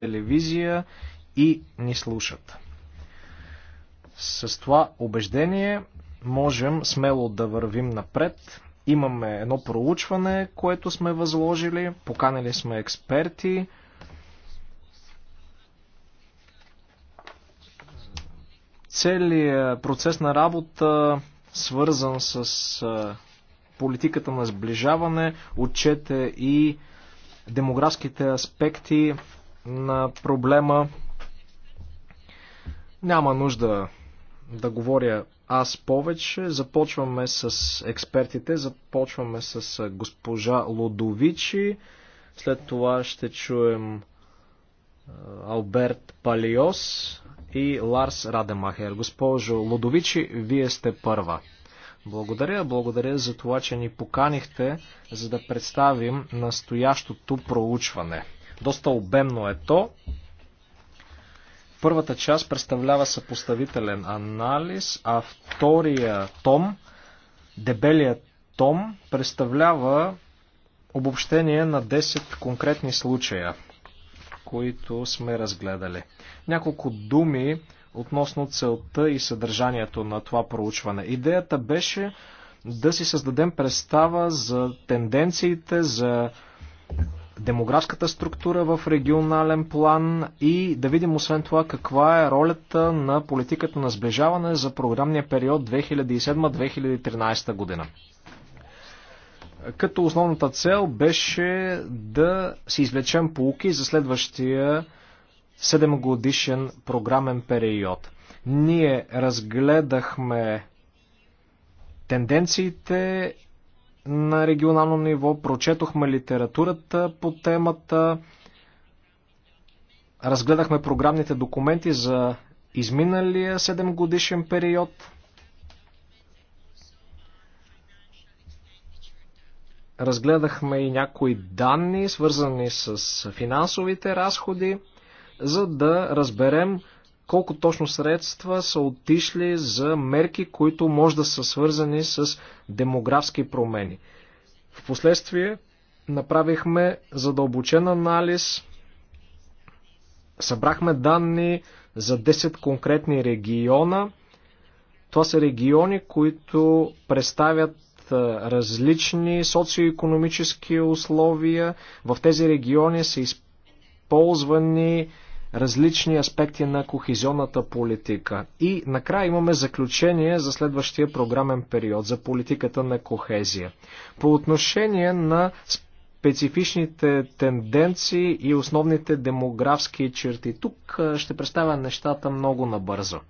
телевизия и ни слушат. С това убеждение можем смело да вървим напред. Имаме едно проучване, което сме възложили, поканили сме експерти. Целият процес на работа, свързан с политиката на сближаване, отчете и демографските аспекти, на проблема. Няма нужда да говоря аз повече. Започваме с експертите, започваме с госпожа Лодовичи, след това ще чуем Алберт Палиос и Ларс Радемахер. Госпожо Лодовичи, вие сте първа. Благодаря, благодаря за това, че ни поканихте, за да представим настоящото проучване. Доста обемно е то. Първата част представлява съпоставителен анализ, а втория том, дебелият том, представлява обобщение на 10 конкретни случая, които сме разгледали. Няколко думи относно целта и съдържанието на това проучване. Идеята беше да си създадем представа за тенденциите, за демографската структура в регионален план и да видим освен това каква е ролята на политиката на сближаване за програмния период 2007-2013 година. Като основната цел беше да си извлечем полуки за следващия 7 годишен програмен период. Ние разгледахме тенденциите на регионално ниво, прочетохме литературата по темата, разгледахме програмните документи за изминалия 7 годишен период. Разгледахме и някои данни, свързани с финансовите разходи, за да разберем колко точно средства са отишли за мерки, които може да са свързани с демографски промени. Впоследствие направихме задълбочен анализ, събрахме данни за 10 конкретни региона. Това са региони, които представят различни социоекономически условия. В тези региони са използвани различни аспекти на кохезионната политика. И накрая имаме заключение за следващия програмен период за политиката на кохезия. По отношение на специфичните тенденции и основните демографски черти. Тук ще представя нещата много набързо.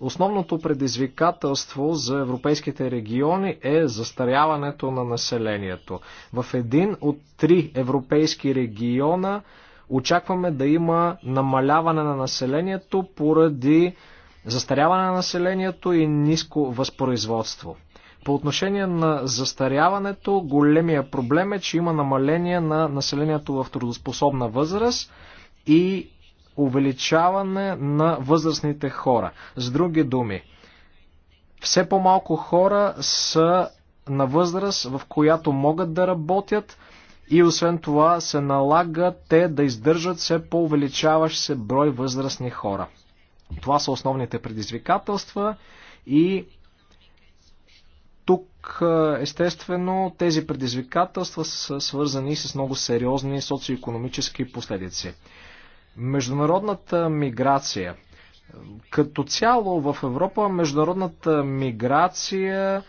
Основното предизвикателство за европейските региони е застаряването на населението. В един от три европейски региона очакваме да има намаляване на населението поради застаряване на населението и ниско възпроизводство. По отношение на застаряването, големия проблем е, че има намаление на населението в трудоспособна възраст и увеличаване на възрастните хора. С други думи, все по-малко хора са на възраст, в която могат да работят, и освен това се налага те да издържат все по-увеличаващ се брой възрастни хора. Това са основните предизвикателства и тук е, естествено тези предизвикателства са свързани с много сериозни социоекономически последици. Международната миграция. Като цяло в Европа международната миграция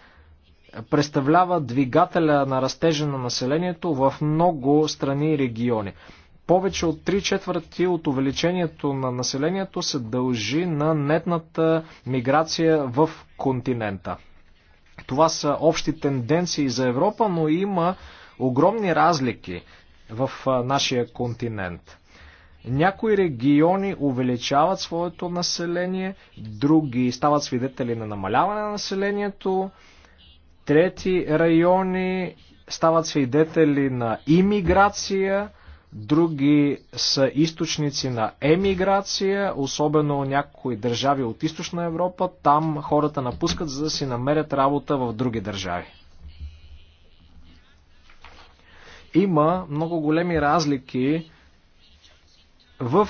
представлява двигателя на растежа на населението в много страни и региони. Повече от 3 четвърти от увеличението на населението се дължи на нетната миграция в континента. Това са общи тенденции за Европа, но има огромни разлики в нашия континент. Някои региони увеличават своето население, други стават свидетели на намаляване на населението, трети райони стават свидетели на имиграция, други са източници на емиграция, особено някои държави от източна Европа. Там хората напускат, за да си намерят работа в други държави. Има много големи разлики в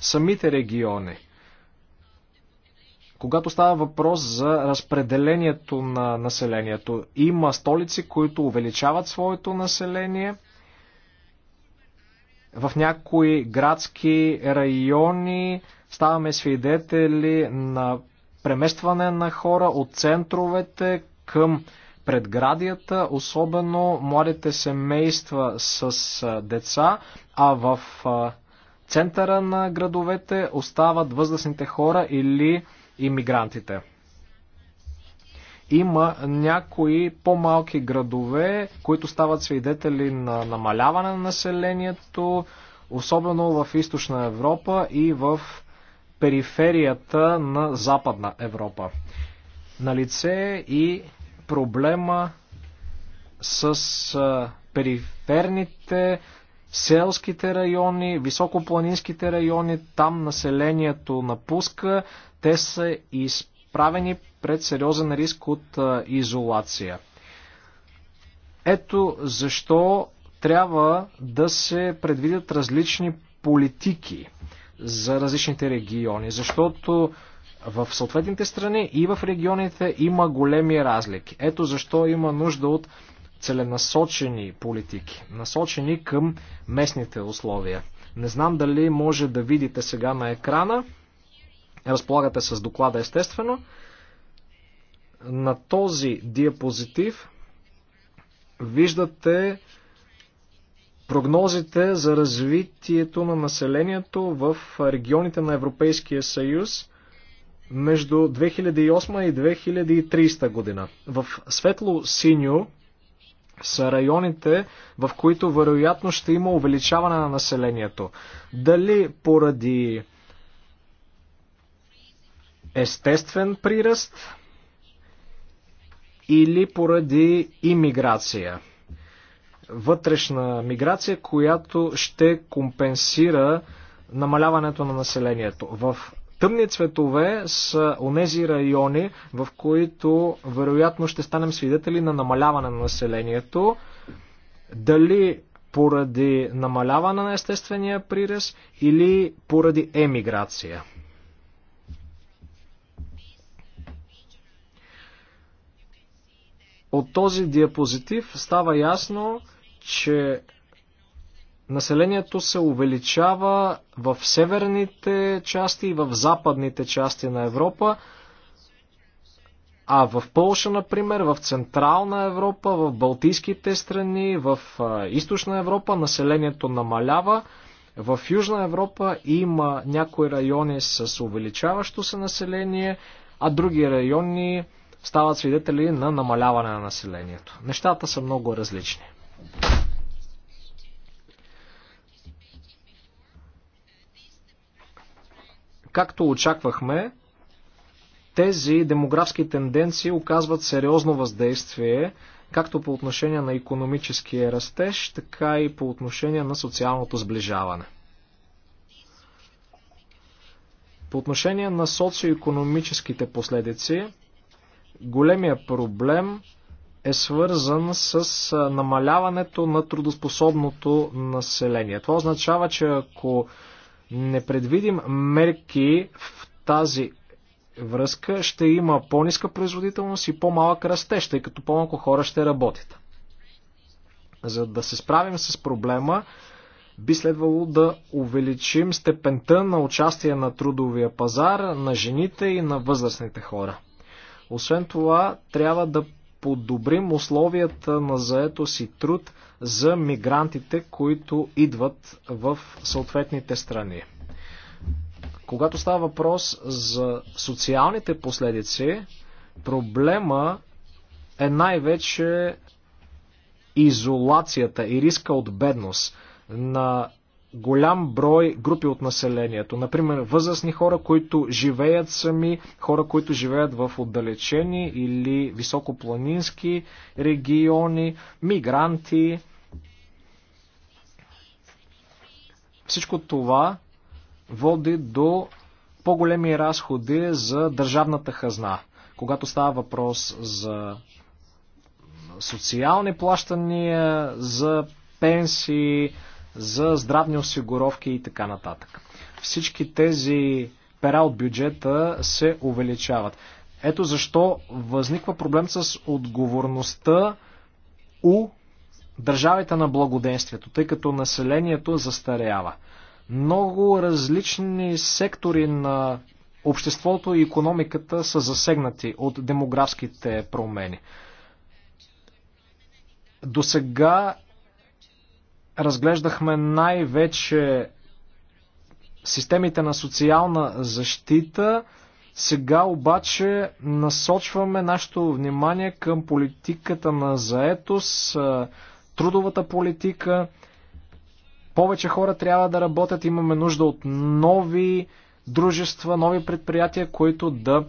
самите региони. Когато става въпрос за разпределението на населението, има столици, които увеличават своето население. В някои градски райони ставаме свидетели на преместване на хора от центровете към предградията, особено младите семейства с деца, а в центъра на градовете остават възрастните хора или иммигрантите. Има някои по-малки градове, които стават свидетели на намаляване на населението, особено в източна Европа и в периферията на западна Европа. Налице и проблема с периферните селските райони, високопланинските райони, там населението напуска, те са изправени пред сериозен риск от изолация. Ето защо трябва да се предвидят различни политики за различните региони, защото в съответните страни и в регионите има големи разлики. Ето защо има нужда от целенасочени политики, насочени към местните условия. Не знам дали може да видите сега на екрана. Разполагате с доклада естествено. На този диапозитив виждате прогнозите за развитието на населението в регионите на Европейския съюз между 2008 и 2030 година. В светло-синьо са районите, в които вероятно ще има увеличаване на населението. Дали поради естествен приръст или поради имиграция. Вътрешна миграция, която ще компенсира намаляването на населението. В тъмни цветове са онези райони, в които вероятно ще станем свидетели на намаляване на населението. Дали поради намаляване на естествения приръст или поради емиграция. От този диапозитив става ясно, че населението се увеличава в северните части и в западните части на Европа, а в Полша, например, в Централна Европа, в Балтийските страни, в Източна Европа населението намалява. В Южна Европа има някои райони с увеличаващо се население, а други райони стават свидетели на намаляване на населението. Нещата са много различни. Както очаквахме, тези демографски тенденции оказват сериозно въздействие както по отношение на економическия растеж, така и по отношение на социалното сближаване. По отношение на социоекономическите последици, Големия проблем е свързан с намаляването на трудоспособното население. Това означава, че ако не предвидим мерки в тази връзка, ще има по-ниска производителност и по-малък растеж, тъй като по-малко хора ще работят. За да се справим с проблема, би следвало да увеличим степента на участие на трудовия пазар на жените и на възрастните хора. Освен това, трябва да подобрим условията на заето си труд за мигрантите, които идват в съответните страни. Когато става въпрос за социалните последици, проблема е най-вече изолацията и риска от бедност на голям брой групи от населението. Например, възрастни хора, които живеят сами, хора, които живеят в отдалечени или високопланински региони, мигранти. Всичко това води до по-големи разходи за държавната хазна. Когато става въпрос за социални плащания, за пенсии, за здравни осигуровки и така нататък. Всички тези пера от бюджета се увеличават. Ето защо възниква проблем с отговорността у държавите на благоденствието, тъй като населението застарява. Много различни сектори на обществото и економиката са засегнати от демографските промени. До сега разглеждахме най-вече системите на социална защита. Сега обаче насочваме нашето внимание към политиката на заетост, трудовата политика. Повече хора трябва да работят, имаме нужда от нови дружества, нови предприятия, които да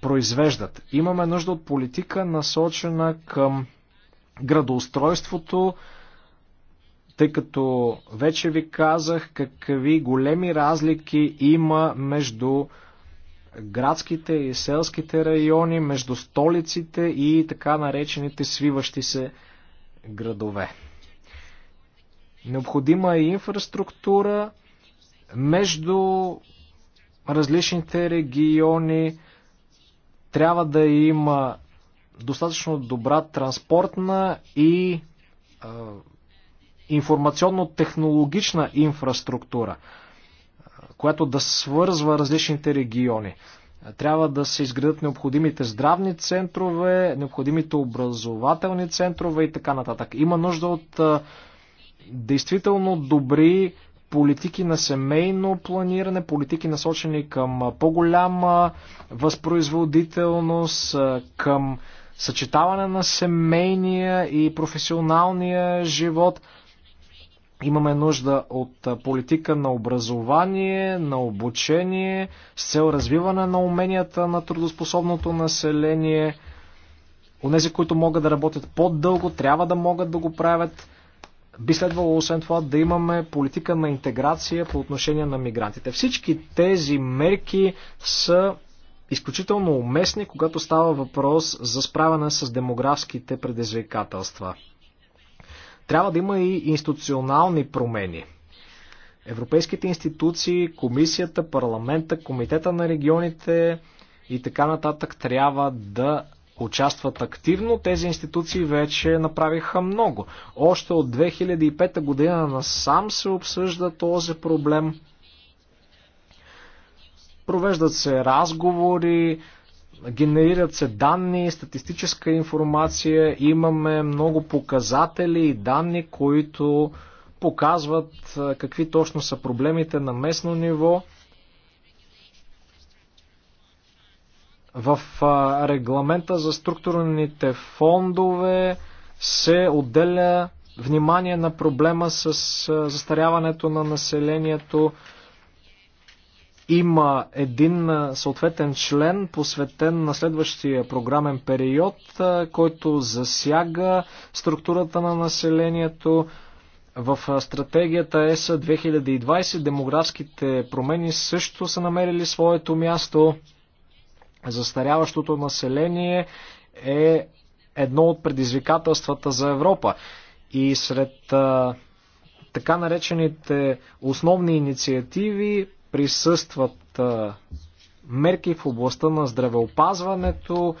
произвеждат. Имаме нужда от политика насочена към градоустройството, тъй като вече ви казах какви големи разлики има между градските и селските райони, между столиците и така наречените свиващи се градове. Необходима е инфраструктура между различните региони. Трябва да има достатъчно добра транспортна и информационно-технологична инфраструктура, която да свързва различните региони. Трябва да се изградат необходимите здравни центрове, необходимите образователни центрове и така нататък. Има нужда от действително добри политики на семейно планиране, политики насочени към по-голяма възпроизводителност, към съчетаване на семейния и професионалния живот – Имаме нужда от политика на образование, на обучение, с цел развиване на уменията на трудоспособното население. Онези, които могат да работят по-дълго, трябва да могат да го правят. Би следвало, освен това, да имаме политика на интеграция по отношение на мигрантите. Всички тези мерки са изключително уместни, когато става въпрос за справяне с демографските предизвикателства. Трябва да има и институционални промени. Европейските институции, комисията, парламента, комитета на регионите и така нататък трябва да участват активно. Тези институции вече направиха много. Още от 2005 година насам се обсъжда този проблем. Провеждат се разговори, генерират се данни, статистическа информация, имаме много показатели и данни, които показват какви точно са проблемите на местно ниво. В регламента за структурните фондове се отделя внимание на проблема с застаряването на населението. Има един съответен член, посветен на следващия програмен период, който засяга структурата на населението. В стратегията ЕС 2020 демографските промени също са намерили своето място. Застаряващото население е едно от предизвикателствата за Европа. И сред така наречените основни инициативи присъстват мерки в областта на здравеопазването,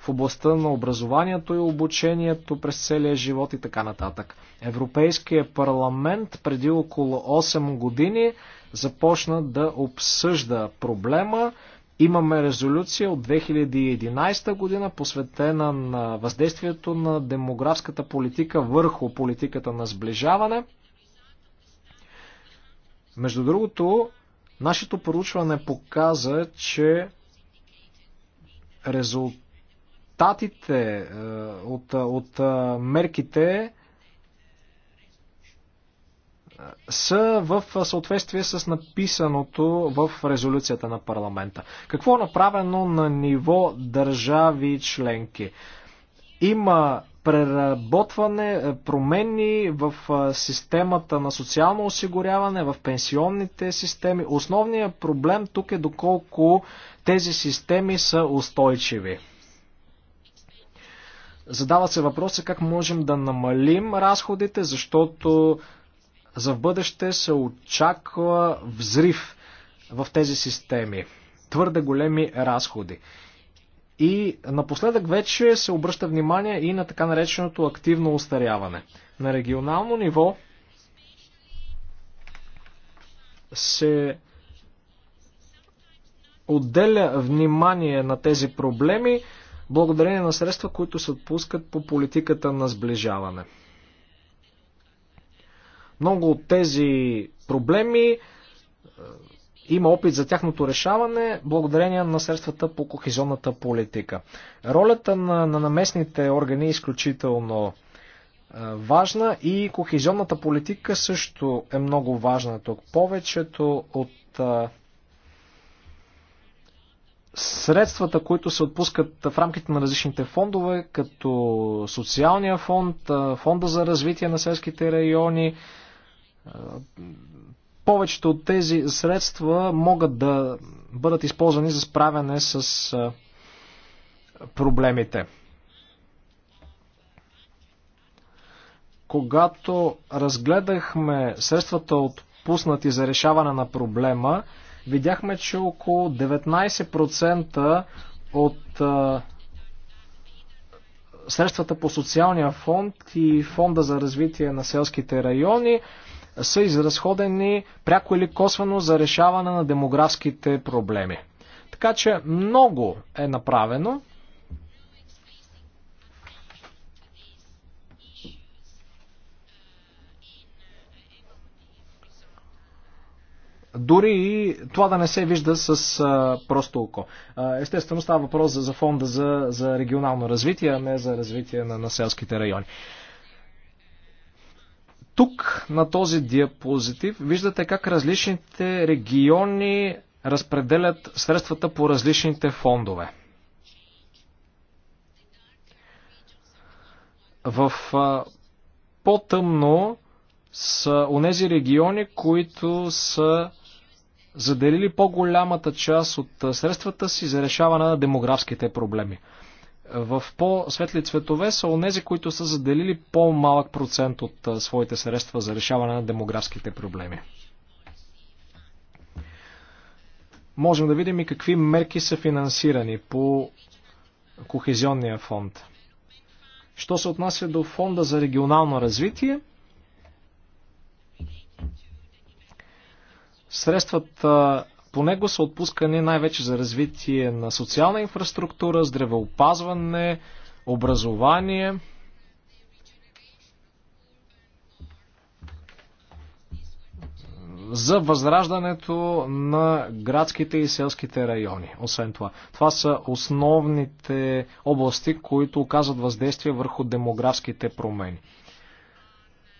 в областта на образованието и обучението през целия живот и така нататък. Европейският парламент преди около 8 години започна да обсъжда проблема. Имаме резолюция от 2011 година, посветена на въздействието на демографската политика върху политиката на сближаване. Между другото, Нашето поручване показа, че резултатите е, от, е, от е, мерките са в съответствие с написаното в резолюцията на парламента. Какво е направено на ниво държави членки? Има преработване, е, промени в е, системата на социално осигуряване, в пенсионните системи. Основният проблем тук е доколко тези системи са устойчиви. Задава се въпроса как можем да намалим разходите, защото за в бъдеще се очаква взрив в тези системи. Твърде големи разходи. И напоследък вече се обръща внимание и на така нареченото активно устаряване. На регионално ниво се отделя внимание на тези проблеми благодарение на средства, които се отпускат по политиката на сближаване. Много от тези проблеми има опит за тяхното решаване благодарение на средствата по кохезионната политика. Ролята на, на наместните органи е изключително важна и кохезионната политика също е много важна тук. Повечето от а, средствата, които се отпускат в рамките на различните фондове, като социалния фонд, фонда за развитие на селските райони, повечето от тези средства могат да бъдат използвани за справяне с проблемите. Когато разгледахме средствата отпуснати за решаване на проблема, видяхме, че около 19% от а, средствата по социалния фонд и фонда за развитие на селските райони са изразходени пряко или косвено за решаване на демографските проблеми. Така че много е направено. Дори и това да не се вижда с а, просто око. А, естествено става въпрос за, за фонда за, за регионално развитие, а не за развитие на, на селските райони. Тук на този диапозитив виждате как различните региони разпределят средствата по различните фондове. В по-тъмно са онези региони, които са заделили по-голямата част от средствата си за решаване на демографските проблеми в по-светли цветове са онези, които са заделили по-малък процент от своите средства за решаване на демографските проблеми. Можем да видим и какви мерки са финансирани по Кохезионния фонд. Що се отнася до фонда за регионално развитие, средствата по него са отпускани най-вече за развитие на социална инфраструктура, здравеопазване, образование. за възраждането на градските и селските райони. Освен това, това са основните области, които оказват въздействие върху демографските промени.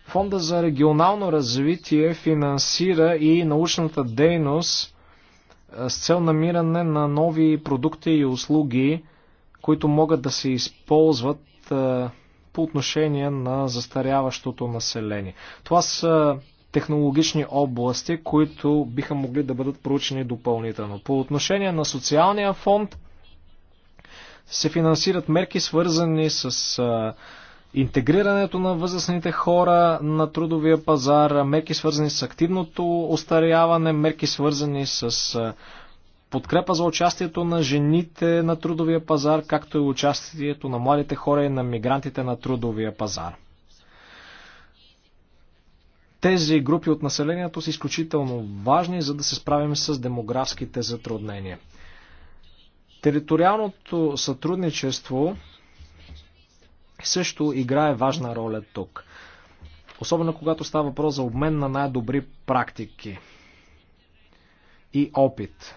Фонда за регионално развитие финансира и научната дейност с цел намиране на нови продукти и услуги, които могат да се използват по отношение на застаряващото население. Това са технологични области, които биха могли да бъдат проучени допълнително. По отношение на социалния фонд се финансират мерки свързани с интегрирането на възрастните хора на трудовия пазар, мерки свързани с активното остаряване, мерки свързани с подкрепа за участието на жените на трудовия пазар, както и участието на младите хора и на мигрантите на трудовия пазар. Тези групи от населението са изключително важни, за да се справим с демографските затруднения. Териториалното сътрудничество също играе важна роля тук. Особено когато става въпрос за обмен на най-добри практики и опит.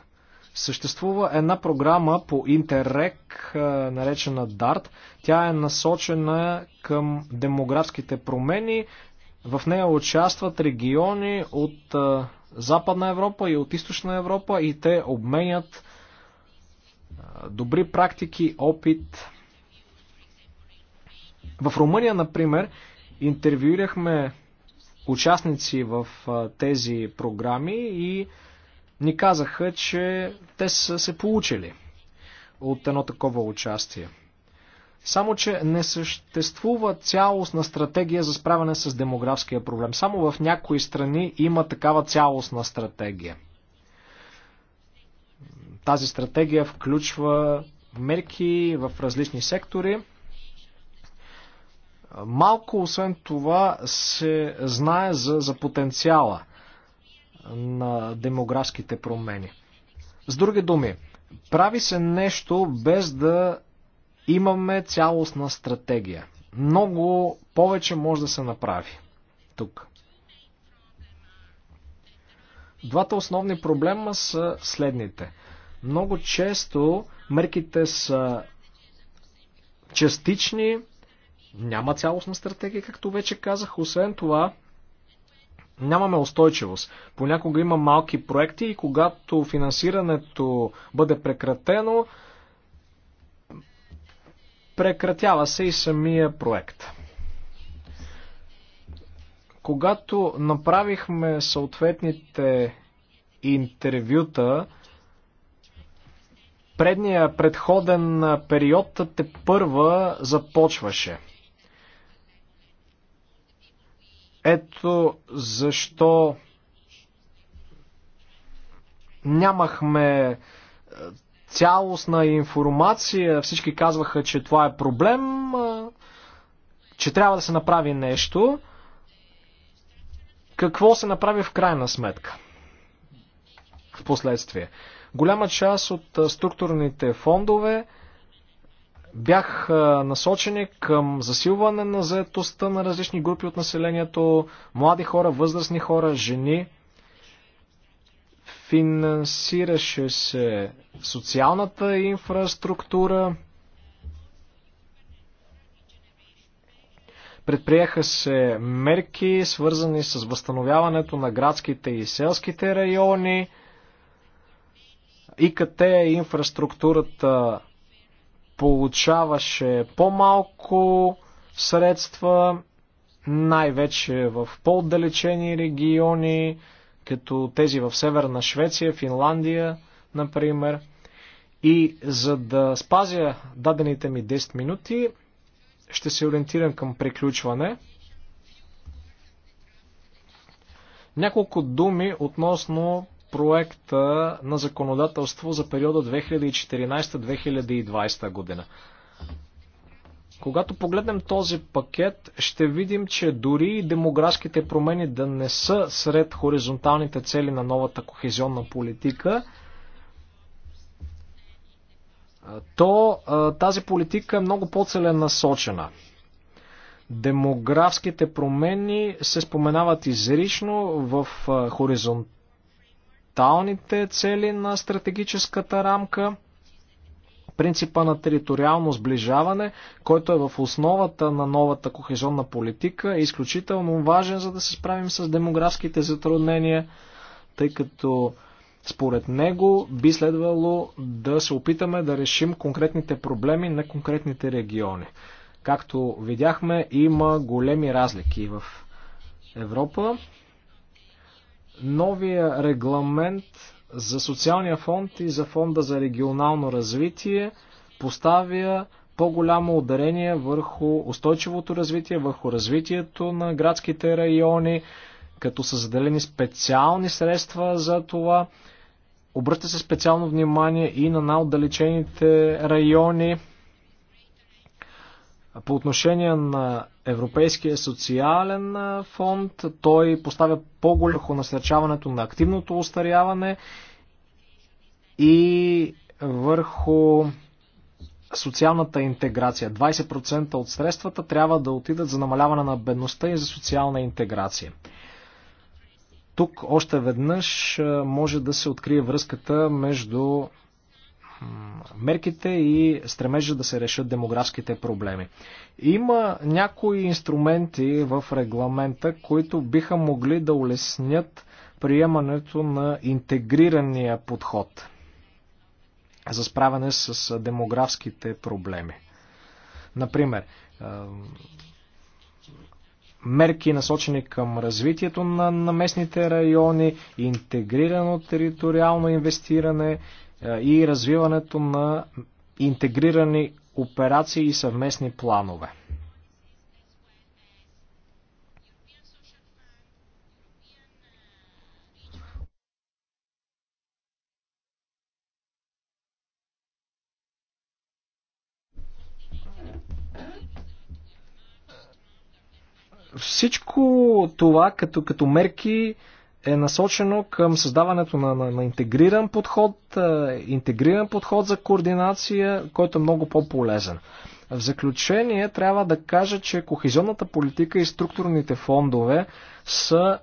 Съществува една програма по Интеррек, наречена DART. Тя е насочена към демографските промени. В нея участват региони от Западна Европа и от Източна Европа и те обменят добри практики, опит в Румъния, например, интервюирахме участници в тези програми и ни казаха, че те са се получили от едно такова участие. Само, че не съществува цялостна стратегия за справяне с демографския проблем. Само в някои страни има такава цялостна стратегия. Тази стратегия включва мерки в различни сектори. Малко, освен това, се знае за, за потенциала на демографските промени. С други думи, прави се нещо без да имаме цялостна стратегия. Много повече може да се направи тук. Двата основни проблема са следните. Много често мерките са частични, няма цялостна стратегия, както вече казах. Освен това, нямаме устойчивост. Понякога има малки проекти и когато финансирането бъде прекратено, прекратява се и самия проект. Когато направихме съответните интервюта, предния предходен период те първа започваше – Ето защо нямахме е, цялостна информация. Всички казваха, че това е проблем, е, че трябва да се направи нещо. Какво се направи в крайна сметка? В последствие. Голяма част от е, структурните фондове бях насочени към засилване на заетостта на различни групи от населението, млади хора, възрастни хора, жени. Финансираше се социалната инфраструктура. Предприеха се мерки, свързани с възстановяването на градските и селските райони. ИКТ е инфраструктурата получаваше по-малко средства, най-вече в по-отдалечени региони, като тези в Северна Швеция, Финландия, например. И за да спазя дадените ми 10 минути, ще се ориентирам към приключване. Няколко думи относно проекта на законодателство за периода 2014-2020 година. Когато погледнем този пакет, ще видим, че дори демографските промени да не са сред хоризонталните цели на новата кохезионна политика, то тази политика е много по-целенасочена. Демографските промени се споменават изрично в хоризонталните фундаменталните цели на стратегическата рамка, принципа на териториално сближаване, който е в основата на новата кохезионна политика, е изключително важен, за да се справим с демографските затруднения, тъй като според него би следвало да се опитаме да решим конкретните проблеми на конкретните региони. Както видяхме, има големи разлики в Европа новия регламент за социалния фонд и за фонда за регионално развитие поставя по-голямо ударение върху устойчивото развитие, върху развитието на градските райони, като са заделени специални средства за това. Обръща се специално внимание и на най-отдалечените райони. По отношение на Европейския социален фонд, той поставя по-голямо насърчаването на активното устаряване и върху социалната интеграция. 20% от средствата трябва да отидат за намаляване на бедността и за социална интеграция. Тук още веднъж може да се открие връзката между мерките и стремежа да се решат демографските проблеми. Има някои инструменти в регламента, които биха могли да улеснят приемането на интегрирания подход за справяне с демографските проблеми. Например, мерки насочени към развитието на, местните райони, интегрирано териториално инвестиране, е, и развиването на интегрирани операции и съвместни планове. Всичко това като, като мерки е насочено към създаването на, на, на интегриран подход, е, интегриран подход за координация, който е много по-полезен. В заключение трябва да кажа, че кохезионната политика и структурните фондове са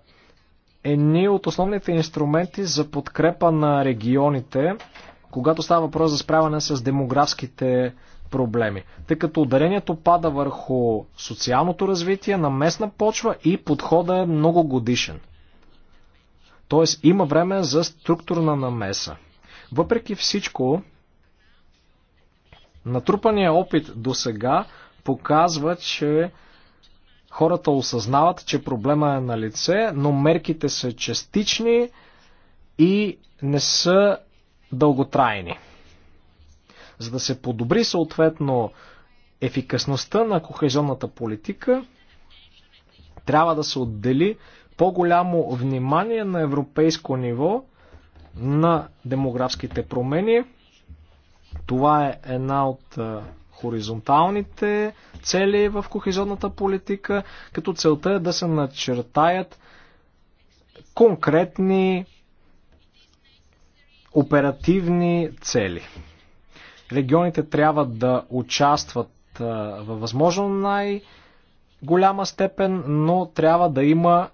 едни от основните инструменти за подкрепа на регионите, когато става въпрос за справяне с демографските проблеми, тъй като ударението пада върху социалното развитие на местна почва и подходът е много годишен. Т.е. има време за структурна намеса. Въпреки всичко, натрупания опит до сега показва, че хората осъзнават, че проблема е на лице, но мерките са частични и не са дълготрайни. За да се подобри съответно ефикасността на кохезионната политика, трябва да се отдели по-голямо внимание на европейско ниво на демографските промени. Това е една от е, хоризонталните цели в кохезионната политика, като целта е да се начертаят конкретни оперативни цели. Регионите трябва да участват е, във възможно най- голяма степен, но трябва да има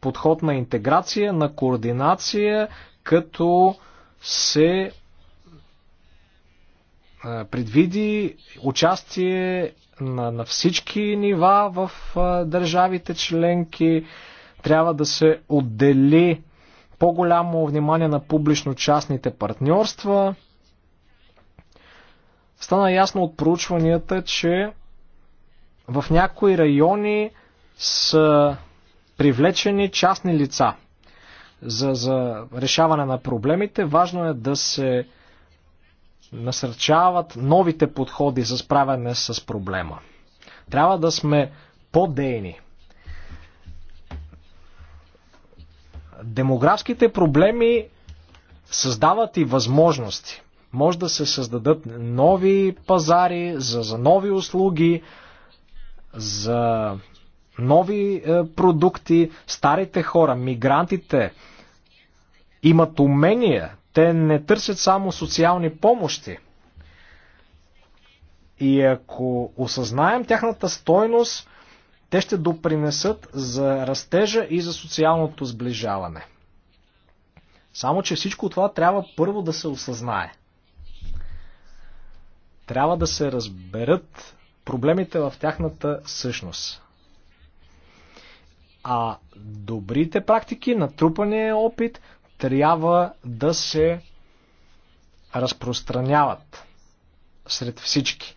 подход на интеграция, на координация, като се е, предвиди участие на, на всички нива в е, държавите членки. Трябва да се отдели по-голямо внимание на публично-частните партньорства. Стана ясно от проучванията, че в някои райони са привлечени частни лица за, за решаване на проблемите. Важно е да се насърчават новите подходи за справяне с проблема. Трябва да сме по-дейни. Демографските проблеми създават и възможности. Може да се създадат нови пазари за, за нови услуги, за нови е, продукти. Старите хора, мигрантите имат умения. Те не търсят само социални помощи. И ако осъзнаем тяхната стойност, те ще допринесат за растежа и за социалното сближаване. Само, че всичко това трябва първо да се осъзнае. Трябва да се разберат проблемите в тяхната същност. А добрите практики, натрупания опит трябва да се разпространяват сред всички.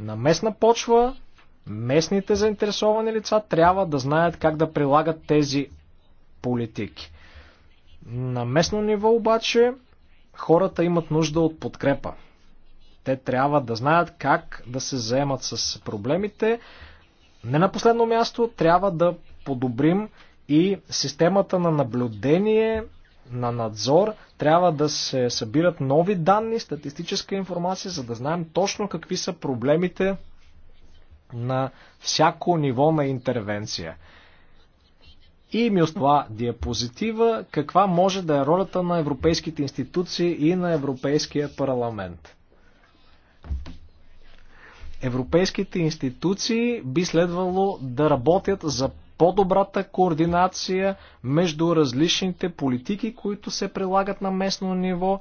На местна почва местните заинтересовани лица трябва да знаят как да прилагат тези политики. На местно ниво обаче хората имат нужда от подкрепа. Те трябва да знаят как да се заемат с проблемите. Не на последно място трябва да подобрим и системата на наблюдение, на надзор. Трябва да се събират нови данни, статистическа информация, за да знаем точно какви са проблемите на всяко ниво на интервенция. И ми остава диапозитива, каква може да е ролята на европейските институции и на Европейския парламент. Европейските институции би следвало да работят за по-добрата координация между различните политики, които се прилагат на местно ниво.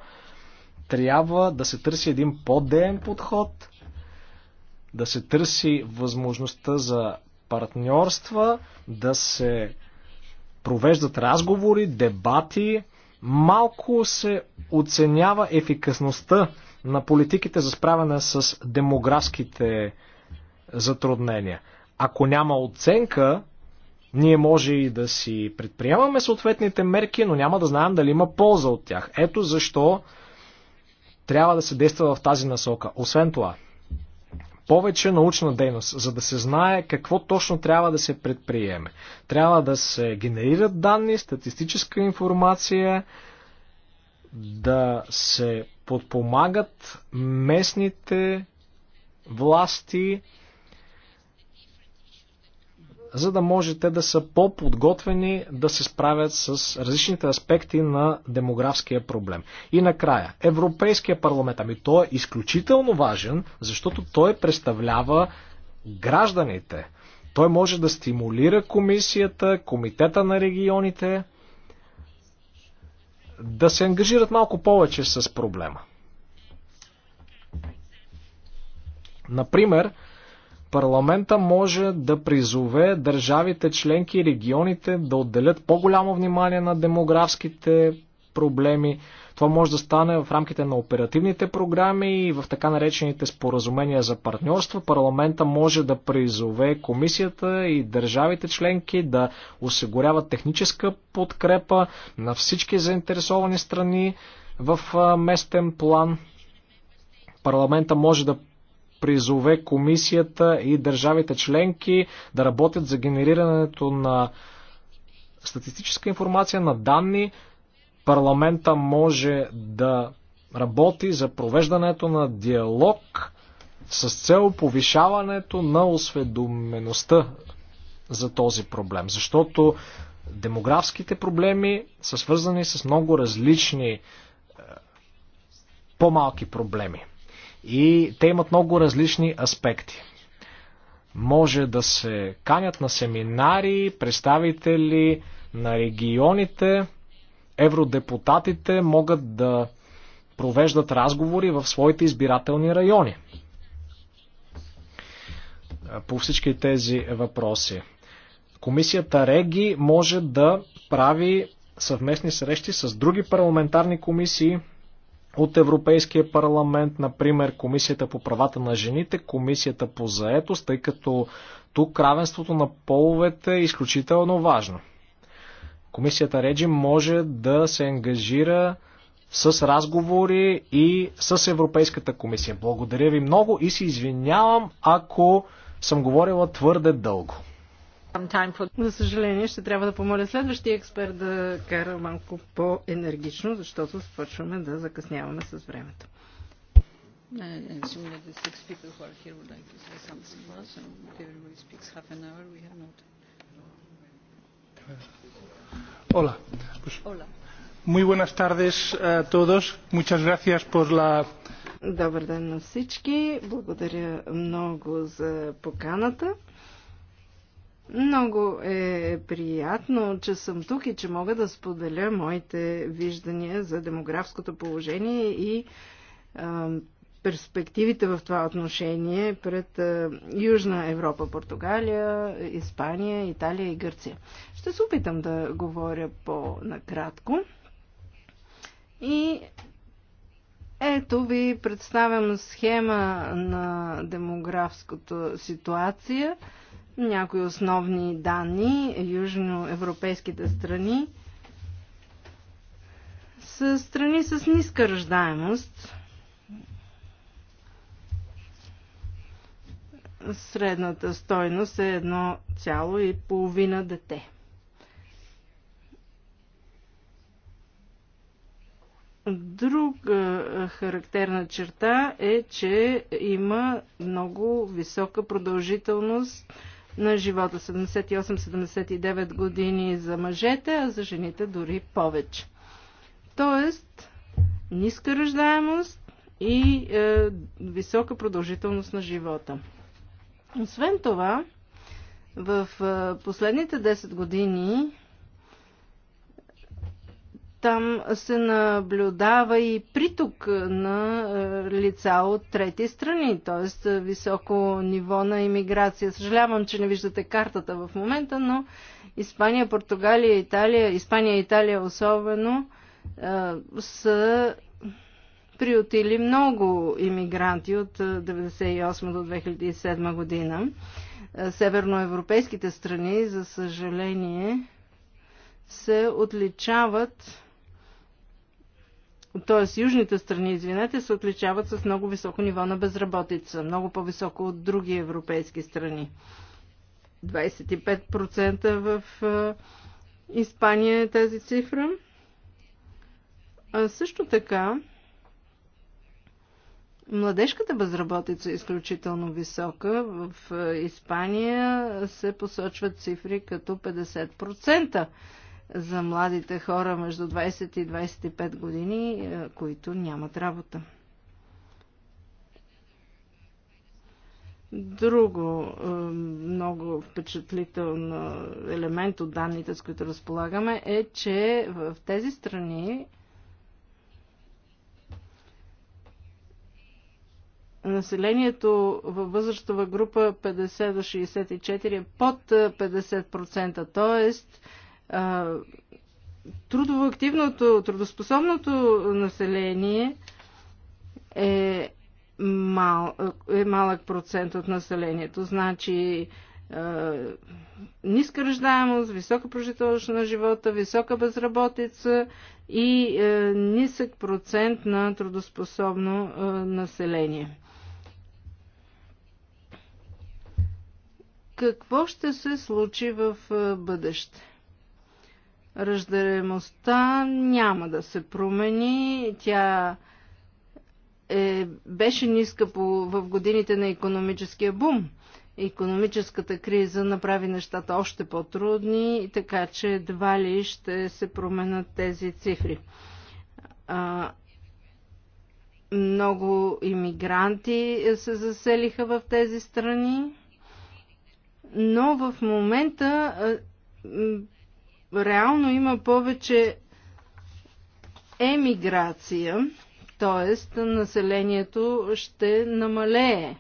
Трябва да се търси един по-деен подход, да се търси възможността за партньорства, да се провеждат разговори, дебати. Малко се оценява ефикасността на политиките за справяне с демографските затруднения. Ако няма оценка ние може и да си предприемаме съответните мерки, но няма да знаем дали има полза от тях. Ето защо трябва да се действа в тази насока. Освен това, повече научна дейност, за да се знае какво точно трябва да се предприеме. Трябва да се генерират данни, статистическа информация, да се подпомагат местните власти, за да можете да са по-подготвени да се справят с различните аспекти на демографския проблем. И накрая, Европейския парламент, ами той е изключително важен, защото той представлява гражданите. Той може да стимулира комисията, комитета на регионите, да се ангажират малко повече с проблема. Например, Парламента може да призове държавите членки и регионите да отделят по-голямо внимание на демографските проблеми. Това може да стане в рамките на оперативните програми и в така наречените споразумения за партньорство. Парламента може да призове комисията и държавите членки да осигуряват техническа подкрепа на всички заинтересовани страни в местен план. Парламента може да призове комисията и държавите членки да работят за генерирането на статистическа информация, на данни. Парламента може да работи за провеждането на диалог с цел повишаването на осведомеността за този проблем. Защото демографските проблеми са свързани с много различни е, по-малки проблеми. И те имат много различни аспекти. Може да се канят на семинари, представители на регионите, евродепутатите могат да провеждат разговори в своите избирателни райони по всички тези въпроси. Комисията Реги може да прави съвместни срещи с други парламентарни комисии от Европейския парламент, например Комисията по правата на жените, Комисията по заетост, тъй като тук равенството на половете е изключително важно. Комисията Реджи може да се ангажира с разговори и с Европейската комисия. Благодаря ви много и се извинявам, ако съм говорила твърде дълго. За съжаление ще трябва да помоля следващия експерт да кара малко по-енергично, защото започваме да закъсняваме с времето. Hola. Pues, Hola. Muy buenas tardes a todos. Muchas gracias por la Добър ден на всички. Благодаря много за поканата. Много е приятно, че съм тук и че мога да споделя моите виждания за демографското положение и перспективите в това отношение пред Южна Европа, Португалия, Испания, Италия и Гърция. Ще се опитам да говоря по-накратко. И ето ви представям схема на демографската ситуация – някои основни данни, южноевропейските страни, са страни с ниска ръждаемост. Средната стойност е 1,5 дете. Друга характерна черта е, че има много висока продължителност на живота 78-79 години за мъжете, а за жените дори повече. Тоест, ниска ръждаемост и е, висока продължителност на живота. Освен това, в е, последните 10 години там се наблюдава и приток на е, лица от трети страни, т.е. високо ниво на иммиграция. Съжалявам, че не виждате картата в момента, но Испания, Португалия, Италия, Испания и Италия особено е, са приотили много иммигранти от 1998 е, до 2007 година. Северноевропейските страни, за съжаление, се отличават т.е. южните страни, извинете, се отличават с много високо ниво на безработица, много по-високо от други европейски страни. 25% в Испания е тази цифра. А също така, младежката безработица е изключително висока. В Испания се посочват цифри като 50% за младите хора между 20 и 25 години, е, които нямат работа. Друго е, много впечатлително елемент от данните, с които разполагаме, е, че в тези страни населението във възрастова група 50 до 64 е под 50%, е, т.е трудовоактивното, трудоспособното население е, мал, е малък процент от населението. Значи е, ниска ръждаемост, висока прожителност на живота, висока безработица и е, нисък процент на трудоспособно е, население. Какво ще се случи в бъдеще? Ръждаемостта няма да се промени. Тя е, беше ниска по, в годините на економическия бум. Економическата криза направи нещата още по-трудни, така че едва ли ще се променят тези цифри. А, много иммигранти се заселиха в тези страни, но в момента реално има повече емиграция, т.е. населението ще намалее.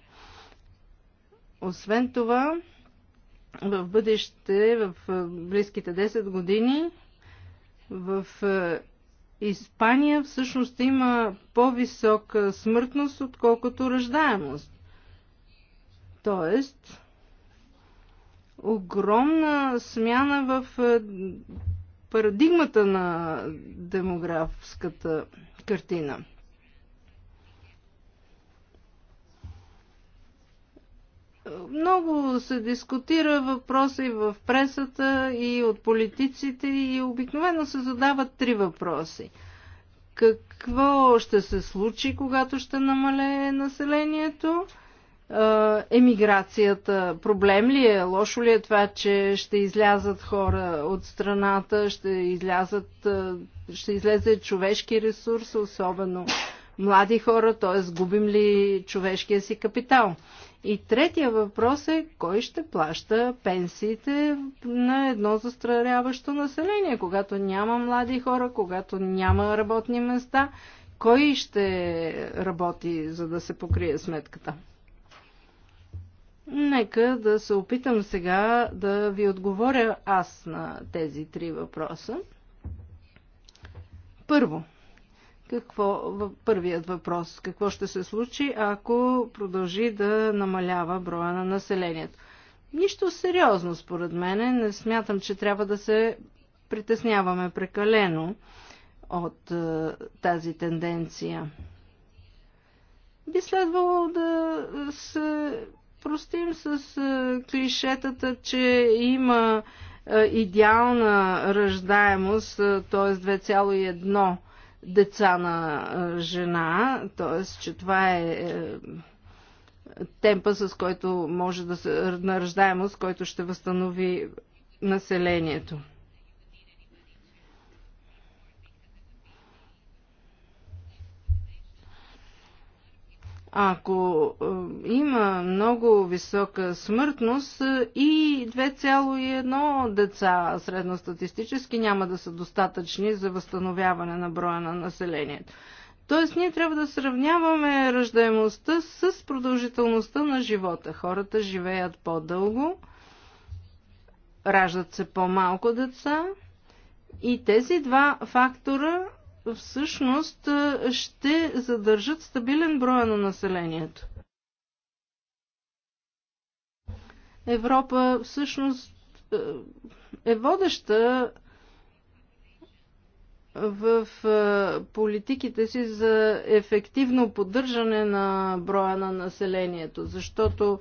Освен това, в бъдеще, в близките 10 години, в Испания всъщност има по-висока смъртност, отколкото ръждаемост. Тоест, огромна смяна в е, парадигмата на демографската картина. Много се дискутира въпроса и в пресата, и от политиците, и обикновено се задават три въпроси. Какво ще се случи, когато ще намалее населението? Е, емиграцията. Проблем ли е? Лошо ли е това, че ще излязат хора от страната, ще, излязат, е, ще излезе човешки ресурс, особено млади хора, т.е. губим ли човешкия си капитал? И третия въпрос е, кой ще плаща пенсиите на едно застраряващо население, когато няма млади хора, когато няма работни места, кой ще работи, за да се покрие сметката? Нека да се опитам сега да ви отговоря аз на тези три въпроса. Първо, какво, първият въпрос. Какво ще се случи, ако продължи да намалява броя на населението? Нищо сериозно, според мене. Не смятам, че трябва да се притесняваме прекалено от е, тази тенденция. Би следвало да се простим с клишетата, че има идеална ръждаемост, т.е. 2,1 деца на жена, т.е. че това е, е темпа, с който може да се, на ръждаемост, който ще възстанови населението. Ако е, има много висока смъртност е, и 2,1 деца средностатистически няма да са достатъчни за възстановяване на броя на населението. Тоест ние трябва да сравняваме ръждаемостта с продължителността на живота. Хората живеят по-дълго, раждат се по-малко деца и тези два фактора всъщност ще задържат стабилен броя на населението. Европа всъщност е водеща в политиките си за ефективно поддържане на броя на населението, защото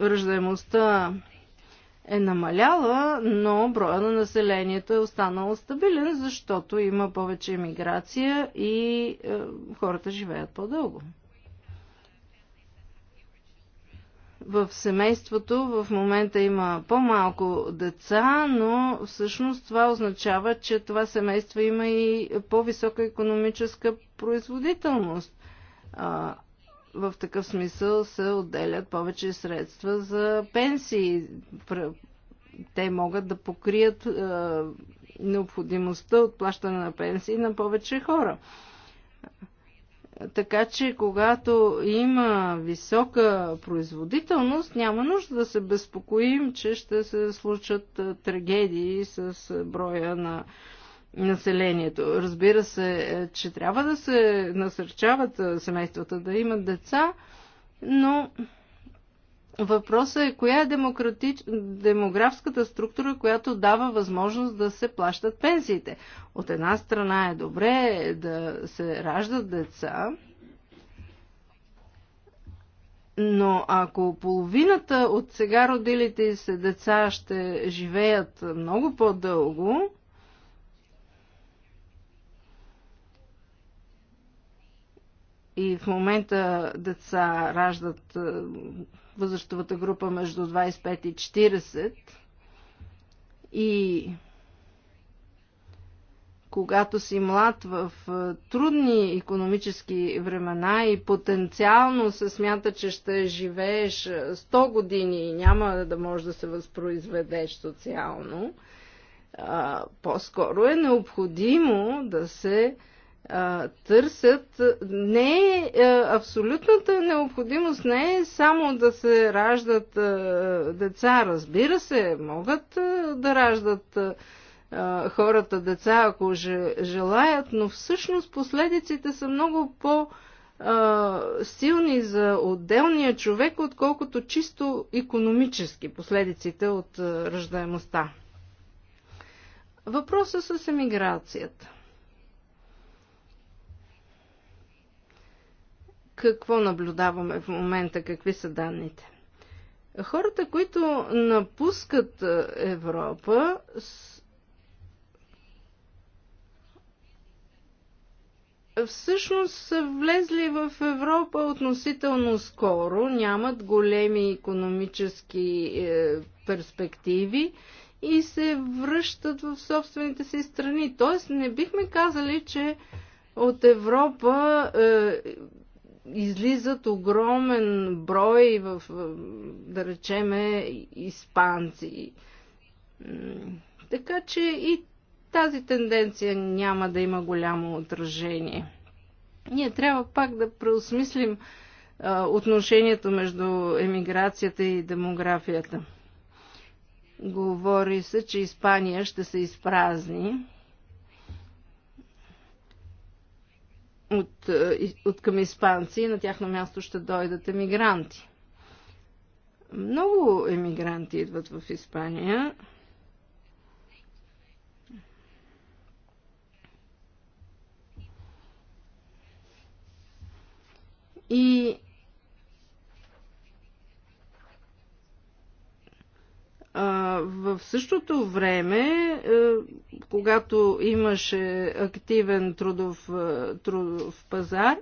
ръждаемостта е намаляла, но броя на населението е останал стабилен, защото има повече емиграция и е, хората живеят по-дълго. В семейството в момента има по-малко деца, но всъщност това означава, че това семейство има и по-висока економическа производителност в такъв смисъл се отделят повече средства за пенсии. Те могат да покрият е, необходимостта от плащане на пенсии на повече хора. Така че, когато има висока производителност, няма нужда да се безпокоим, че ще се случат е, трагедии с броя на населението. Разбира се, е, че трябва да се насърчават е, семействата да имат деца, но въпросът е коя е демократич... демографската структура, която дава възможност да се плащат пенсиите. От една страна е добре да се раждат деца, но ако половината от сега родилите се деца ще живеят много по-дълго, и в момента деца раждат е, възрастовата група между 25 и 40 и когато си млад в е, трудни економически времена и потенциално се смята, че ще живееш 100 е, години и няма да можеш да се възпроизведеш социално, по-скоро е необходимо да се а, търсят, не е, абсолютната необходимост не е само да се раждат а, деца. Разбира се, могат а, да раждат а, хората деца, ако же, желаят, но всъщност последиците са много по- силни за отделния човек, отколкото чисто економически последиците от раждаемостта. Въпросът с емиграцията. какво наблюдаваме в момента, какви са данните. Хората, които напускат е, Европа, всъщност са влезли в Европа относително скоро, нямат големи економически е, перспективи и се връщат в собствените си страни. Тоест не бихме казали, че от Европа е, излизат огромен брой в, да речеме, испанци. Така че и тази тенденция няма да има голямо отражение. Ние трябва пак да преосмислим а, отношението между емиграцията и демографията. Говори се, че Испания ще се изпразни. от, е, от към испанци и на тяхно място ще дойдат емигранти. Много емигранти идват в Испания. И в същото време, е, когато имаше активен трудов, е, трудов пазар,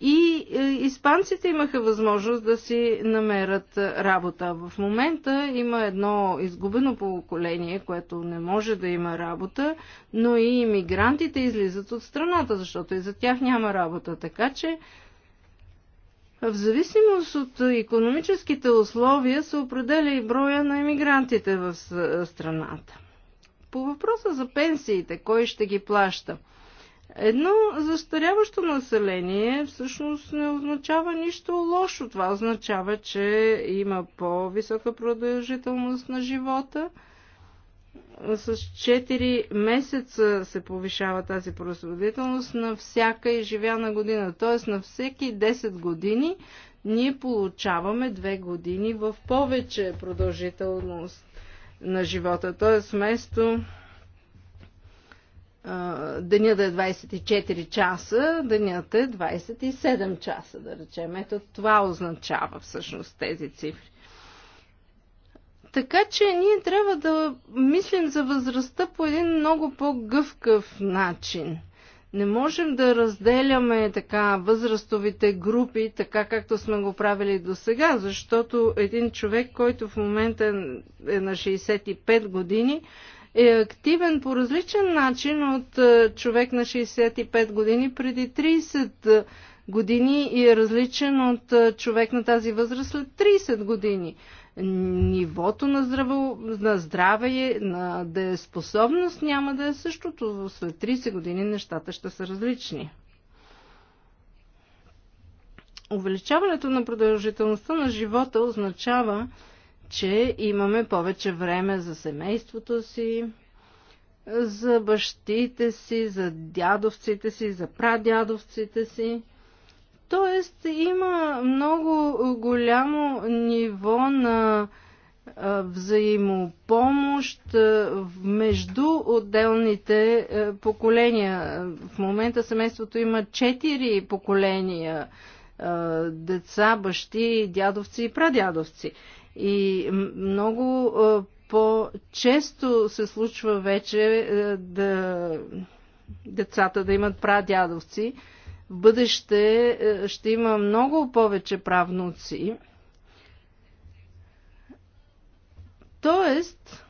и е, испанците имаха възможност да си намерят работа. В момента има едно изгубено поколение, което не може да има работа, но и иммигрантите излизат от страната, защото и за тях няма работа. Така че в зависимост от економическите условия се определя и броя на емигрантите в страната. По въпроса за пенсиите, кой ще ги плаща? Едно застаряващо население всъщност не означава нищо лошо. Това означава, че има по-висока продължителност на живота – с 4 месеца се повишава тази производителност на всяка изживяна година. Т.е. на всеки 10 години ние получаваме 2 години в повече продължителност на живота. Т.е. вместо деня да е 24 часа, денят е 27 часа, да речем. Ето това означава всъщност тези цифри. Така че ние трябва да мислим за възрастта по един много по-гъвкав начин. Не можем да разделяме така възрастовите групи, така както сме го правили до сега, защото един човек, който в момента е, е на 65 години, е активен по различен начин от е, човек на 65 години преди 30 е, години и е различен от човек на тази възраст след 30 години нивото на, здраво, на здраве, на е способност няма да е същото. След 30 години нещата ще са различни. Увеличаването на продължителността на живота означава, че имаме повече време за семейството си, за бащите си, за дядовците си, за прадядовците си. Тоест има много голямо ниво на взаимопомощ между отделните поколения. В момента семейството има четири поколения деца, бащи, дядовци и прадядовци. И много по-често се случва вече да, децата да имат прадядовци, бъдеще е, ще има много повече правнуци. Тоест,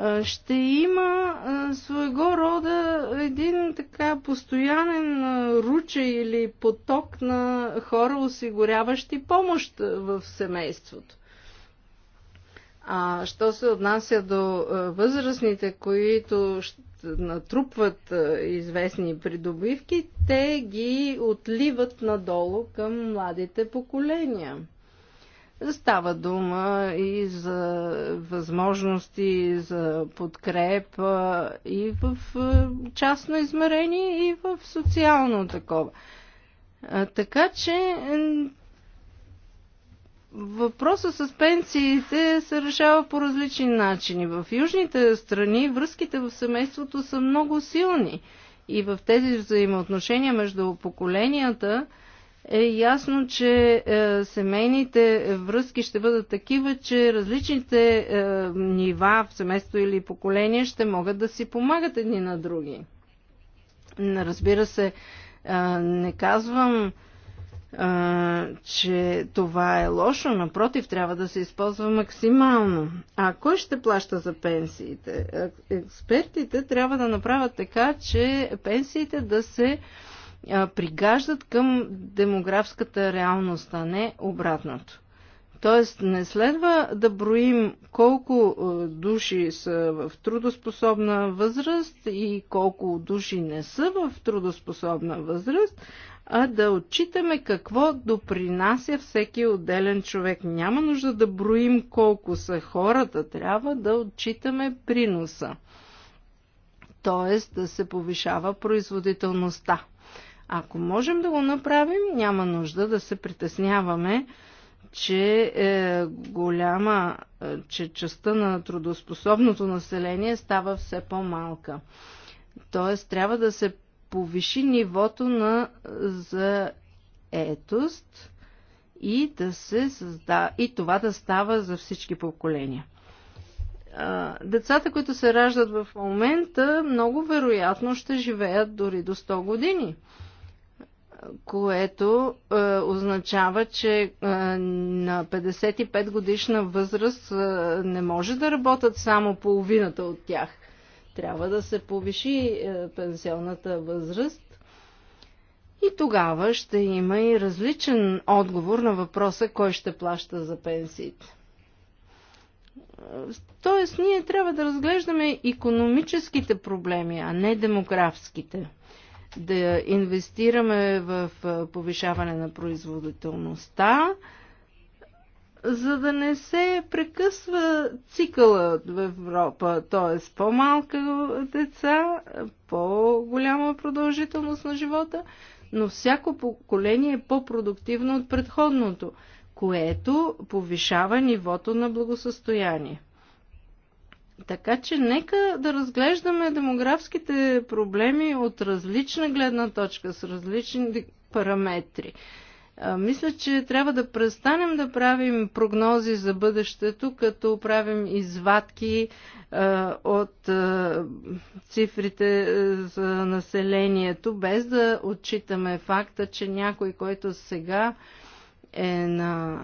е, ще има е, своего рода един така постоянен руче или поток на хора, осигуряващи помощ в семейството. А що се отнася до е, възрастните, които натрупват е, известни придобивки, те ги отливат надолу към младите поколения. Става дума и за възможности за подкрепа и в е, частно измерение, и в социално такова. Така че Въпросът с пенсиите се решава по различни начини. В южните страни връзките в семейството са много силни и в тези взаимоотношения между поколенията е ясно, че е, семейните връзки ще бъдат такива, че различните е, нива в семейство или поколение ще могат да си помагат едни на други. Разбира се, е, не казвам а, че това е лошо, напротив, трябва да се използва максимално. А кой ще плаща за пенсиите? Експертите трябва да направят така, че пенсиите да се а, пригаждат към демографската реалност, а не обратното. Тоест не следва да броим колко души са в трудоспособна възраст и колко души не са в трудоспособна възраст, а да отчитаме какво допринася всеки отделен човек. Няма нужда да броим колко са хората, трябва да отчитаме приноса. Тоест да се повишава производителността. Ако можем да го направим, няма нужда да се притесняваме, че е, голяма, е, че частта на трудоспособното население става все по-малка. Тоест трябва да се повиши нивото на заетост и да се създа, и това да става за всички поколения. Децата, които се раждат в момента, много вероятно ще живеят дори до 100 години което е, означава, че е, на 55 годишна възраст е, не може да работят само половината от тях трябва да се повиши е, пенсионната възраст. И тогава ще има и различен отговор на въпроса кой ще плаща за пенсиите. Тоест, ние трябва да разглеждаме економическите проблеми, а не демографските. Да инвестираме в е, повишаване на производителността, за да не се прекъсва цикъла в Европа, т.е. по-малка деца, по-голяма продължителност на живота, но всяко поколение е по-продуктивно от предходното, което повишава нивото на благосъстояние. Така че нека да разглеждаме демографските проблеми от различна гледна точка, с различни параметри. Мисля, че трябва да престанем да правим прогнози за бъдещето, като правим извадки от цифрите за населението, без да отчитаме факта, че някой, който сега е на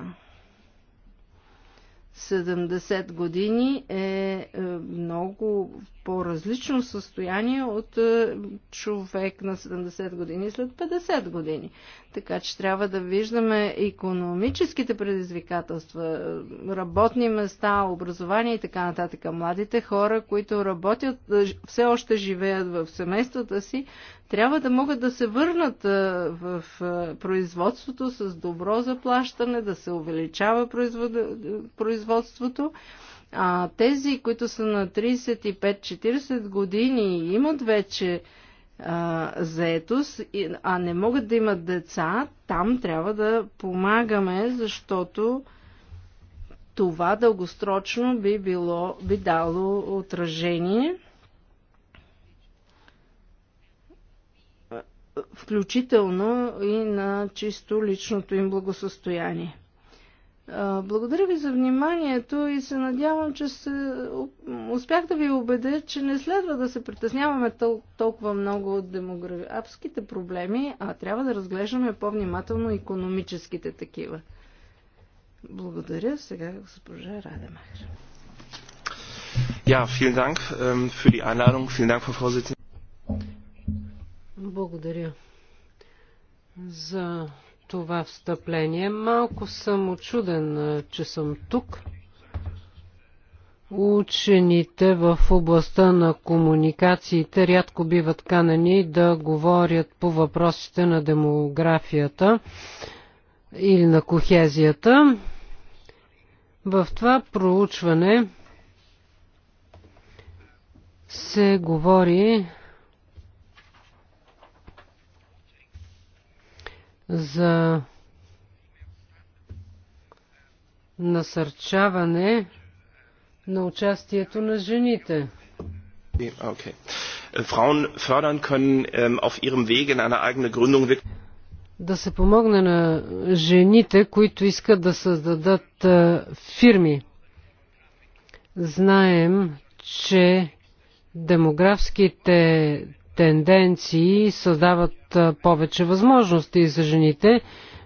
70 години е, е много по-различно състояние от е, човек на 70 години след 50 години. Така че трябва да виждаме економическите предизвикателства, работни места, образование и така нататък. Младите хора, които работят, е, все още живеят в семействата си, трябва да могат да се върнат е, в е, производството с добро заплащане, да се увеличава производството. А тези, които са на 35-40 години и имат вече заетост, а не могат да имат деца, там трябва да помагаме, защото това дългосрочно би, било, би дало отражение. включително и на чисто личното им благосъстояние. Благодаря ви за вниманието и се надявам, че се... успях да ви убедя, че не следва да се притесняваме тол- толкова много от демографските проблеми, а трябва да разглеждаме по-внимателно економическите такива. Благодаря. Сега госпожа Радемахер. Ja, vielen Dank ähm, für die Einladung. Vielen Dank, Frau Vorsitzende. Благодаря за това встъпление. Малко съм очуден, че съм тук. Учените в областта на комуникациите рядко биват канени да говорят по въпросите на демографията или на кохезията. В това проучване се говори за насърчаване на участието на жените. Okay. Frauen fördern können ähm, auf ihrem Weg in Gründung да се помогне на жените, които искат да създадат а, фирми. Знаем, че демографските тенденции създават повече възможности за жените.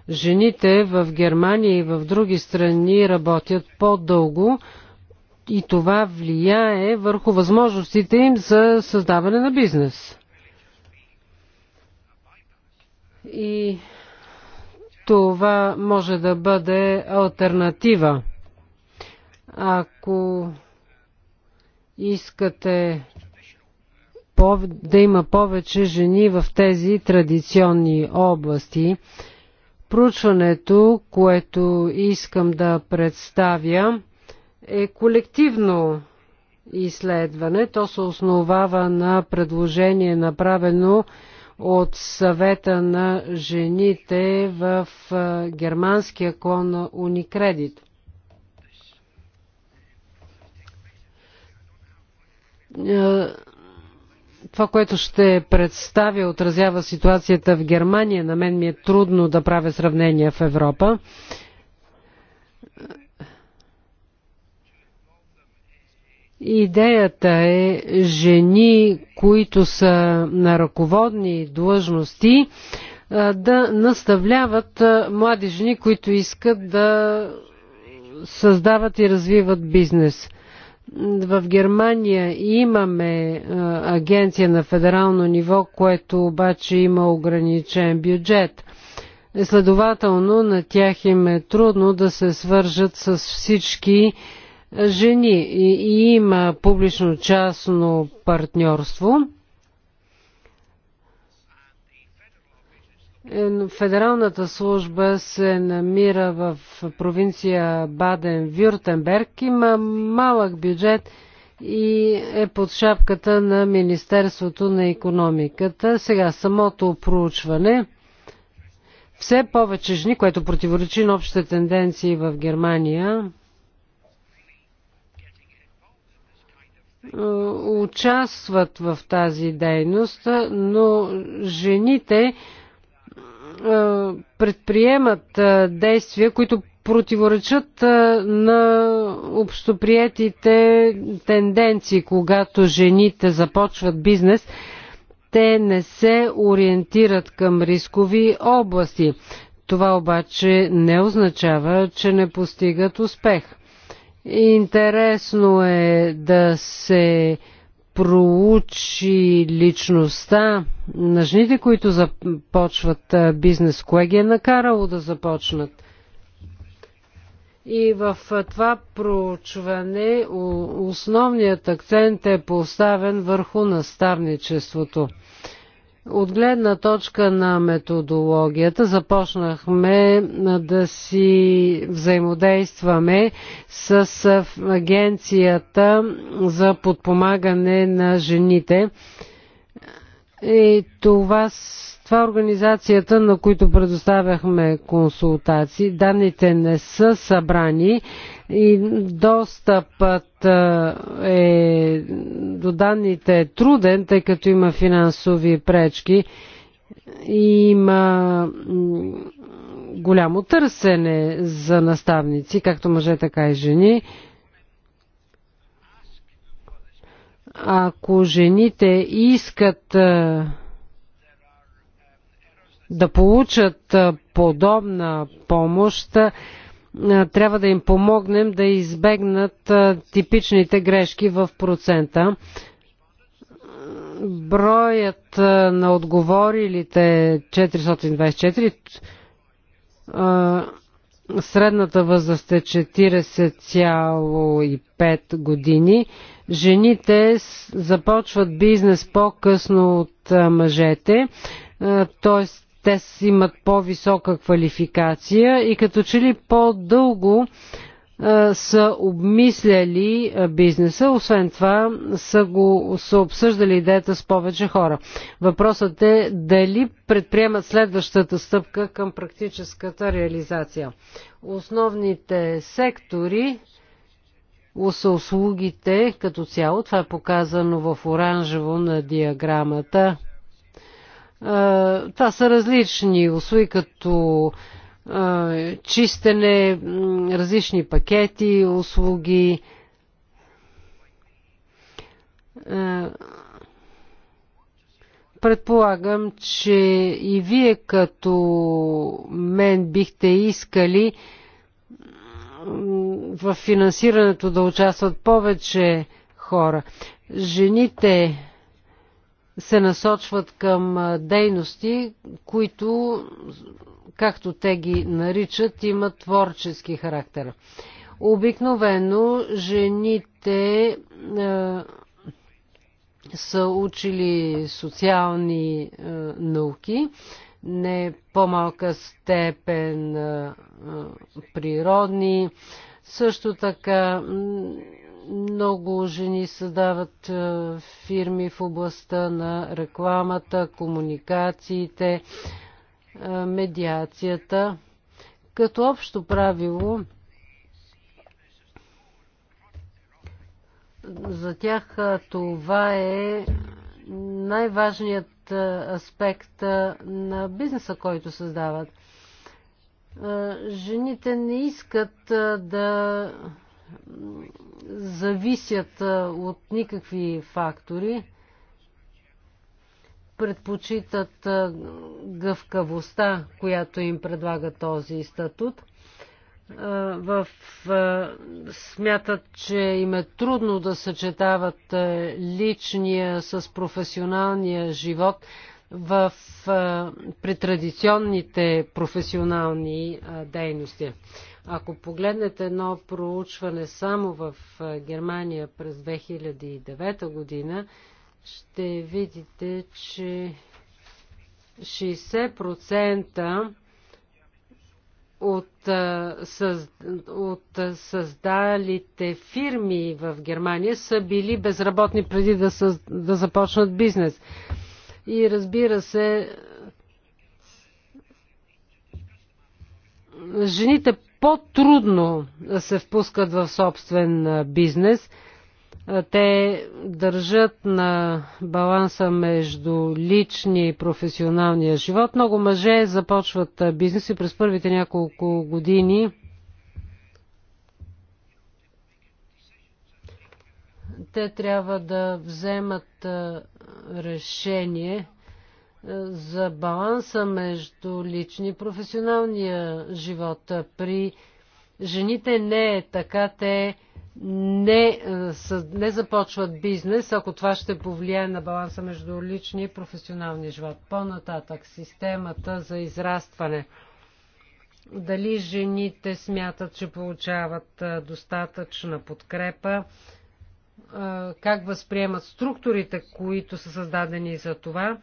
Жените в Германия и в други страни работят по-дълго и това влияе върху възможностите им за създаване на бизнес. И това може да бъде альтернатива. Ако искате да има повече жени в тези традиционни области. Проучването, което искам да представя, е колективно изследване. То се основава на предложение направено от съвета на жените в германския клон Уникредит това, което ще представя, отразява ситуацията в Германия. На мен ми е трудно да правя сравнения в Европа. Идеята е жени, които са на ръководни длъжности, да наставляват млади жени, които искат да създават и развиват бизнес – в Германия имаме агенция на федерално ниво, което обаче има ограничен бюджет. Следователно, на тях им е трудно да се свържат с всички жени и има публично-частно партньорство. Федералната служба се намира в провинция Баден-Вюртенберг. Има малък бюджет и е под шапката на Министерството на економиката. Сега самото проучване. Все повече жени, което противоречи на общите тенденции в Германия, е, участват в тази дейност, но жените е, предприемат е, действия, които противоречат е, на общоприетите тенденции, когато жените започват бизнес, те не се ориентират към рискови области. Това обаче не означава, че не постигат успех. Интересно е да се проучи личността на жените, които започват бизнес, кое ги е накарало да започнат. И в това проучване основният акцент е поставен върху наставничеството – от гледна точка на методологията започнахме да си взаимодействаме с Агенцията за подпомагане на жените. И това, това е организацията, на които предоставяхме консултации. Данните не са събрани, и достъпът е, до данните е труден, тъй като има финансови пречки и има голямо търсене за наставници, както мъже, така и жени. Ако жените искат да получат подобна помощ, трябва да им помогнем да избегнат типичните грешки в процента. Броят на отговорилите 424, е средната възраст е 40,5 години. Жените започват бизнес по-късно от мъжете, т.е те имат по-висока квалификация и като че ли по-дълго са обмисляли бизнеса, освен това са, го, са обсъждали идеята с повече хора. Въпросът е дали предприемат следващата стъпка към практическата реализация. Основните сектори са услугите като цяло, това е показано в оранжево на диаграмата, е, това са различни услуги, като е, чистене, различни пакети, услуги. Е, предполагам, че и вие като мен бихте искали в финансирането да участват повече хора. Жените се насочват към дейности, които, както те ги наричат, имат творчески характер. Обикновено жените е, са учили социални е, науки, не по-малка степен е, природни, също така много жени създават е, фирми в областта на рекламата, комуникациите, е, медиацията. Като общо правило, за тях е, това е най-важният аспект на бизнеса, който създават. Жените не искат да зависят от никакви фактори, предпочитат гъвкавостта, която им предлага този статут. В, смятат, че им е трудно да съчетават личния с професионалния живот в, при традиционните професионални дейности. Ако погледнете едно проучване само в Германия през 2009 година, ще видите, че 60% от, от създалите фирми в Германия са били безработни преди да, съз, да започнат бизнес. И разбира се, жените по-трудно се впускат в собствен бизнес. Те държат на баланса между личния и професионалния живот. Много мъже започват бизнес и през първите няколко години те трябва да вземат решение за баланса между лични и професионалния живот. При жените не е така. Те не, е, не започват бизнес, ако това ще повлияе на баланса между личния и професионалния живот. По-нататък, системата за израстване. Дали жените смятат, че получават е, достатъчна подкрепа? Е, как възприемат структурите, които са създадени за това?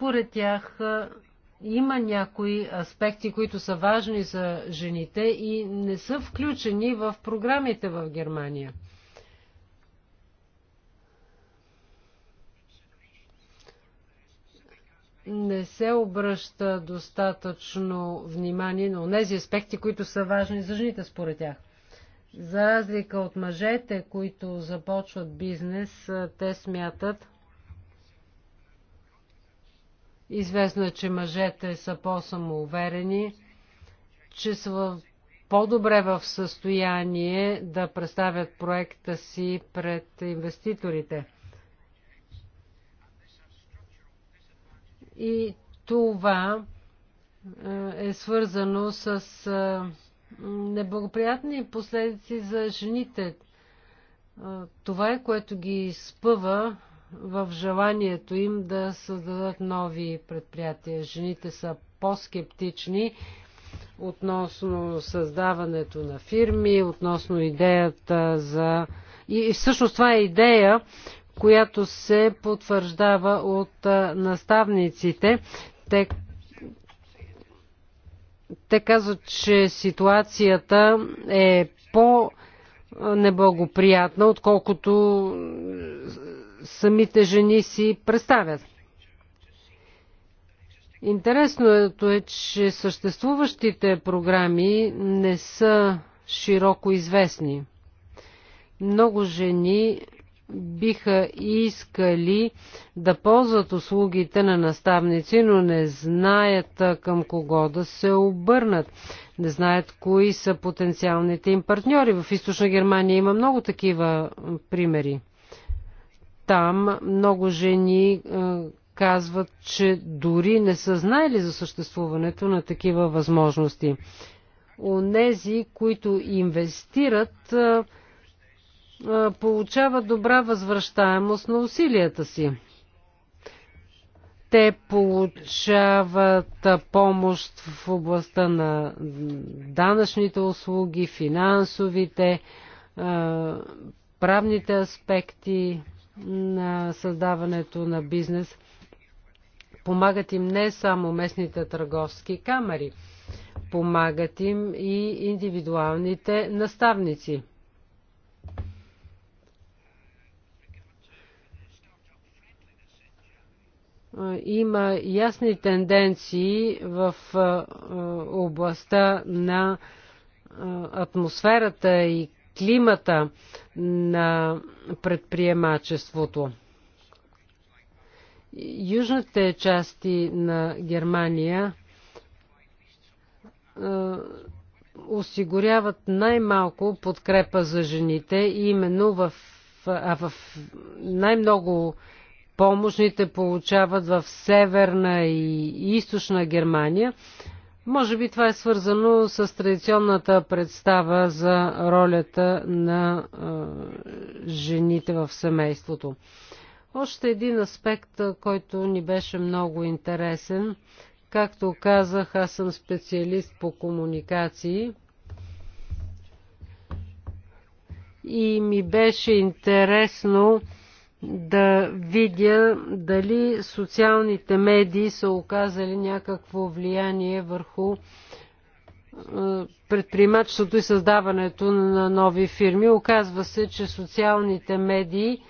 Според тях има някои аспекти, които са важни за жените и не са включени в програмите в Германия. не се обръща достатъчно внимание на тези аспекти, които са важни за жените според тях. За разлика от мъжете, които започват бизнес, те смятат, Известно е, че мъжете са по-самоуверени, че са по-добре в състояние да представят проекта си пред инвеститорите. И това е, е свързано с е, неблагоприятни последици за жените. Е, това е което ги спъва в желанието им да създадат нови предприятия. Жените са по-скептични относно създаването на фирми, относно идеята за... И всъщност това е идея, която се потвърждава от наставниците. Те, Те казват, че ситуацията е по неблагоприятна, отколкото самите жени си представят. Интересното е, е, че съществуващите програми не са широко известни. Много жени биха искали да ползват услугите на наставници, но не знаят към кого да се обърнат. Не знаят кои са потенциалните им партньори. В Източна Германия има много такива примери. Там много жени казват, че дори не са знаели за съществуването на такива възможности. Онези, които инвестират, получават добра възвръщаемост на усилията си. Те получават помощ в областта на данъчните услуги, финансовите, правните аспекти на създаването на бизнес. Помагат им не само местните търговски камери, помагат им и индивидуалните наставници. Има ясни тенденции в областта на атмосферата и климата на предприемачеството. Южните части на Германия осигуряват най-малко подкрепа за жените, именно в, а в най-много помощните получават в северна и източна Германия, може би това е свързано с традиционната представа за ролята на жените в семейството. Още един аспект, който ни беше много интересен. Както казах, аз съм специалист по комуникации и ми беше интересно да видя дали социалните медии са оказали някакво влияние върху е, предприемачеството и създаването на нови фирми. Оказва се, че социалните медии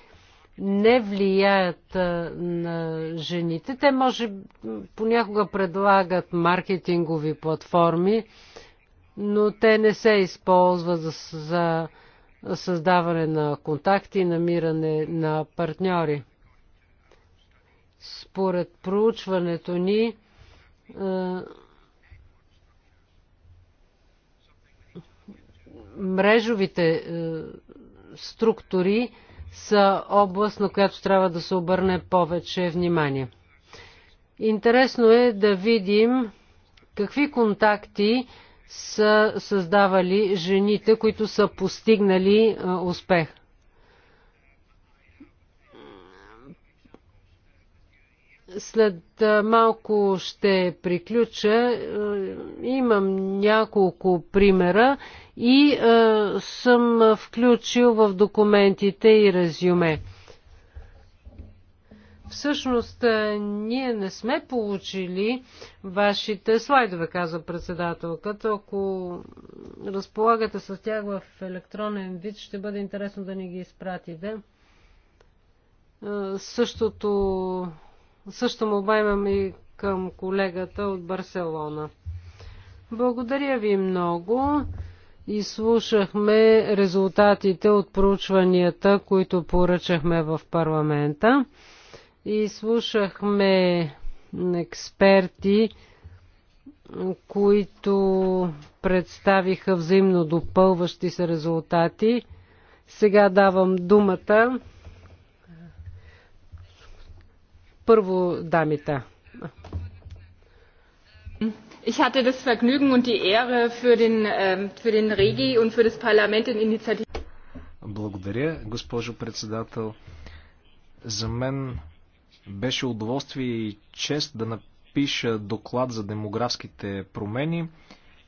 не влияят е, на жените. Те може понякога предлагат маркетингови платформи, но те не се използват за, за създаване на контакти и намиране на партньори. Според проучването ни, е, мрежовите е, структури са област, на която трябва да се обърне повече внимание. Интересно е да видим какви контакти са създавали жените, които са постигнали е, успех. След е, малко ще приключа. Е, имам няколко примера и съм включил в документите и резюме. Всъщност, е, ние не сме получили вашите слайдове, каза председателката. Ако разполагате с тях в електронен вид, ще бъде интересно да ни ги изпратите. Е, същото, също му обаймам и към колегата от Барселона. Благодаря ви много. Изслушахме резултатите от проучванията, които поръчахме в парламента и слушахме експерти, които представиха взаимно допълващи се резултати. Сега давам думата. Първо дамите. Ich hatte das Vergnügen und die Ehre für den, ähm, für den Regi und für das Parlament in Initiative. Благодаря, госпожо председател. За мен беше удоволствие и чест да напиша доклад за демографските промени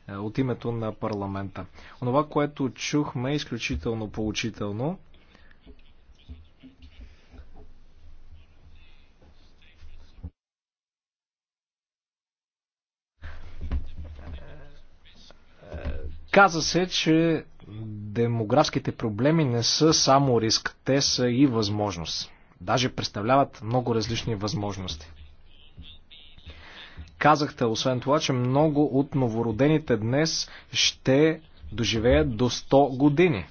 е, от името на парламента. Онова, което чухме е изключително поучително. Каза се, че демографските проблеми не са само риск, те са и възможност. Даже представляват много различни възможности. Казахте, освен това, че много от новородените днес ще доживеят до 100 години. Е,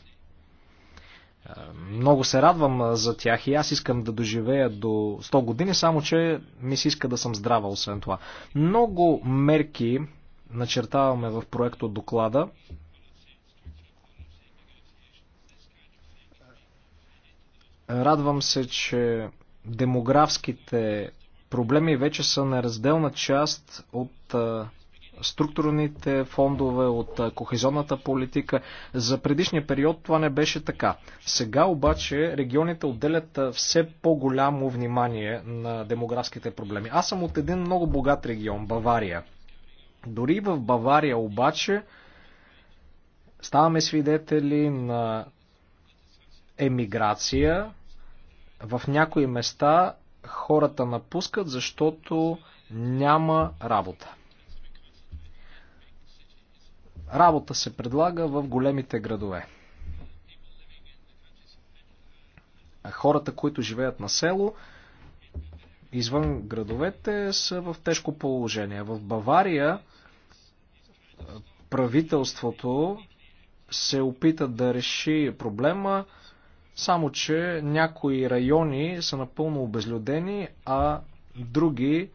много се радвам за тях и аз искам да доживея до 100 години, само че ми се иска да съм здрава, освен това. Много мерки начертаваме в проекто доклада. Радвам се, че демографските проблеми вече са неразделна част от структурните фондове, от кохезионната политика. За предишния период това не беше така. Сега обаче регионите отделят все по-голямо внимание на демографските проблеми. Аз съм от един много богат регион, Бавария. Дори в Бавария обаче ставаме свидетели на емиграция, в някои места хората напускат, защото няма работа. Работа се предлага в големите градове. Хората, които живеят на село, извън градовете, са в тежко положение. В Бавария правителството се опита да реши проблема само, че някои райони са напълно обезлюдени, а други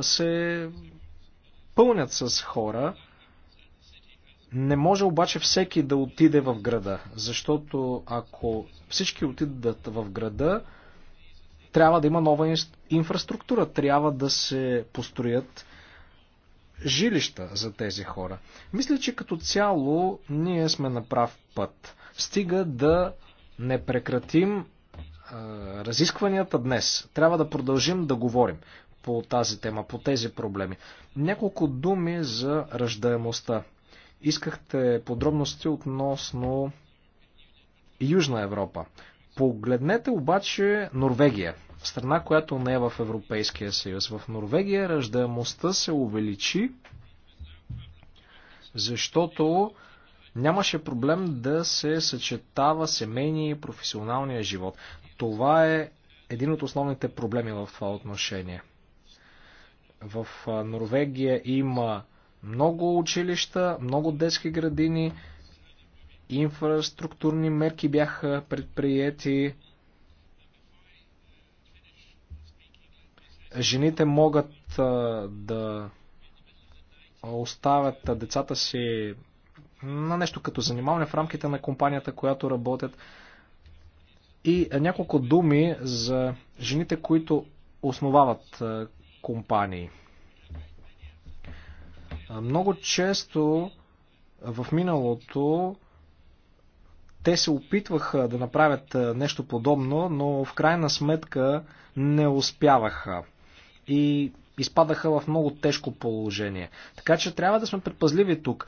се пълнят с хора. Не може обаче всеки да отиде в града, защото ако всички отидат в града, трябва да има нова инфраструктура, трябва да се построят жилища за тези хора. Мисля, че като цяло ние сме на прав път. Стига да не прекратим разискванията днес. Трябва да продължим да говорим по тази тема, по тези проблеми. Няколко думи за ръждаемостта. Искахте подробности относно Южна Европа. Погледнете обаче Норвегия, страна, която не е в Европейския съюз. В Норвегия ръждаемостта се увеличи, защото нямаше проблем да се съчетава семейния и професионалния живот. Това е един от основните проблеми в това отношение. В Норвегия има много училища, много детски градини, инфраструктурни мерки бяха предприяти. Жените могат да оставят децата си на нещо като занимаване в рамките на компанията, която работят. И няколко думи за жените, които основават компании. Много често в миналото те се опитваха да направят нещо подобно, но в крайна сметка не успяваха. И изпадаха в много тежко положение. Така че трябва да сме предпазливи тук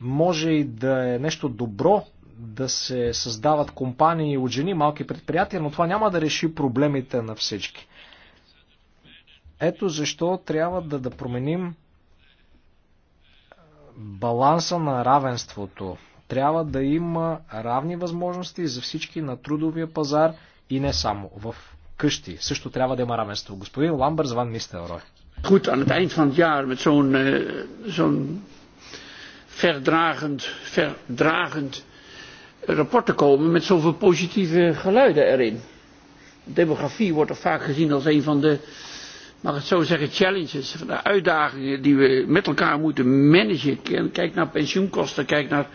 може и да е нещо добро да се създават компании от жени, малки предприятия, но това няма да реши проблемите на всички. Ето защо трябва да, да променим баланса на равенството. Трябва да има равни възможности за всички на трудовия пазар и не само. В къщи също трябва да има равенство. Господин Ламбърс Ван Нистелрой. Goed, aan het eind van het jaar met zo'n eh, verdragend, verdragend rapport te komen met zoveel positieve geluiden erin. Demografie wordt er vaak gezien als een van de, mag het zo zeggen, challenges, van de uitdagingen die we met elkaar moeten managen. Kijk naar pensioenkosten, kijk naar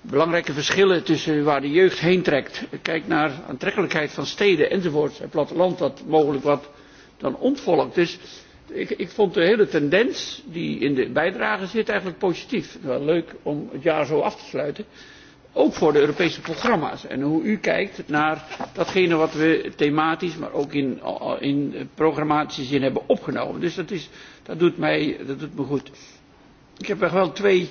belangrijke verschillen tussen waar de jeugd heen trekt. Kijk naar aantrekkelijkheid van steden enzovoort. Het platteland dat mogelijk wat dan ontvolkt Dus ik, ik vond de hele tendens die in de bijdrage zit eigenlijk positief. Wel leuk om het jaar zo af te sluiten. Ook voor de Europese programma's. En hoe u kijkt naar datgene wat we thematisch, maar ook in, in programmatische zin hebben opgenomen. Dus dat, is, dat, doet, mij, dat doet me goed. Ik heb nog wel twee,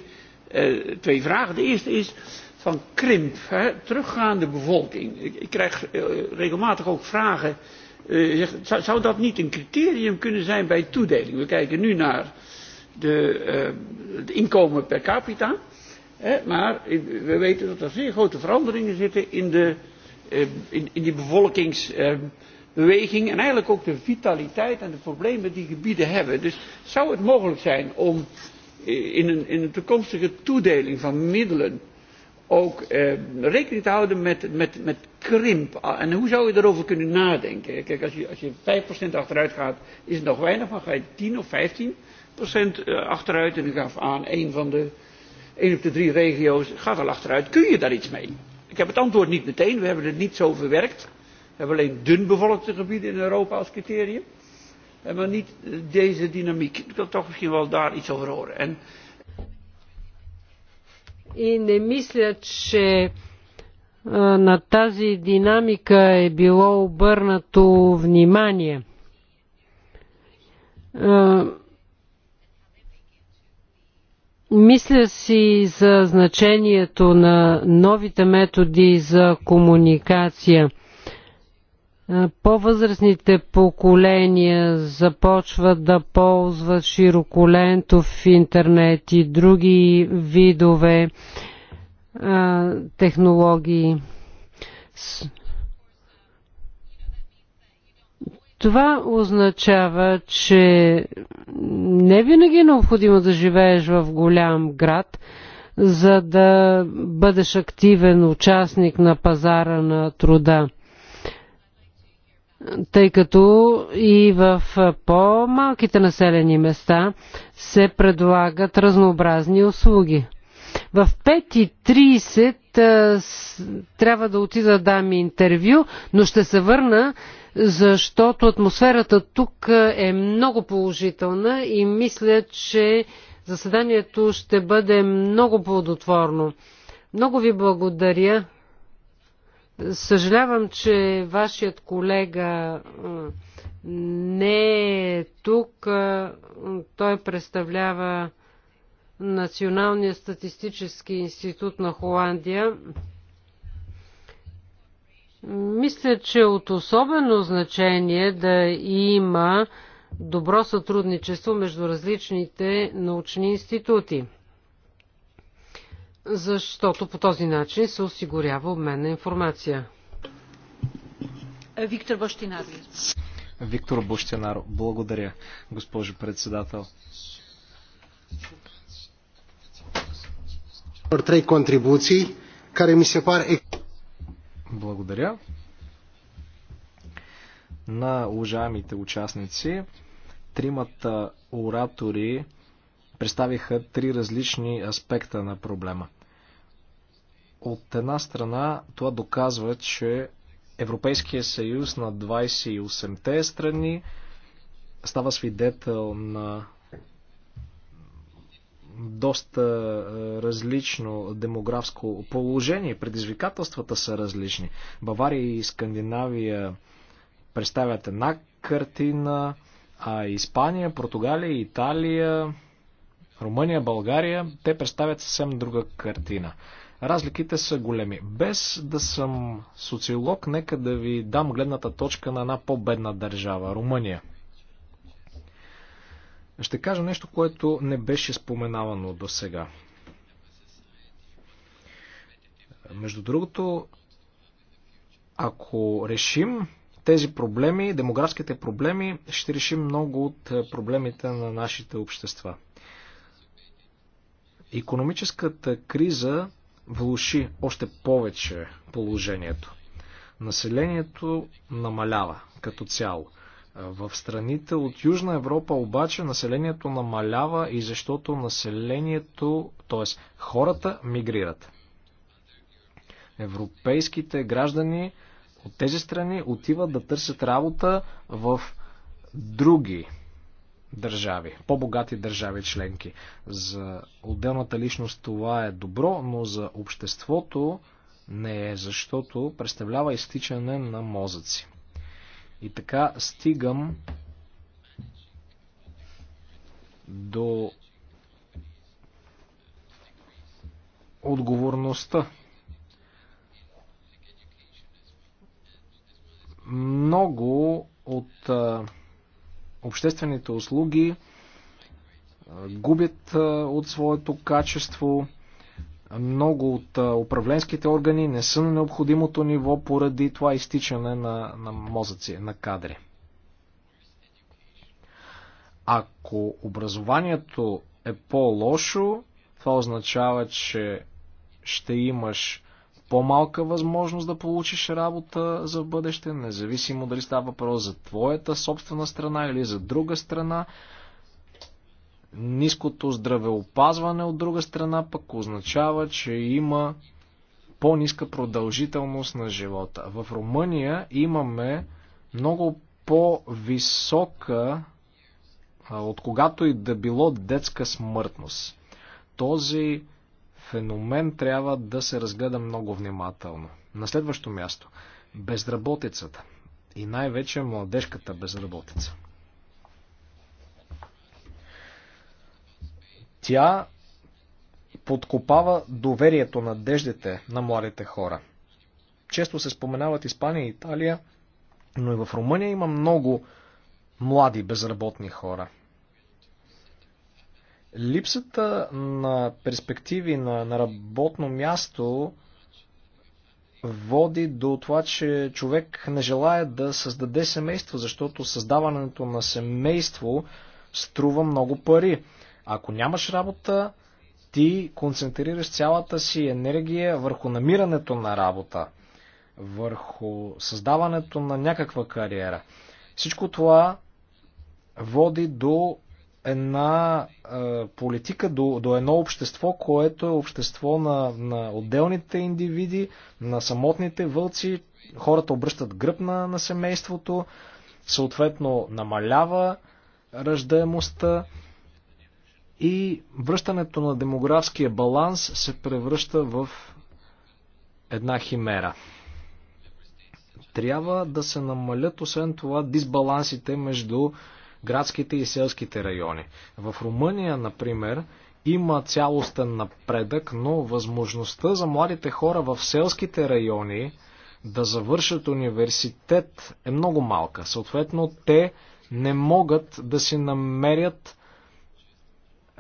twee vragen. De eerste is van krimp, hè, teruggaande bevolking. Ik, ik krijg regelmatig ook vragen zou dat niet een criterium kunnen zijn bij toedeling? We kijken nu naar het inkomen per capita. maar we weten dat er zeer grote veranderingen zitten in, de, die bevolkingsbeweging. en eigenlijk ook de vitaliteit en de problemen die gebieden hebben. Dus zou het mogelijk zijn om in een, toekomstige toedeling van middelen ook rekening te houden met, met, met krimp. En hoe zou je daarover kunnen nadenken? Kijk, als je, als je 5% achteruit gaat, is het nog weinig, maar ga je 10 of 15% achteruit, en ik gaf aan, een van de één op de drie regio's gaat al achteruit. Kun je daar iets mee? Ik heb het antwoord niet meteen, we hebben het niet zo verwerkt. We hebben alleen dun bevolkte gebieden in Europa als criterium. Maar niet deze dynamiek. Ik wil toch misschien wel daar iets over horen. En и не мисля, че на тази динамика е било обърнато внимание. Мисля си за значението на новите методи за комуникация – е, по-възрастните поколения започват да ползват широколентов интернет и други видове а, е, технологии. Това означава, че не винаги е необходимо да живееш в голям град, за да бъдеш активен участник на пазара на труда тъй като и в по-малките населени места се предлагат разнообразни услуги. В 5.30 трябва да отида да дам интервю, но ще се върна, защото атмосферата тук е много положителна и мисля, че заседанието ще бъде много плодотворно. Много ви благодаря Съжалявам, че вашият колега не е тук. Той представлява Националния статистически институт на Холандия. Мисля, че от особено значение да има добро сътрудничество между различните научни институти защото по този начин се осигурява обмен на информация. Виктор Бощинар. Виктор Бощинар, Благодаря, госпожо председател. Трей контрибуции, care mi se par... Благодаря. На уважаемите участници, тримата оратори представиха три различни аспекта на проблема. От една страна, това доказва, че Европейския съюз на 28-те страни става свидетел на доста различно демографско положение. Предизвикателствата са различни. Бавария и Скандинавия представят една картина, а Испания, Португалия, Италия, Румъния, България, те представят съвсем друга картина. Разликите са големи. Без да съм социолог, нека да ви дам гледната точка на една по-бедна държава Румъния. Ще кажа нещо, което не беше споменавано до сега. Между другото, ако решим тези проблеми, демографските проблеми, ще решим много от проблемите на нашите общества. Економическата криза влуши още повече положението. Населението намалява като цяло. В страните от Южна Европа обаче населението намалява и защото населението, т.е. хората мигрират. Европейските граждани от тези страни отиват да търсят работа в други държави, по-богати държави членки. За отделната личност това е добро, но за обществото не е, защото представлява изтичане на мозъци. И така стигам до отговорността. Много от обществените услуги губят от своето качество. Много от управленските органи не са на необходимото ниво поради това изтичане на, на мозъци, на кадри. Ако образованието е по-лошо, това означава, че ще имаш по-малка възможност да получиш работа за бъдеще, независимо дали става въпрос за твоята собствена страна или за друга страна. Ниското здравеопазване от друга страна пък означава, че има по-ниска продължителност на живота. В Румъния имаме много по-висока от когато и да било детска смъртност. Този феномен трябва да се разгледа много внимателно. На следващо място безработицата и най-вече младежката безработица. Тя подкопава доверието, надеждите на младите хора. Често се споменават Испания и Италия, но и в Румъния има много млади безработни хора. Липсата на перспективи на, на работно място води до това, че човек не желая да създаде семейство, защото създаването на семейство струва много пари. Ако нямаш работа, ти концентрираш цялата си енергия върху намирането на работа, върху създаването на някаква кариера. Всичко това води до една а, политика до, до едно общество, което е общество на, на отделните индивиди, на самотните вълци. Хората обръщат гръб на, на семейството, съответно намалява ръждаемостта и връщането на демографския баланс се превръща в една химера. Трябва да се намалят, освен това, дисбалансите между градските и селските райони. В Румъния, например, има цялостен напредък, но възможността за младите хора в селските райони да завършат университет е много малка. Съответно, те не могат да си намерят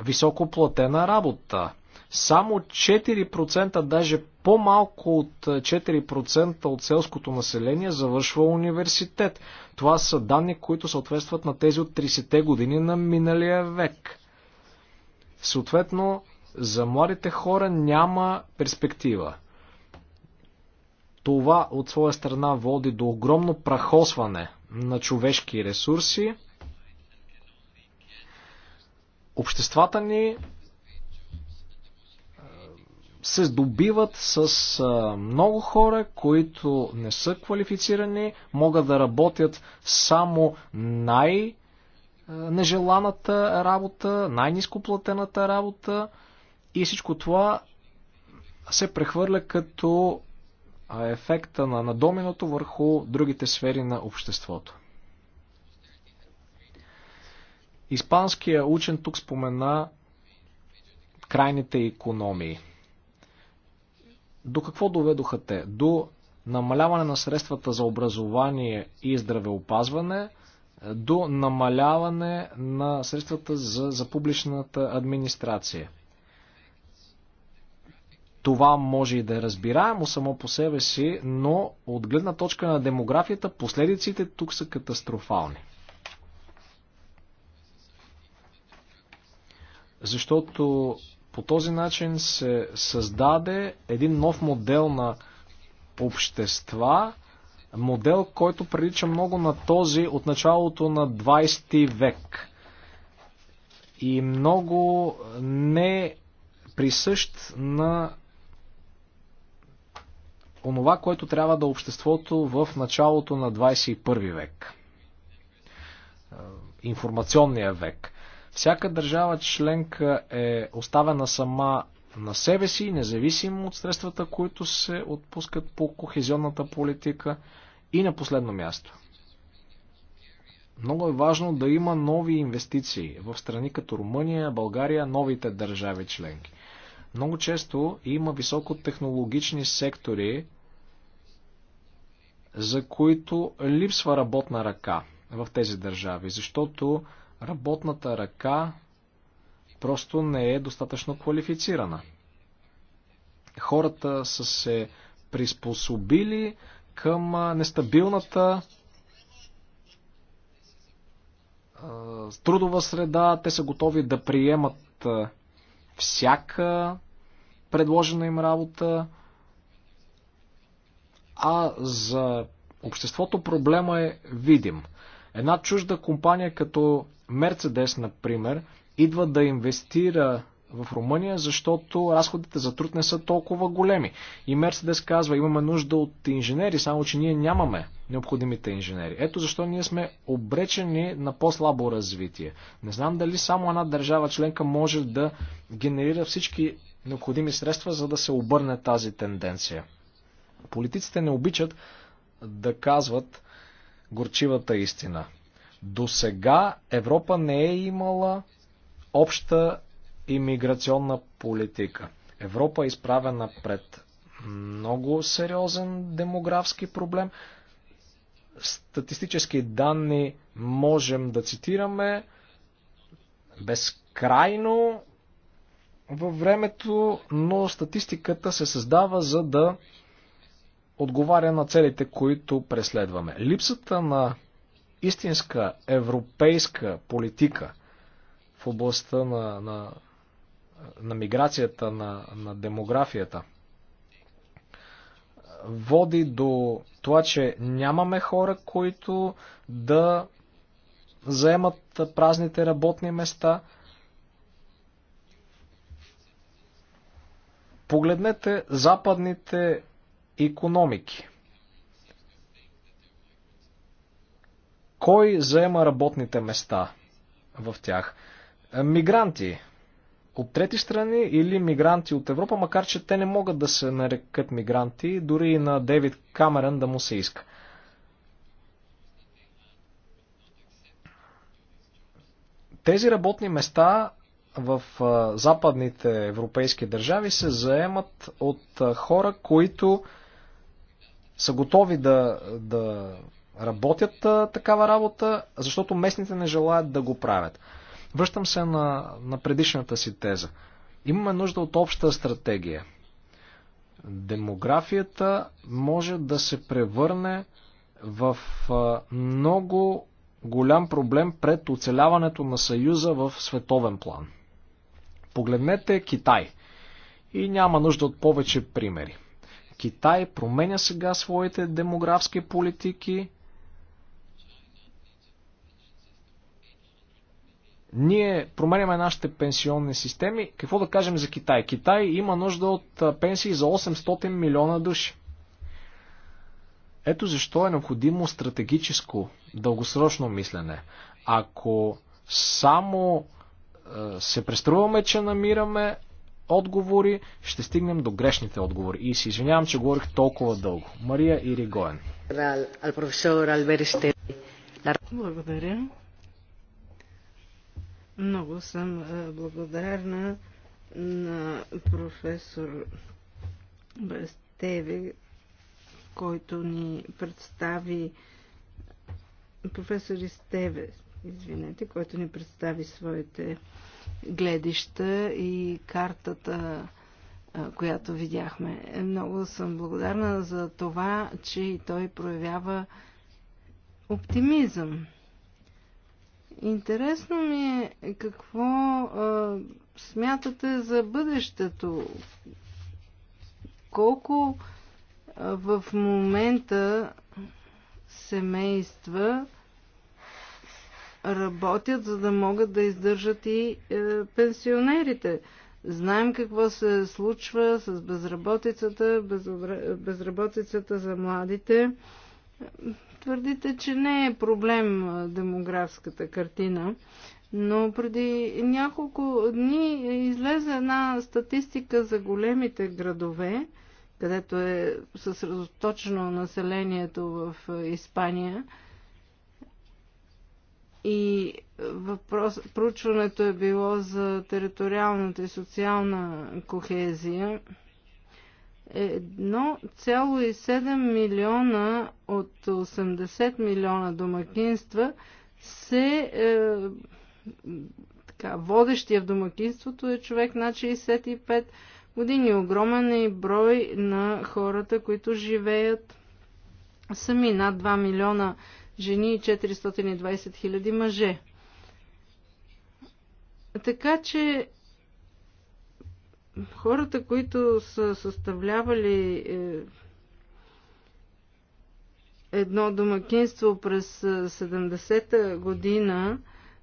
високоплатена работа. Само 4%, даже по-малко от 4% е, от селското население завършва университет. Това са данни, които съответстват на тези от 30-те години на миналия век. Съответно, за младите хора няма перспектива. Това от своя страна води до огромно прахосване на човешки ресурси. Обществата ни се здобиват с много хора, които не са квалифицирани, могат да работят само най- нежеланата работа, най-низкоплатената работа и всичко това се прехвърля като ефекта на, на доминото върху другите сфери на обществото. Испанския учен тук спомена крайните економии – до какво доведоха те? До намаляване на средствата за образование и здравеопазване, до намаляване на средствата за, за публичната администрация. Това може и да е разбираемо само по себе си, но от гледна точка на демографията последиците тук са катастрофални. Защото по този начин се създаде един нов модел на общества, модел, който прилича много на този от началото на 20 век. И много не присъщ на онова, което трябва да обществото в началото на 21 век. Е, информационния век. Всяка държава членка е оставена сама на себе си, независимо от средствата, които се отпускат по кохезионната политика. И на последно място. Много е важно да има нови инвестиции в страни като Румъния, България, новите държави членки. Много често има високотехнологични сектори, за които липсва работна ръка в тези държави, защото работната ръка просто не е достатъчно квалифицирана. Хората са се приспособили към нестабилната трудова среда, те са готови да приемат всяка предложена им работа, а за обществото проблема е видим. Една чужда компания като Мерцедес, например, идва да инвестира в Румъния, защото разходите за труд не са толкова големи. И Мерседес казва, имаме нужда от инженери, само че ние нямаме необходимите инженери. Ето защо ние сме обречени на по-слабо развитие. Не знам дали само една държава членка може да генерира всички необходими средства, за да се обърне тази тенденция. Политиците не обичат да казват горчивата истина. До сега Европа не е имала обща имиграционна политика. Европа е изправена пред много сериозен демографски проблем. Статистически данни можем да цитираме безкрайно във времето, но статистиката се създава за да отговаря на целите, които преследваме. Липсата на истинска европейска политика в областта на, на, на миграцията, на, на демографията, води до това, че нямаме хора, които да заемат празните работни места. Погледнете западните економики. Кой заема работните места в тях? Е, мигранти от трети страни или мигранти от Европа, макар че те не могат да се нарекат мигранти, дори и на Дейвид Камерън да му се иска. Тези работни места в западните европейски държави се заемат от хора, които са готови да, да работят а, такава работа, защото местните не желаят да го правят. Връщам се на, на предишната си теза. Имаме нужда от обща стратегия. Демографията може да се превърне в а, много голям проблем пред оцеляването на Съюза в световен план. Погледнете Китай. И няма нужда от повече примери. Китай променя сега своите демографски политики, Ние променяме нашите пенсионни системи. Какво да кажем за Китай? Китай има нужда от пенсии за 800 милиона души. Ето защо е необходимо стратегическо, дългосрочно мислене. Ако само се преструваме, че намираме отговори, ще стигнем до грешните отговори. И се извинявам, че говорих толкова дълго. Мария Иригоен. Благодаря. Много съм е, благодарна на професор Бестеви, който ни представи професор Истеве, извинете, който ни представи своите гледища и картата, е, която видяхме. Много съм благодарна за това, че и той проявява оптимизъм. Интересно ми е какво а, смятате за бъдещето. Колко а, в момента семейства работят, за да могат да издържат и е, пенсионерите. Знаем какво се случва с безработицата, безобра... безработицата за младите твърдите, че не е проблем демографската картина, но преди няколко дни излезе една статистика за големите градове, където е съсредоточено населението в Испания. И въпрос, проучването е било за териториалната и социална кохезия. 1,7 милиона от 80 милиона домакинства се е, така, водещия в домакинството е човек над 65 години. Огромен е и брой на хората, които живеят сами над 2 милиона жени и 420 хиляди мъже. Така че хората, които са съставлявали е, едно домакинство през 70-та е, година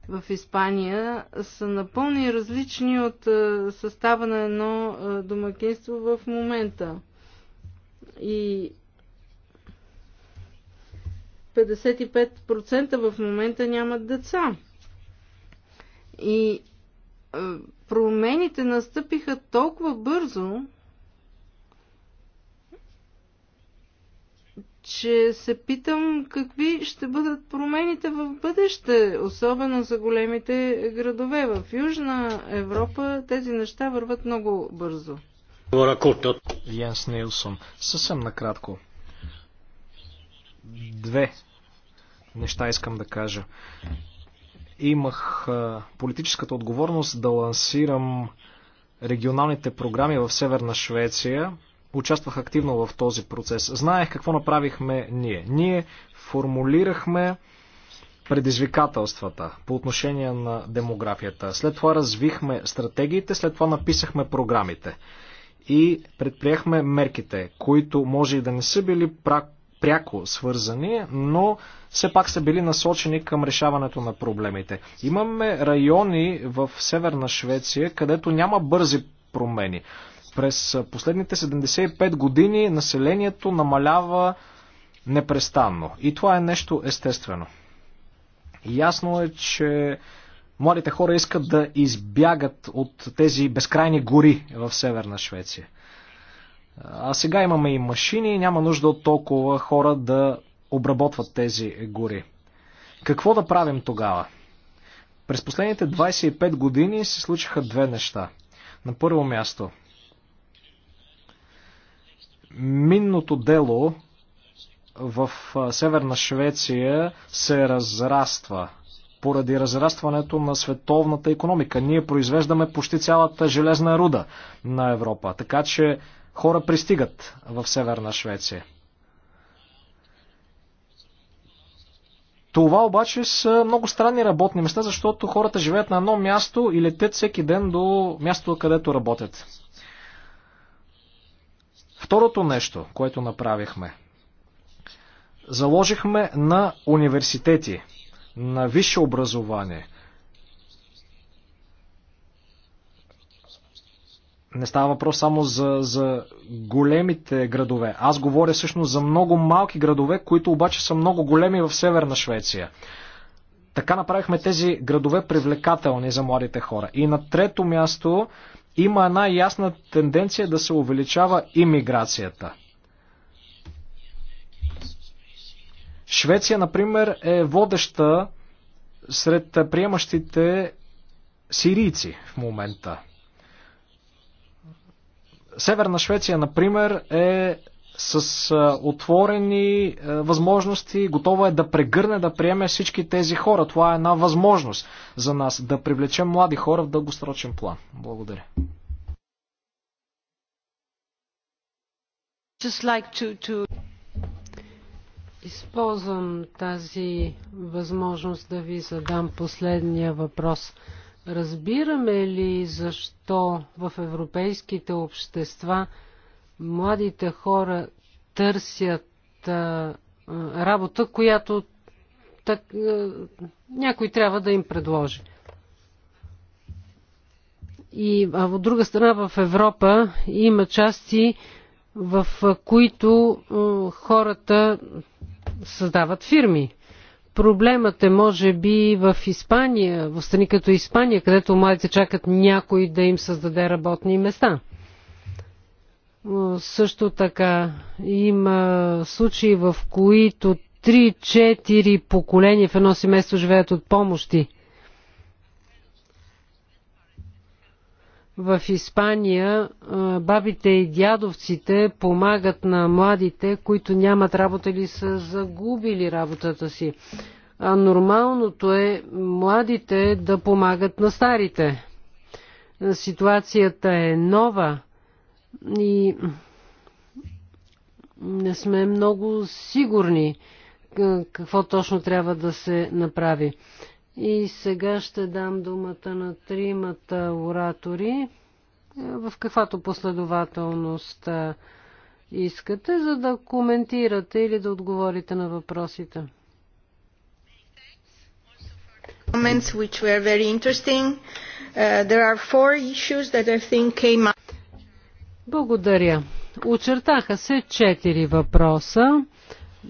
в Испания, са напълни различни от е, състава на едно домакинство в момента. И 55% в момента нямат деца. И промените настъпиха толкова бързо, че се питам какви ще бъдат промените в бъдеще, особено за големите градове. В Южна Европа тези неща върват много бързо. Янс Нейлсон, Съвсем накратко. Две неща искам да кажа имах политическата отговорност да лансирам регионалните програми в Северна Швеция. Участвах активно в този процес. Знаех какво направихме ние. Ние формулирахме предизвикателствата по отношение на демографията. След това развихме стратегиите, след това написахме програмите и предприехме мерките, които може и да не са били прак пряко свързани, но все пак са били насочени към решаването на проблемите. Имаме райони в Северна Швеция, където няма бързи промени. През последните 75 години населението намалява непрестанно. И това е нещо естествено. Ясно е, че младите хора искат да избягат от тези безкрайни гори в Северна Швеция. А сега имаме и машини, няма нужда от толкова хора да обработват тези гори. Какво да правим тогава? През последните 25 години се случиха две неща. На първо място, минното дело в Северна Швеция се разраства поради разрастването на световната економика. Ние произвеждаме почти цялата железна руда на Европа, така че хора пристигат в Северна Швеция. Това обаче са много странни работни места, защото хората живеят на едно място и летят всеки ден до мястото, където работят. Второто нещо, което направихме. Заложихме на университети, на висше образование. Не става въпрос само за, за големите градове. Аз говоря всъщност за много малки градове, които обаче са много големи в Северна Швеция. Така направихме тези градове привлекателни за младите хора. И на трето място има една ясна тенденция да се увеличава иммиграцията. Швеция, например, е водеща сред приемащите сирийци в момента. Северна Швеция, например, е с а, отворени а, възможности, готова е да прегърне, да приеме всички тези хора. Това е една възможност за нас да привлечем млади хора в дългосрочен план. Благодаря. Just like to, to... Използвам тази възможност да ви задам последния въпрос. Разбираме ли защо в европейските общества младите хора търсят а, работа, която так, а, някой трябва да им предложи? И а от друга страна в Европа има части, в които хората създават фирми. Проблемът е може би в Испания, в страни като Испания, където младите чакат някой да им създаде работни места. Също така има случаи, в които 3-4 поколения в едно семейство живеят от помощи – В Испания бабите и дядовците помагат на младите, които нямат работа или са загубили работата си. А нормалното е младите да помагат на старите. Ситуацията е нова и не сме много сигурни какво точно трябва да се направи. И сега ще дам думата на тримата оратори, в каквато последователност искате, за да коментирате или да отговорите на въпросите. Comments which were very interesting. Uh, there are four issues that I think came up. Благодаря. Очертаха се четири въпроса.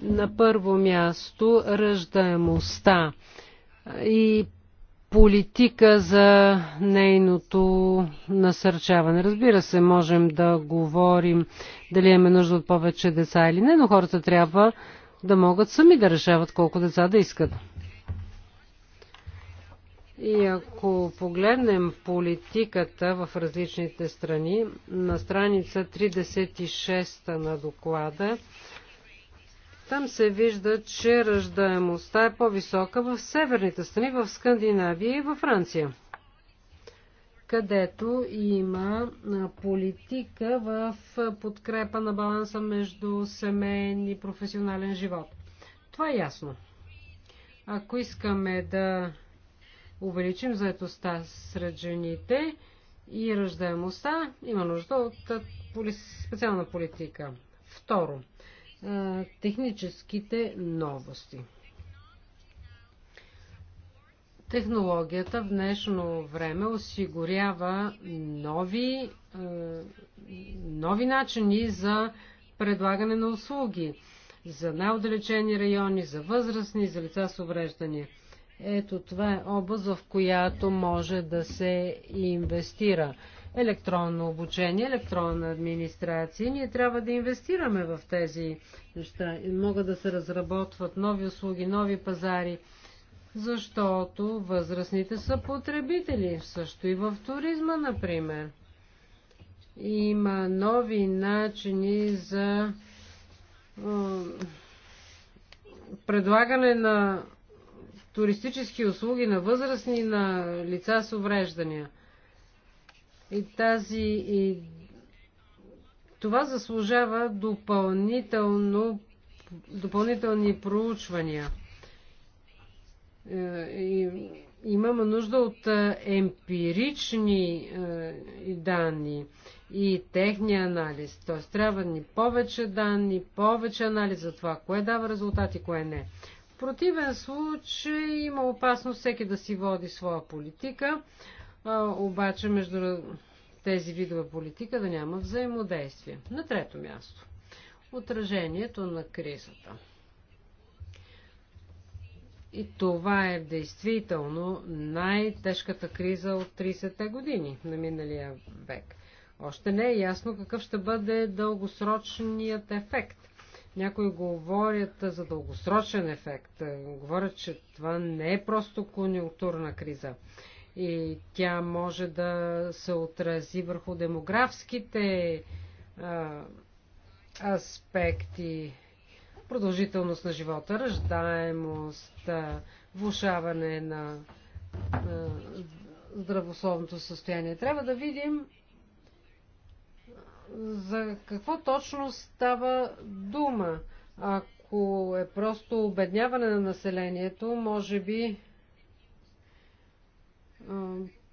На първо място ръждаемостта и политика за нейното насърчаване. Разбира се, можем да говорим дали имаме нужда от повече деца или не, но хората трябва да могат сами да решават колко деца да искат. И ако погледнем политиката в различните страни, на страница 36 на доклада там се вижда, че ръждаемостта е по-висока в северните страни, в Скандинавия и във Франция, където има политика в подкрепа на баланса между семейен и професионален живот. Това е ясно. Ако искаме да увеличим заетостта сред жените и ръждаемостта, има нужда от специална политика. Второ, техническите новости. Технологията в днешно време осигурява нови, нови начини за предлагане на услуги за най-отдалечени райони, за възрастни, за лица с увреждания. Ето това е област, в която може да се инвестира електронно обучение, електронна администрация. Ние трябва да инвестираме в тези неща. Могат да се разработват нови услуги, нови пазари, защото възрастните са потребители. Също и в туризма, например. Има нови начини за предлагане на туристически услуги на възрастни, на лица с увреждания – и тази и това заслужава допълнително, допълнителни проучвания. Е, и, имаме нужда от е, емпирични е, данни и техния анализ. Т.е. трябва ни повече данни, повече анализ за това, кое дава резултати, кое не. В противен случай има опасност всеки да си води своя политика, а, обаче между тези видове политика да няма взаимодействие. На трето място. Отражението на кризата. И това е действително най-тежката криза от 30-те години на миналия век. Още не е ясно какъв ще бъде дългосрочният ефект. Някои говорят за дългосрочен ефект. Говорят, че това не е просто конюнктурна криза и тя може да се отрази върху демографските а, аспекти, продължителност на живота, ръждаемост, влушаване на а, здравословното състояние. Трябва да видим за какво точно става дума. Ако е просто обедняване на населението, може би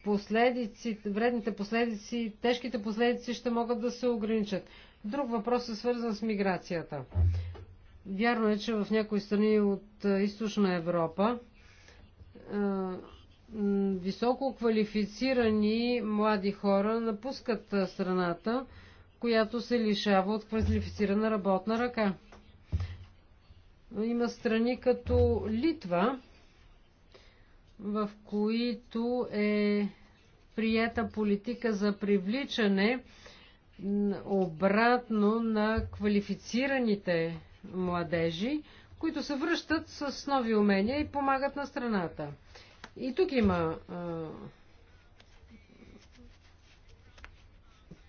последици, вредните последици, тежките последици ще могат да се ограничат. Друг въпрос е свързан с миграцията. Вярно е, че в някои страни от източна Европа високо квалифицирани млади хора напускат страната, която се лишава от квалифицирана работна ръка. Има страни като Литва, в които е прията политика за привличане обратно на квалифицираните младежи, които се връщат с нови умения и помагат на страната. И тук има а,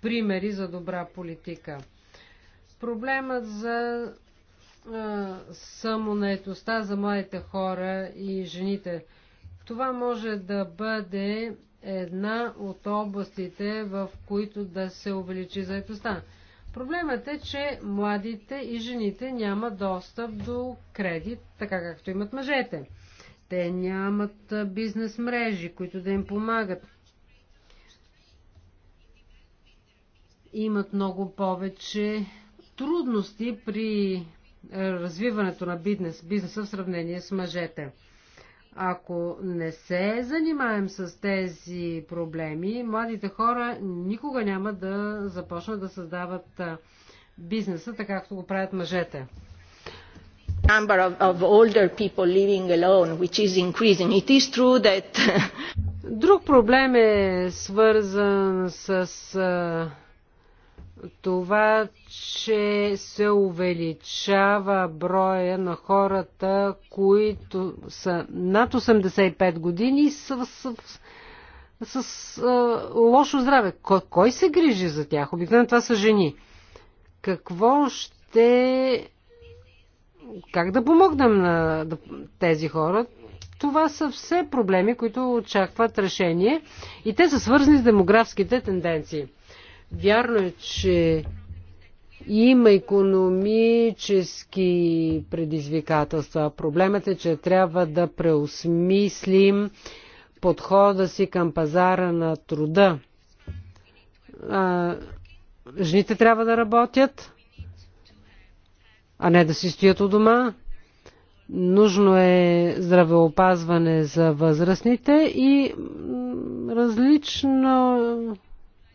примери за добра политика. Проблемът за самонаетостта за младите хора и жените – това може да бъде една от областите, в които да се увеличи заедостта. Проблемът е, че младите и жените нямат достъп до кредит, така както имат мъжете. Те нямат бизнес мрежи, които да им помагат. Имат много повече трудности при развиването на бизнес, бизнеса в сравнение с мъжете. Ако не се занимаем с тези проблеми, младите хора никога няма да започнат да създават бизнеса, така както го правят мъжете number of, of older people living alone, which is increasing. It is true that... Друг проблем е свързан с това, че се увеличава броя на хората, които са над 85 години и са с, с, с а, лошо здраве. Кой, кой се грижи за тях? Обикновено това са жени. Какво ще. Как да помогнем на тези хора? Това са все проблеми, които очакват решение и те са свързани с демографските тенденции. Вярно е, че има економически предизвикателства. Проблемът е, че трябва да преосмислим подхода си към пазара на труда. А, жените трябва да работят, а не да си стоят у дома. Нужно е здравеопазване за възрастните и различно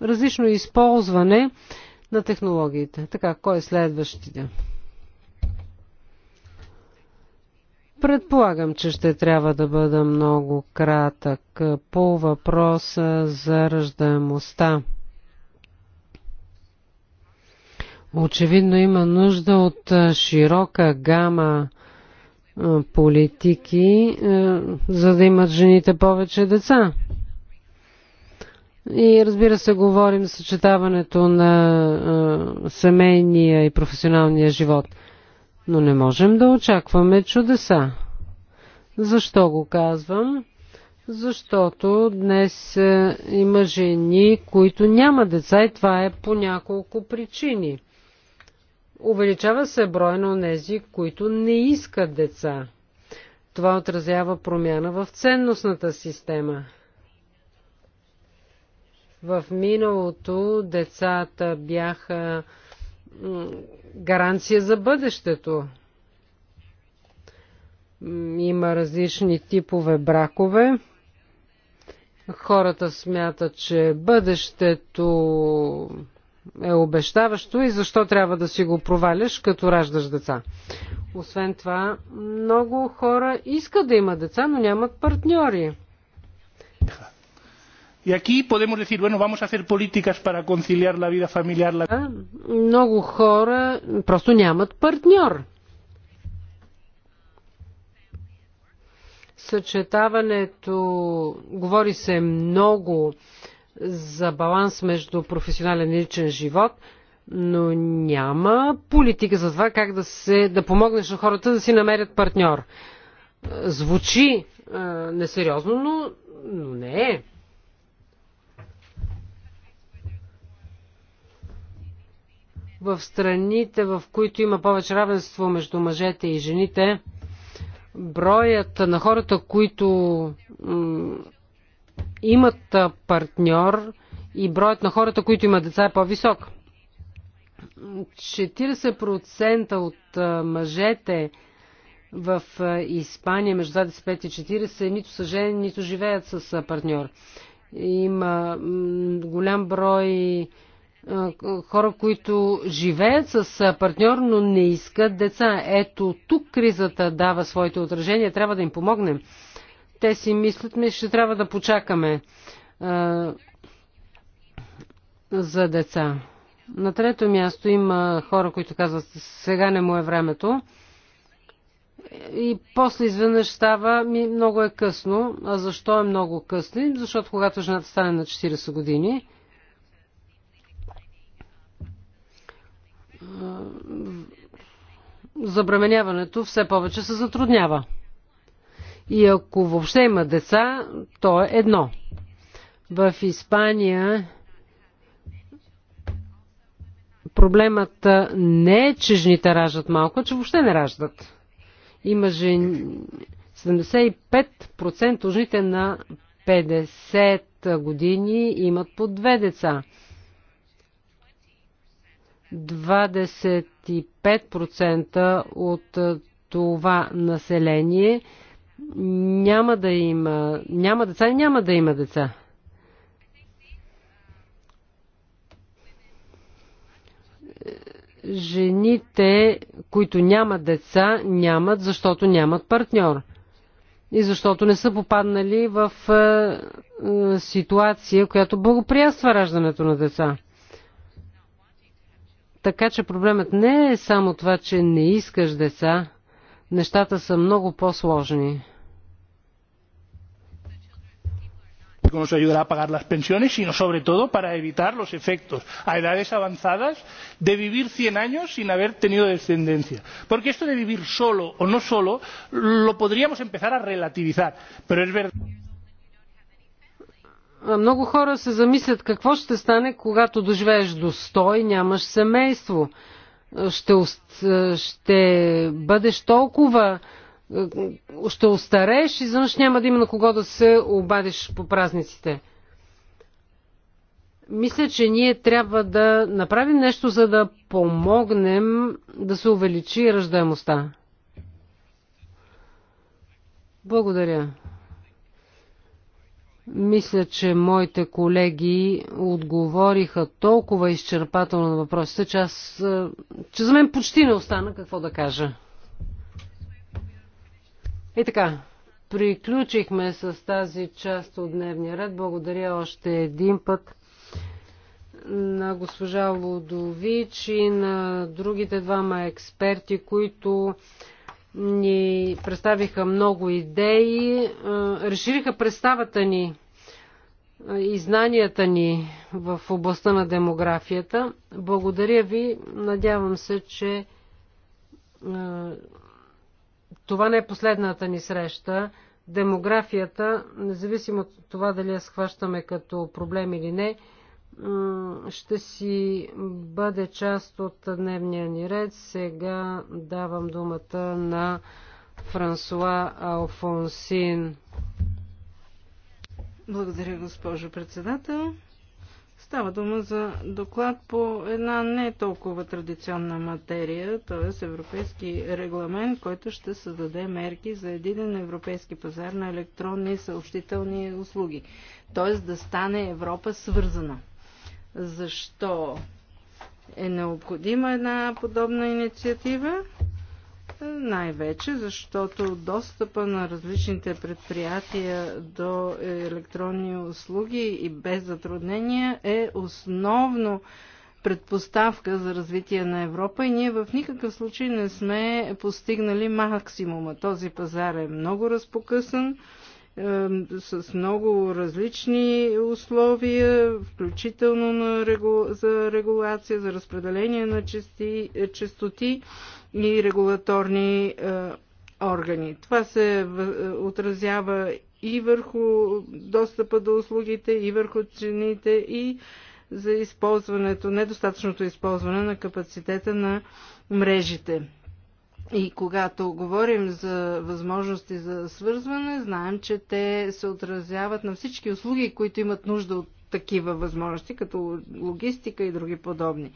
различно използване на технологиите. Така, кой е следващите? Предполагам, че ще трябва да бъда много кратък по въпроса за ръждаемостта. Очевидно има нужда от широка гама политики, за да имат жените повече деца. И разбира се, говорим за съчетаването на е, семейния и професионалния живот. Но не можем да очакваме чудеса. Защо го казвам? Защото днес е, има жени, които няма деца и това е по няколко причини. Увеличава се брой на тези, които не искат деца. Това отразява промяна в ценностната система. В миналото децата бяха гаранция за бъдещето. Има различни типове бракове. Хората смятат, че бъдещето е обещаващо и защо трябва да си го проваляш, като раждаш деца. Освен това, много хора искат да имат деца, но нямат партньори. И aquí podemos decir, bueno, vamos a hacer políticas para conciliar la vida familiar. La... Много хора просто нямат партньор. Съчетаването, говори се много за баланс между професионален и личен живот, но няма политика за това как да, се, да помогнеш на хората да си намерят партньор. Звучи е, несериозно, но, но не е. В страните, в които има повече равенство между мъжете и жените, броят на хората, които имат партньор и броят на хората, които имат деца е по-висок. 40% от мъжете в Испания между 25 и 40 нито са жени, нито живеят с партньор. Има голям брой хора, които живеят с партньор, но не искат деца. Ето тук кризата дава своите отражения, трябва да им помогнем. Те си мислят, ми ще трябва да почакаме а, за деца. На трето място има хора, които казват, сега не му е времето. И после изведнъж става, ми много е късно. А защо е много късно? Защото когато жената стане на 40 години, забременяването все повече се затруднява. И ако въобще има деца, то е едно. В Испания проблемът не е, че жените раждат малко, а че въобще не раждат. Има жени... 75% от жените на 50 години имат по две деца. 25% от това население няма да има, няма деца и няма да има деца. Жените, които нямат деца, нямат, защото нямат партньор. И защото не са попаднали в е, ситуация, която благоприятства раждането на деца. Така че проблемът не е само това, че не искаш деца. Нещата са много по-сложни. que nos ayudará a pagar las pensiones, sino sobre todo para evitar los efectos a edades avanzadas de vivir 100 años sin haber tenido descendencia. Porque esto de vivir solo o no solo lo podríamos empezar a relativizar, pero es verdad много хора се замислят какво ще стане, когато доживееш до 100 и нямаш семейство. Ще, ще бъдеш толкова, ще остарееш и заднъж няма да има на кого да се обадиш по празниците. Мисля, че ние трябва да направим нещо, за да помогнем да се увеличи ръждаемостта. Благодаря. Мисля, че моите колеги отговориха толкова изчерпателно на въпросите, че аз, е, че за мен почти не остана какво да кажа. И така, приключихме с тази част от дневния ред. Благодаря още един път на госпожа Лудович и на другите двама експерти, които ни представиха много идеи, разшириха представата ни и знанията ни в областта на демографията. Благодаря ви. Надявам се, че това не е последната ни среща. Демографията, независимо от това дали я схващаме като проблем или не, ще си бъде част от дневния ни ред. Сега давам думата на Франсуа Алфонсин. Благодаря, госпожо председател. Става дума за доклад по една не толкова традиционна материя, т.е. европейски регламент, който ще създаде мерки за един европейски пазар на електронни съобщителни услуги. Т.е. да стане Европа свързана защо е необходима една подобна инициатива. Най-вече, защото достъпа на различните предприятия до електронни услуги и без затруднения е основно предпоставка за развитие на Европа и ние в никакъв случай не сме постигнали максимума. Този пазар е много разпокъсан с много различни условия, включително на регу... за регулация, за разпределение на чести... Е, частоти и регулаторни е, органи. Това се е, отразява и върху достъпа до услугите, и върху цените, и за използването, недостатъчното използване на капацитета на мрежите. И когато говорим за възможности за свързване, знаем, че те се отразяват на всички услуги, които имат нужда от такива възможности, като логистика и други подобни.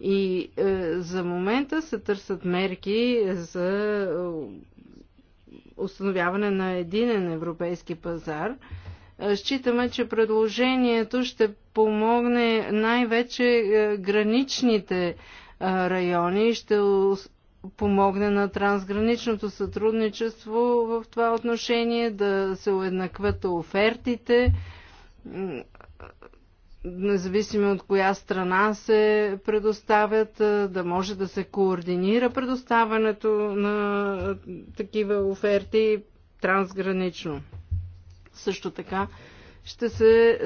И е, за момента се търсят мерки за е, установяване на единен европейски пазар. Е, считаме, че предложението ще помогне най-вече е, граничните райони, ще помогне на трансграничното сътрудничество в това отношение, да се уеднакват офертите, независимо от коя страна се предоставят, да може да се координира предоставянето на такива оферти трансгранично. Също така ще се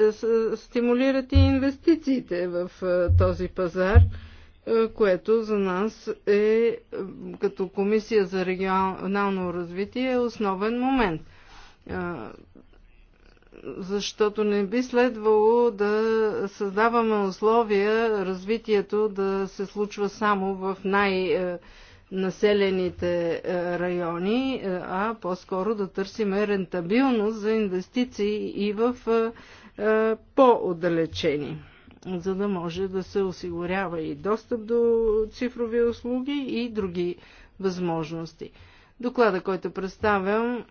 стимулират и инвестициите в този пазар е, което за нас е, е като Комисия за регионално развитие е основен момент. Е, защото не би следвало да създаваме условия развитието да се случва само в най- населените райони, а по-скоро да търсиме рентабилност за инвестиции и в по-отдалечени за да може да се осигурява и достъп до цифрови услуги и други възможности. Доклада, който представям,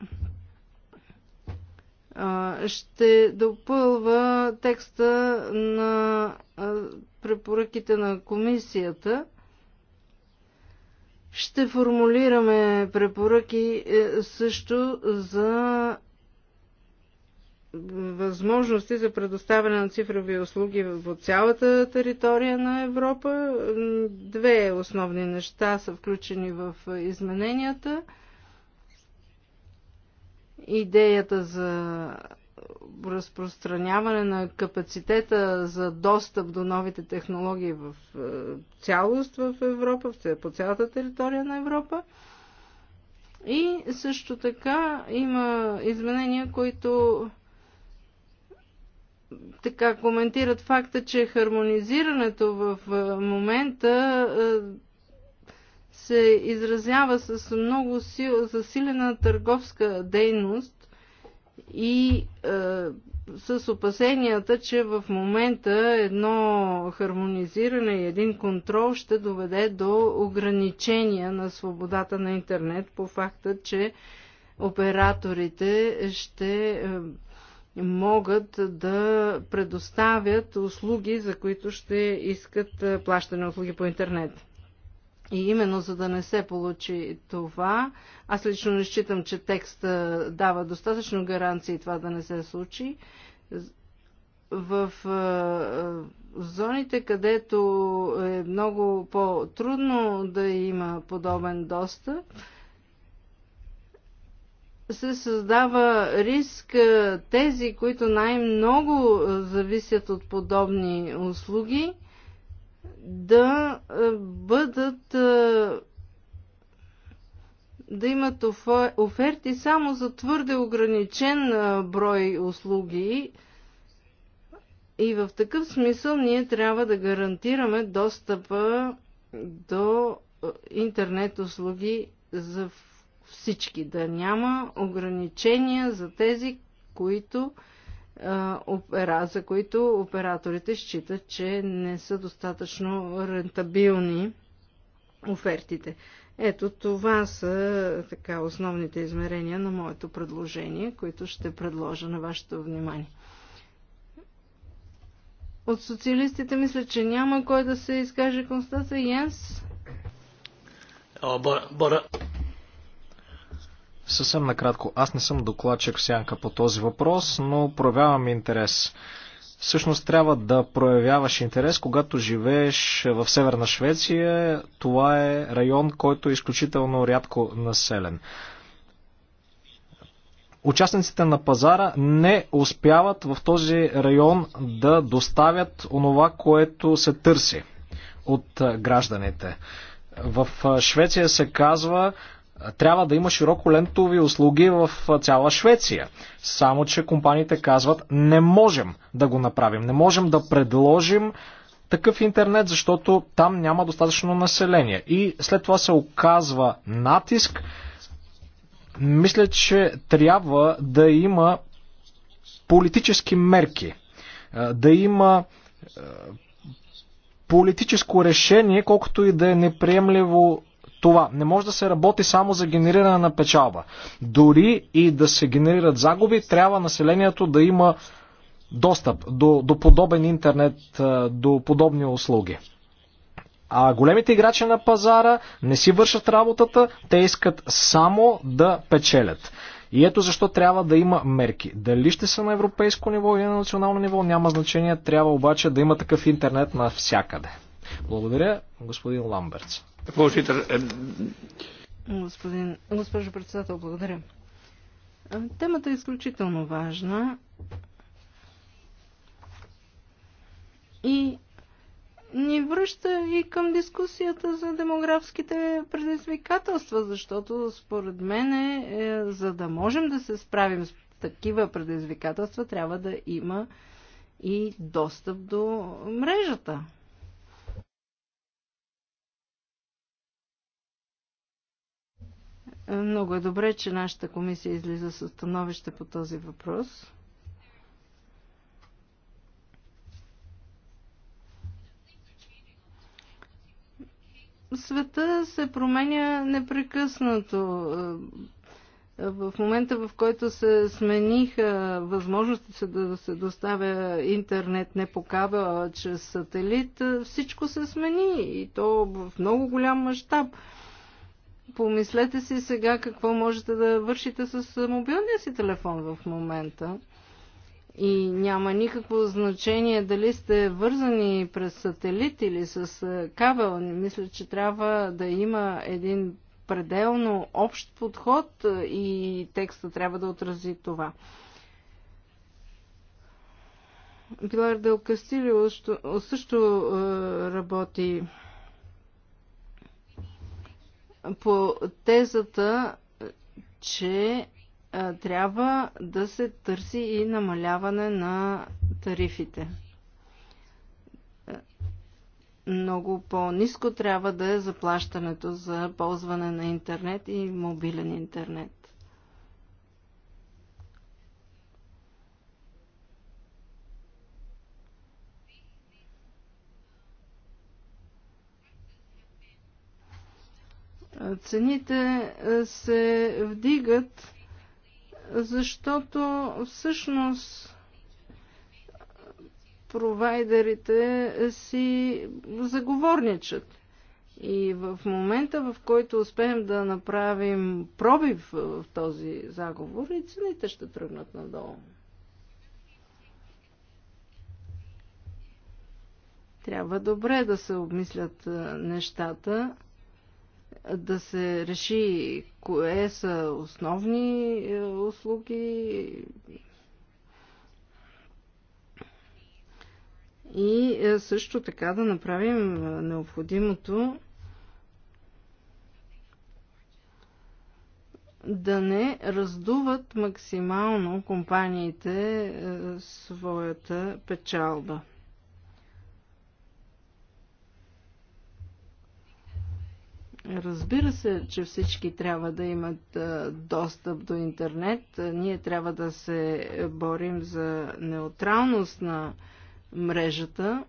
ще допълва текста на препоръките на комисията. Ще формулираме препоръки е, също за възможности за предоставяне на цифрови услуги по цялата територия на Европа. Две основни неща са включени в измененията. Идеята за разпространяване на капацитета за достъп до новите технологии в е, цялост в Европа, по цялата територия на Европа. И също така има изменения, които така коментират факта, че хармонизирането в е, момента е, се изразява с много сил, засилена търговска дейност и е, с опасенията, че в момента едно хармонизиране и един контрол ще доведе до ограничения на свободата на интернет по факта, че операторите ще е, могат да предоставят услуги, за които ще искат плащане услуги по интернет. И именно за да не се получи това, аз лично не считам, че текста дава достатъчно гаранции това да не се случи. В зоните, където е много по-трудно да има подобен достъп, се създава риск е, тези, които най-много е, зависят от подобни услуги, да е, бъдат да имат оферти само за твърде ограничен брой услуги. И в такъв смисъл ние трябва да гарантираме достъпа до интернет услуги за всички, да няма ограничения за тези, които, опера, за които операторите считат, че не са достатъчно рентабилни офертите. Ето това са така основните измерения на моето предложение, които ще предложа на вашето внимание. От социалистите мисля, че няма кой да се изкаже констата Йенс. uh... Съвсем накратко, аз не съм докладчик в сянка по този въпрос, но проявявам интерес. Всъщност трябва да проявяваш интерес, когато живееш в Северна Швеция. Това е район, който е изключително рядко населен. Участниците на пазара не успяват в този район да доставят онова, което се търси от гражданите. В Швеция се казва, трябва да има широко лентови услуги в цяла Швеция. Само, че компаниите казват, не можем да го направим, не можем да предложим такъв интернет, защото там няма достатъчно население. И след това се оказва натиск. Мисля, че трябва да има политически мерки, да има политическо решение, колкото и да е неприемливо това. Не може да се работи само за генериране на печалба. Дори и да се генерират загуби, трябва населението да има достъп до, до подобен интернет, до подобни услуги. А големите играчи на пазара не си вършат работата, те искат само да печелят. И ето защо трябва да има мерки. Дали ще са на европейско ниво или на национално ниво, няма значение. Трябва обаче да има такъв интернет навсякъде. Благодаря, господин Ламберц. Ehm, Господин, госпожо председател, благодаря. Темата е изключително важна и ни връща и към дискусията за демографските предизвикателства, защото според мен, е, е за да можем да се справим с такива предизвикателства, трябва да има и достъп до мрежата. Много е добре, че нашата комисия излиза с становище по този въпрос. Света се променя непрекъснато. В момента, в който се смениха възможностите да се доставя интернет не по кабел, а чрез сателит, всичко се смени и то в много голям мащаб помислете си сега какво можете да вършите с мобилния си телефон в момента. И няма никакво значение дали сте вързани през сателит или с кабел. Мисля, че трябва да има един пределно общ подход и текста трябва да отрази това. Пилар Дел Кастилио също работи по тезата, че трябва да се търси и намаляване на тарифите. Много по-низко трябва да е заплащането за ползване на интернет и мобилен интернет. Цените е, се вдигат, защото всъщност провайдерите си заговорничат. И в момента, в който успеем да направим пробив в този заговор, и цените ще тръгнат надолу. Трябва добре да се обмислят е, нещата да се реши кое са основни е, услуги и е, също така да направим е, необходимото да не раздуват максимално компаниите своята печалба. Разбира се, че всички трябва да имат достъп до интернет. Ние трябва да се борим за неутралност на мрежата.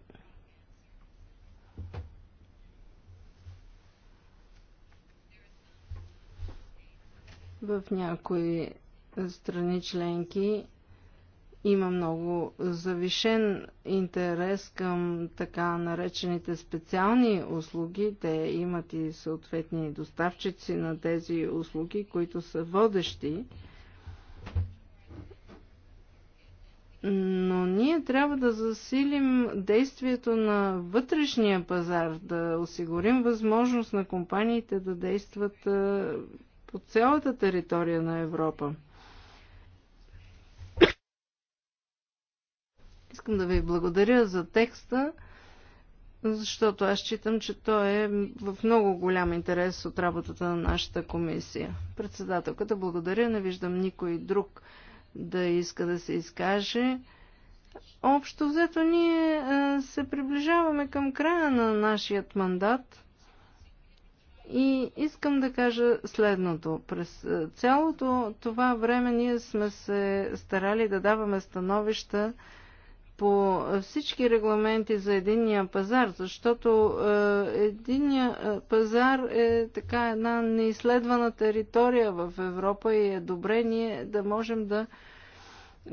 В някои страни членки има много завишен интерес към така наречените специални услуги. Те имат и съответни доставчици на тези услуги, които са водещи. Но ние трябва да засилим действието на вътрешния пазар, да осигурим възможност на компаниите да действат по цялата територия на Европа. Искам да ви благодаря за текста, защото аз считам, че той е в много голям интерес от работата на нашата комисия. Председателката, благодаря. Не виждам никой друг да иска да се изкаже. Общо взето ние се приближаваме към края на нашият мандат и искам да кажа следното. През цялото това време ние сме се старали да даваме становища по всички регламенти за единния пазар, защото е, единния е, пазар е така една неизследвана територия в Европа и е добре ние да можем да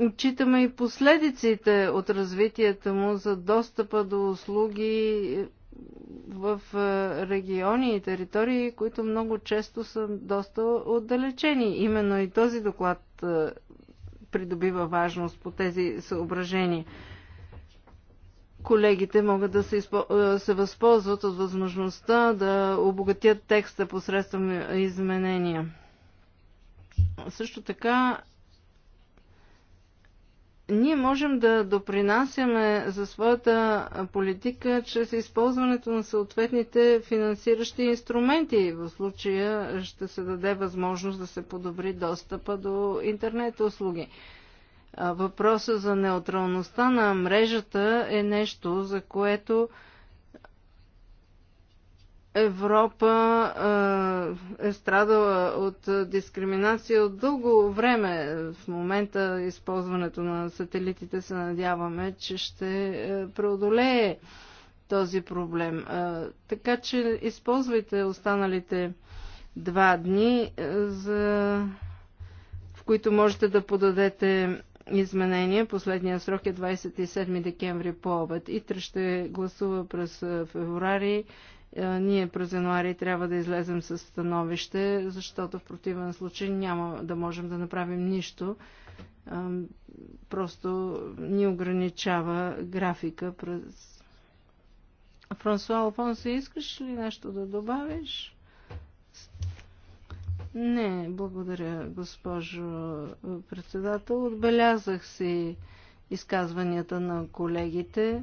отчитаме и последиците от развитието му за достъпа до услуги в е, региони и територии, които много често са доста отдалечени. Именно и този доклад придобива важност по тези съображения. Колегите могат да се, изпо... Е, се възползват от възможността да обогатят текста посредством изменения. Също така ние можем да допринасяме за своята политика чрез използването на съответните финансиращи инструменти. В случая ще се даде възможност да се подобри достъпа до интернет услуги. Въпросът за неутралността на мрежата е нещо, за което Европа е страдала от дискриминация от дълго време. В момента използването на сателитите се надяваме, че ще е, преодолее този проблем. Така че използвайте останалите два дни, е, за... в които можете да подадете изменения. Последния срок е 27 декември по обед. Итре ще гласува през е, феврари ние през януари трябва да излезем с становище, защото в противен случай няма да можем да направим нищо. Просто ни ограничава графика през... Франсуа Алфонсо, искаш ли нещо да добавиш? Не, благодаря, госпожо председател. Отбелязах си изказванията на колегите.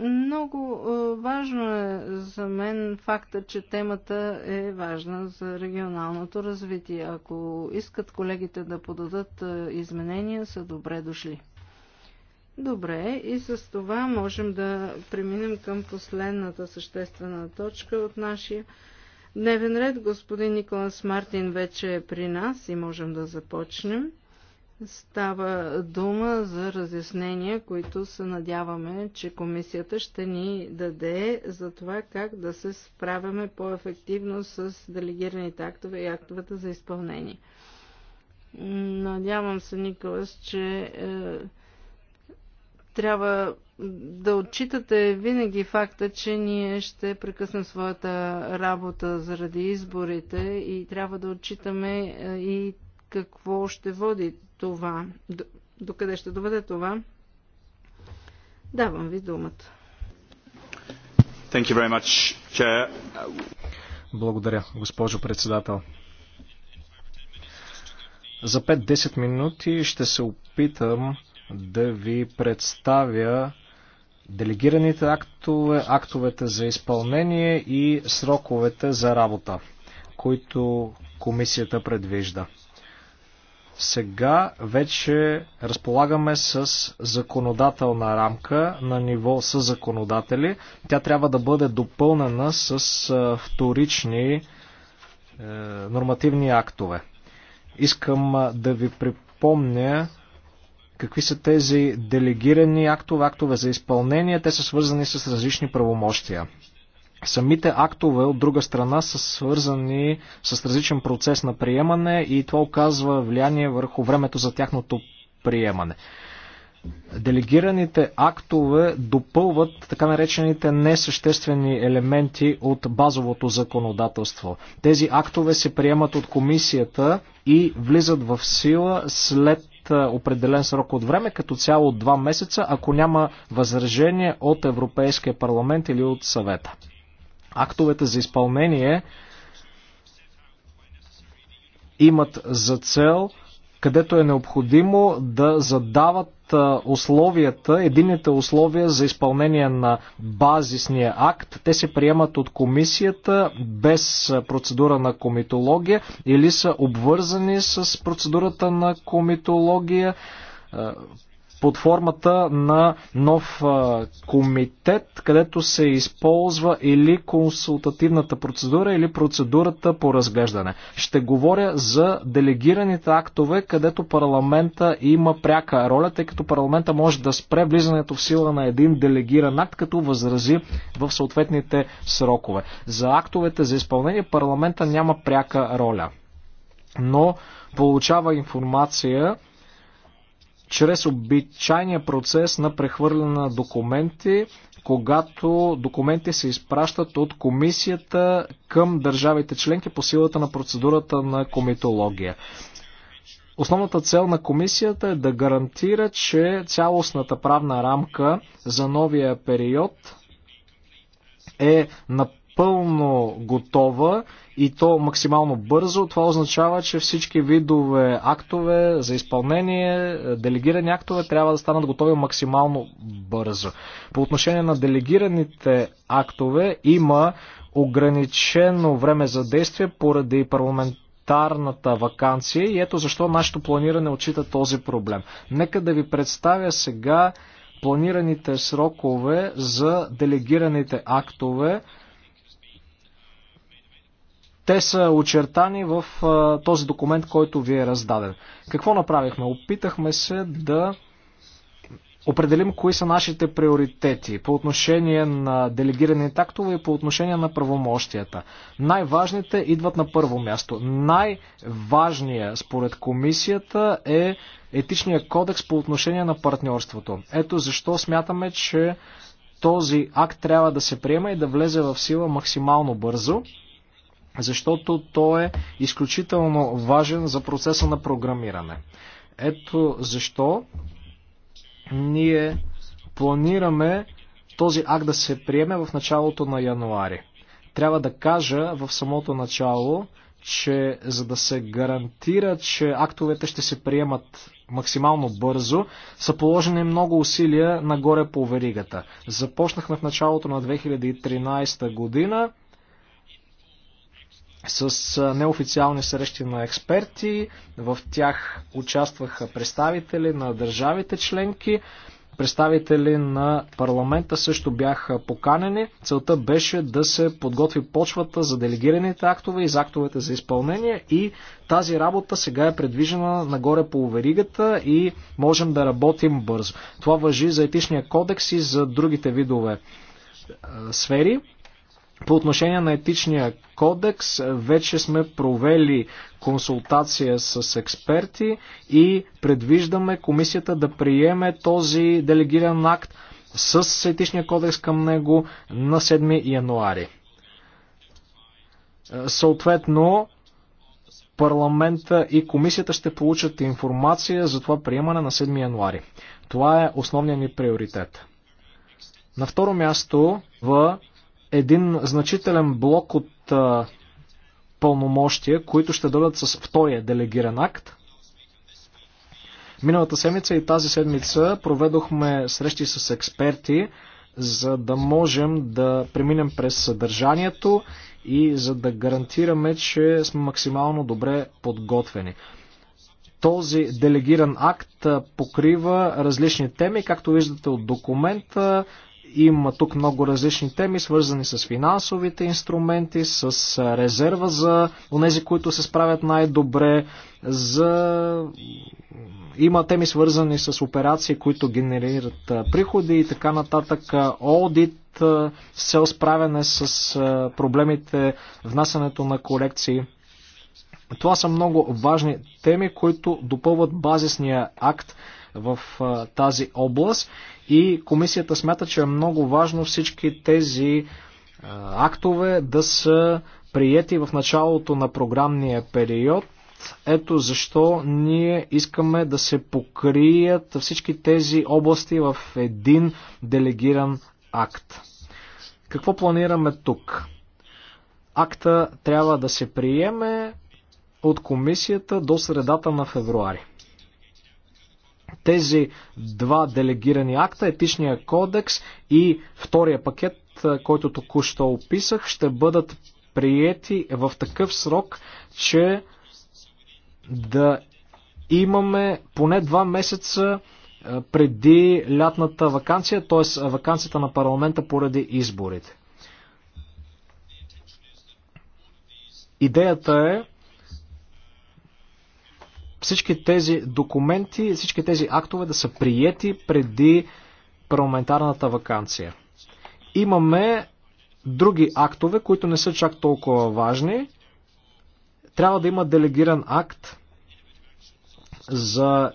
Много е, важно е за мен факта, че темата е важна за регионалното развитие. Ако искат колегите да подадат е, изменения, са добре дошли. Добре, и с това можем да преминем към последната съществена точка от нашия дневен ред. Господин Николас Мартин вече е при нас и можем да започнем. Става дума за разяснения, които се надяваме, че комисията ще ни даде за това как да се справяме по-ефективно с делегираните актове и актовете за изпълнение. Надявам се, Николас, че е, трябва да отчитате винаги факта, че ние ще прекъснем своята работа заради изборите и трябва да отчитаме е, и какво ще води това, докъде ще доведе това, давам ви думата. Thank you very much, Chair. Благодаря, госпожо председател. За 5-10 минути ще се опитам да ви представя делегираните актове, актовете за изпълнение и сроковете за работа, които комисията предвижда. Сега вече разполагаме с законодателна рамка на ниво с законодатели. Тя трябва да бъде допълнена с вторични е, нормативни актове. Искам да ви припомня какви са тези делегирани актове, актове за изпълнение. Те са свързани с различни правомощия. Самите актове от друга страна са свързани с различен процес на приемане и това оказва влияние върху времето за тяхното приемане. Делегираните актове допълват така наречените несъществени елементи от базовото законодателство. Тези актове се приемат от комисията и влизат в сила след определен срок от време, като цяло два месеца, ако няма възражение от Европейския парламент или от съвета. Актовете за изпълнение имат за цел, където е необходимо да задават условията, едините условия за изпълнение на базисния акт. Те се приемат от комисията без процедура на комитология или са обвързани с процедурата на комитология под формата на нов комитет, където се използва или консултативната процедура, или процедурата по разглеждане. Ще говоря за делегираните актове, където парламента има пряка роля, тъй като парламента може да спре влизането в сила на един делегиран акт, като възрази в съответните срокове. За актовете за изпълнение парламента няма пряка роля, но получава информация чрез обичайния процес на прехвърляне на документи, когато документи се изпращат от комисията към държавите членки по силата на процедурата на комитология. Основната цел на комисията е да гарантира, че цялостната правна рамка за новия период е напълно напълно готова и то максимално бързо, това означава, че всички видове актове за изпълнение, е, делегирани актове трябва да станат готови максимално бързо. По отношение на делегираните актове има ограничено време за действие поради парламент парламентарната вакансия и ето защо нашето планиране отчита този проблем. Нека да ви представя сега планираните срокове за делегираните актове те са очертани в този документ, който ви е раздаден. Какво направихме? Опитахме се да определим кои са нашите приоритети по отношение на делегирани тактове и по отношение на правомощията. Най-важните идват на първо място. Най-важният според комисията е етичният кодекс по отношение на партньорството. Ето защо смятаме, че този акт трябва да се приема и да влезе в сила максимално бързо защото той е изключително важен за процеса на програмиране. Ето защо ние планираме този акт да се приеме в началото на януари. Трябва да кажа в самото начало, че за да се гарантира, че актовете ще се приемат максимално бързо, са положени много усилия нагоре по веригата. Започнахме в началото на 2013 година с неофициални срещи на експерти. В тях участваха представители на държавите членки, представители на парламента също бяха поканени. Целта беше да се подготви почвата за делегираните актове и за актовете за изпълнение и тази работа сега е предвижена нагоре по веригата и можем да работим бързо. Това въжи за етичния кодекс и за другите видове сфери. По отношение на етичния кодекс, вече сме провели консултация с експерти и предвиждаме комисията да приеме този делегиран акт с етичния кодекс към него на 7 януари. Съответно, парламента и комисията ще получат информация за това приемане на 7 януари. Това е основният ни приоритет. На второ място в един значителен блок от а, пълномощия, които ще дадат с втория делегиран акт. Миналата седмица и тази седмица проведохме срещи с експерти, за да можем да преминем през съдържанието и за да гарантираме, че сме максимално добре подготвени. Този делегиран акт покрива различни теми, както виждате от документа, има тук много различни теми, свързани с финансовите инструменти, с резерва за онези, които се справят най-добре, за... има теми свързани с операции, които генерират приходи и така нататък, аудит, се справяне с проблемите, внасянето на колекции. Това са много важни теми, които допълват базисния акт в тази област и комисията смята, че е много важно всички тези актове да са приети в началото на програмния период. Ето защо ние искаме да се покрият всички тези области в един делегиран акт. Какво планираме тук? Акта трябва да се приеме от комисията до средата на февруари тези два делегирани акта, етичния кодекс и втория пакет, който току-що описах, ще бъдат приети в такъв срок, че да имаме поне два месеца преди лятната вакансия, т.е. вакансията на парламента поради изборите. Идеята е всички тези документи, всички тези актове да са приети преди парламентарната вакансия. Имаме други актове, които не са чак толкова важни. Трябва да има делегиран акт за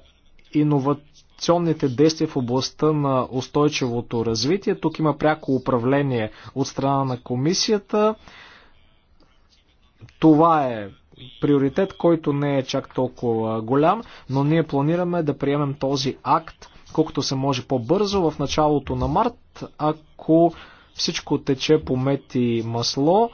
иновационните действия в областта на устойчивото развитие. Тук има пряко управление от страна на комисията. Това е приоритет, който не е чак толкова голям, но ние планираме да приемем този акт колкото се може по-бързо в началото на март, ако всичко тече по мет и масло,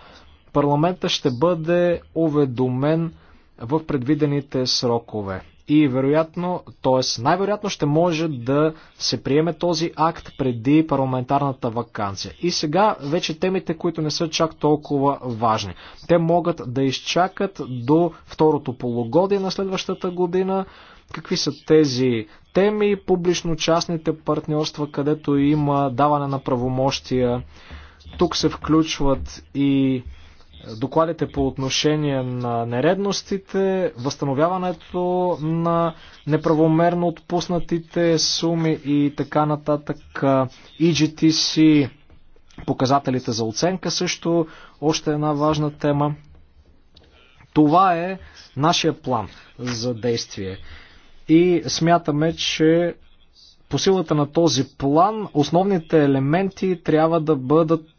парламента ще бъде уведомен в предвидените срокове и вероятно, т.е. най-вероятно ще може да се приеме този акт преди парламентарната вакансия. И сега вече темите, които не са чак толкова важни. Те могат да изчакат до второто полугодие на следващата година. Какви са тези теми, публично-частните партньорства, където има даване на правомощия. Тук се включват и докладите по отношение на нередностите, възстановяването на неправомерно отпуснатите суми и така нататък. EGTC, показателите за оценка също, още една важна тема. Това е нашия план за действие. И смятаме, че по силата на този план, основните елементи трябва да бъдат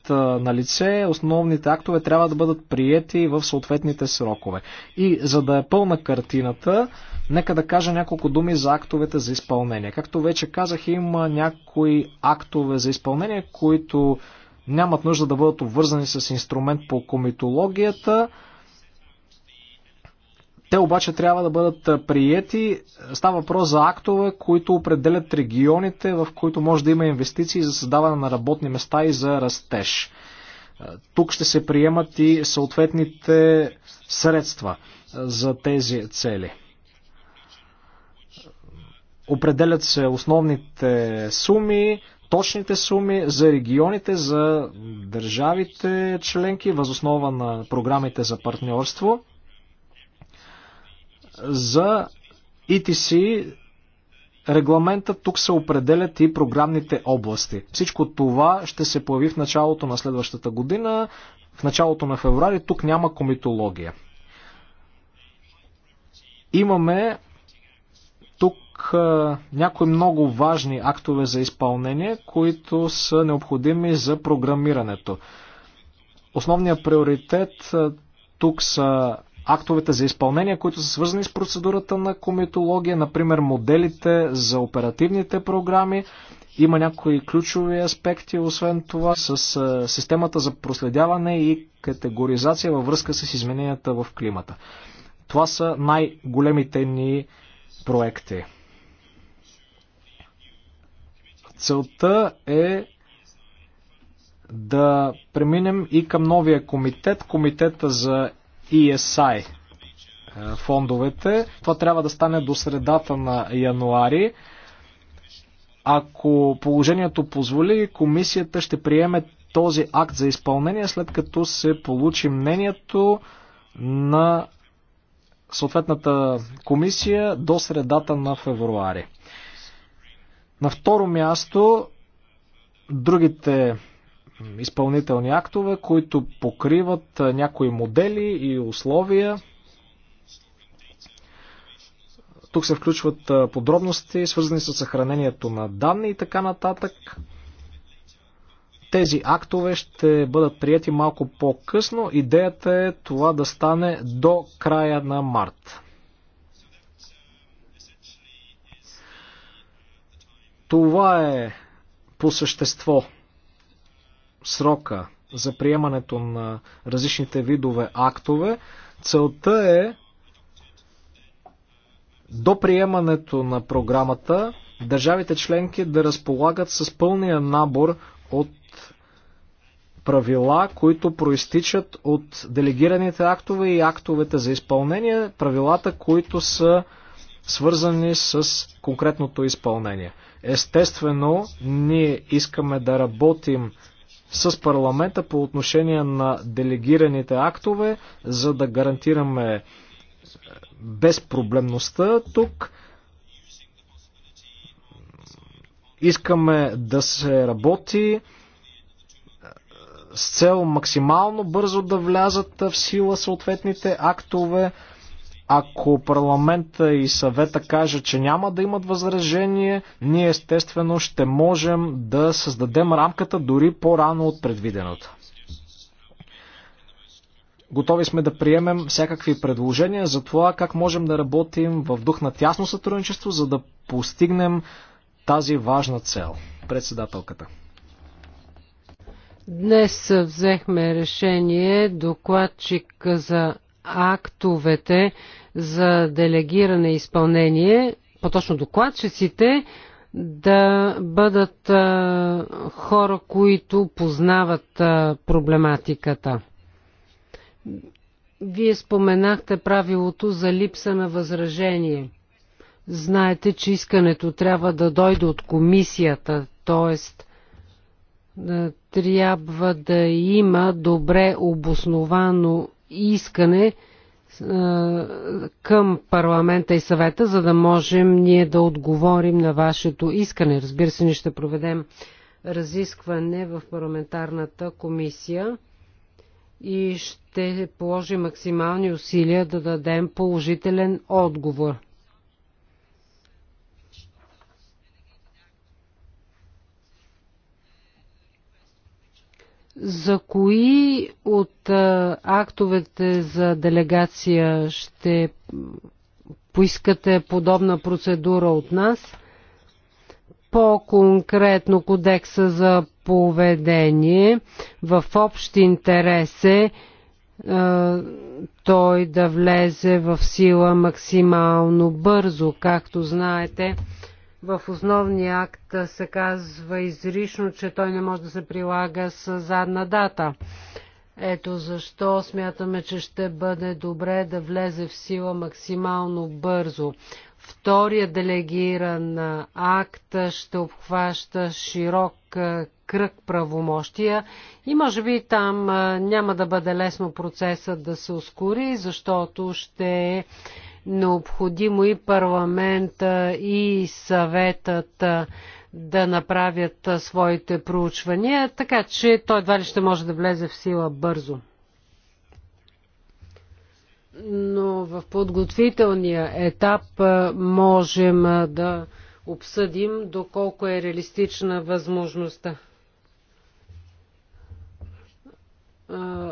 на лице, основните актове трябва да бъдат приети в съответните срокове. И за да е пълна картината, нека да кажа няколко думи за актовете за изпълнение. Както вече казах, има някои актове за изпълнение, които нямат нужда да бъдат обвързани с инструмент по комитологията. Те обаче трябва да бъдат приети. Става въпрос за актове, които определят регионите, в които може да има инвестиции за създаване на работни места и за растеж. Тук ще се приемат и съответните средства за тези цели. Определят се основните суми, точните суми за регионите, за държавите членки, възоснова на програмите за партньорство – за ETC регламента тук се определят и програмните области. Всичко това ще се появи в началото на следващата година, в началото на феврари. Тук няма комитология. Имаме тук а, някои много важни актове за изпълнение, които са необходими за програмирането. Основният приоритет а, тук са актовете за изпълнение, които са свързани с процедурата на комитология, например моделите за оперативните програми. Има някои ключови аспекти, освен това, с системата за проследяване и категоризация във връзка с измененията в климата. Това са най-големите ни проекти. Целта е да преминем и към новия комитет, комитета за ESI е, фондовете. Това трябва да стане до средата на януари. Ако положението позволи, комисията ще приеме този акт за изпълнение, след като се получи мнението на съответната комисия до средата на февруари. На второ място, другите изпълнителни актове, които покриват някои модели и условия. Тук се включват подробности, свързани с съхранението на данни и така нататък. Тези актове ще бъдат прияти малко по-късно. Идеята е това да стане до края на март. Това е по същество срока за приемането на различните видове актове. Целта е до приемането на програмата държавите членки да разполагат с пълния набор от правила, които проистичат от делегираните актове и актовете за изпълнение, правилата, които са свързани с конкретното изпълнение. Естествено, ние искаме да работим с парламента по отношение на делегираните актове, за да гарантираме е, безпроблемността тук. Искаме да се работи е, с цел максимално бързо да влязат в сила съответните актове. Ако парламента и съвета кажат, че няма да имат възражение, ние естествено ще можем да създадем рамката дори по-рано от предвиденото. Готови сме да приемем всякакви предложения за това как можем да работим в дух на тясно сътрудничество, за да постигнем тази важна цел. Председателката. Днес взехме решение докладчик за актовете за делегиране и изпълнение, по-точно докладчиците, да бъдат а, хора, които познават а, проблематиката. Вие споменахте правилото за липса на възражение. Знаете, че искането трябва да дойде от комисията, т.е. трябва да има добре обосновано искане към парламента и съвета, за да можем ние да отговорим на вашето искане. Разбира се, ние ще проведем разискване в парламентарната комисия и ще положим максимални усилия да дадем положителен отговор. За кои от актовете за делегация ще поискате подобна процедура от нас? По-конкретно кодекса за поведение в общ интерес е той да влезе в сила максимално бързо. Както знаете, в основния акт се казва изрично, че той не може да се прилага с задна дата. Ето защо смятаме, че ще бъде добре да влезе в сила максимално бързо. Втория делегиран акт ще обхваща широк кръг правомощия и може би там няма да бъде лесно процесът да се ускори, защото ще е необходимо и парламента и съветът да направят своите проучвания, така че той едва ли ще може да влезе в сила бързо. Но в подготвителния етап можем да обсъдим доколко е реалистична възможността.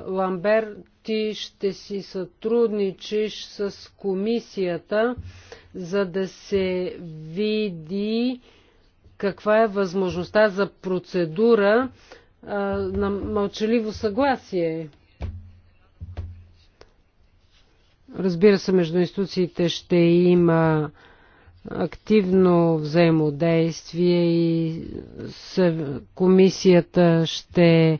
Ламбер, ти ще си сътрудничиш с комисията, за да се види каква е възможността за процедура а, на мълчаливо съгласие. Разбира се, между институциите ще има активно взаимодействие и комисията ще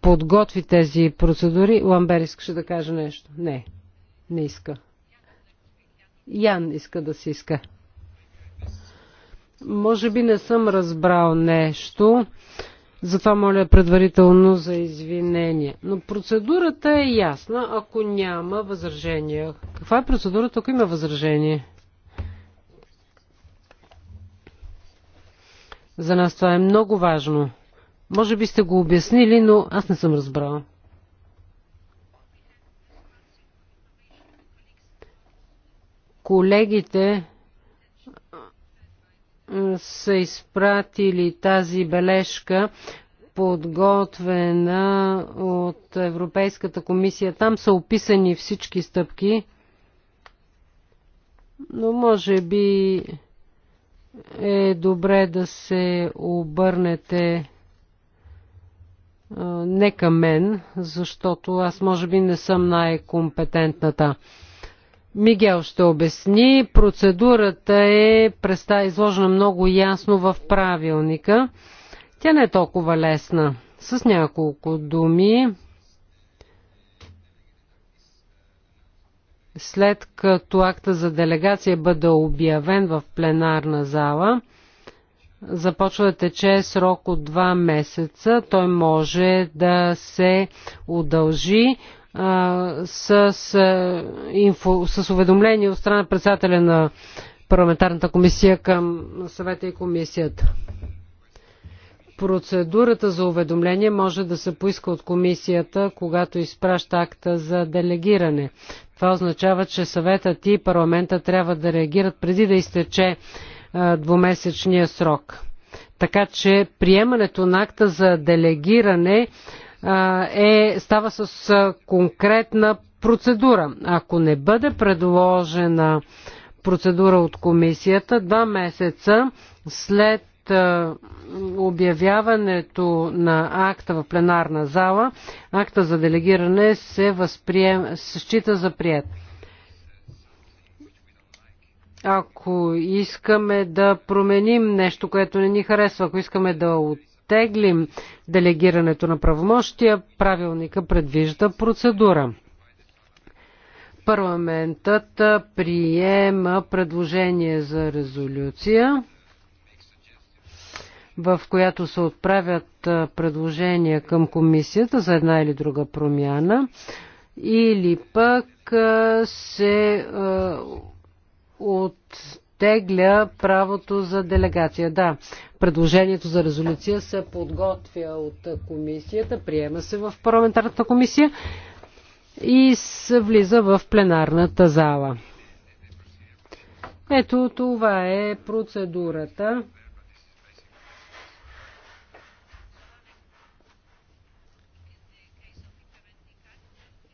подготви тези процедури. Ламбер искаше да каже нещо. Не, не иска. Ян иска да се иска. Може би не съм разбрал нещо, затова моля предварително за извинение. Но процедурата е ясна, ако няма възражения. Каква е процедурата, ако има възражение? За нас това е много важно. Може би сте го обяснили, но аз не съм разбрала. Колегите са изпратили тази бележка, подготвена от Европейската комисия. Там са описани всички стъпки, но може би е добре да се обърнете не към мен, защото аз може би не съм най-компетентната. Мигел ще обясни. Процедурата е преста изложена много ясно в правилника. Тя не е толкова лесна. С няколко думи. След като акта за делегация бъде обявен в пленарна зала, започва да тече срок от 2 месеца. Той може да се удължи а, с, а, инфо, с уведомление от страна председателя на парламентарната комисия към съвета и комисията. Процедурата за уведомление може да се поиска от комисията, когато изпраща акта за делегиране. Това означава, че съветът и парламента трябва да реагират преди да изтече двумесечния срок. Така че приемането на акта за делегиране е, става с конкретна процедура. Ако не бъде предложена процедура от комисията, два месеца след обявяването на акта в пленарна зала, акта за делегиране се, възприем, се счита за прият. Ако искаме да променим нещо, което не ни харесва, ако искаме да оттеглим делегирането на правомощия, правилника предвижда процедура. Парламентът приема предложение за резолюция, в която се отправят предложения към комисията за една или друга промяна, или пък се оттегля правото за делегация. Да, предложението за резолюция се подготвя от комисията, приема се в парламентарната комисия и се влиза в пленарната зала. Ето това е процедурата.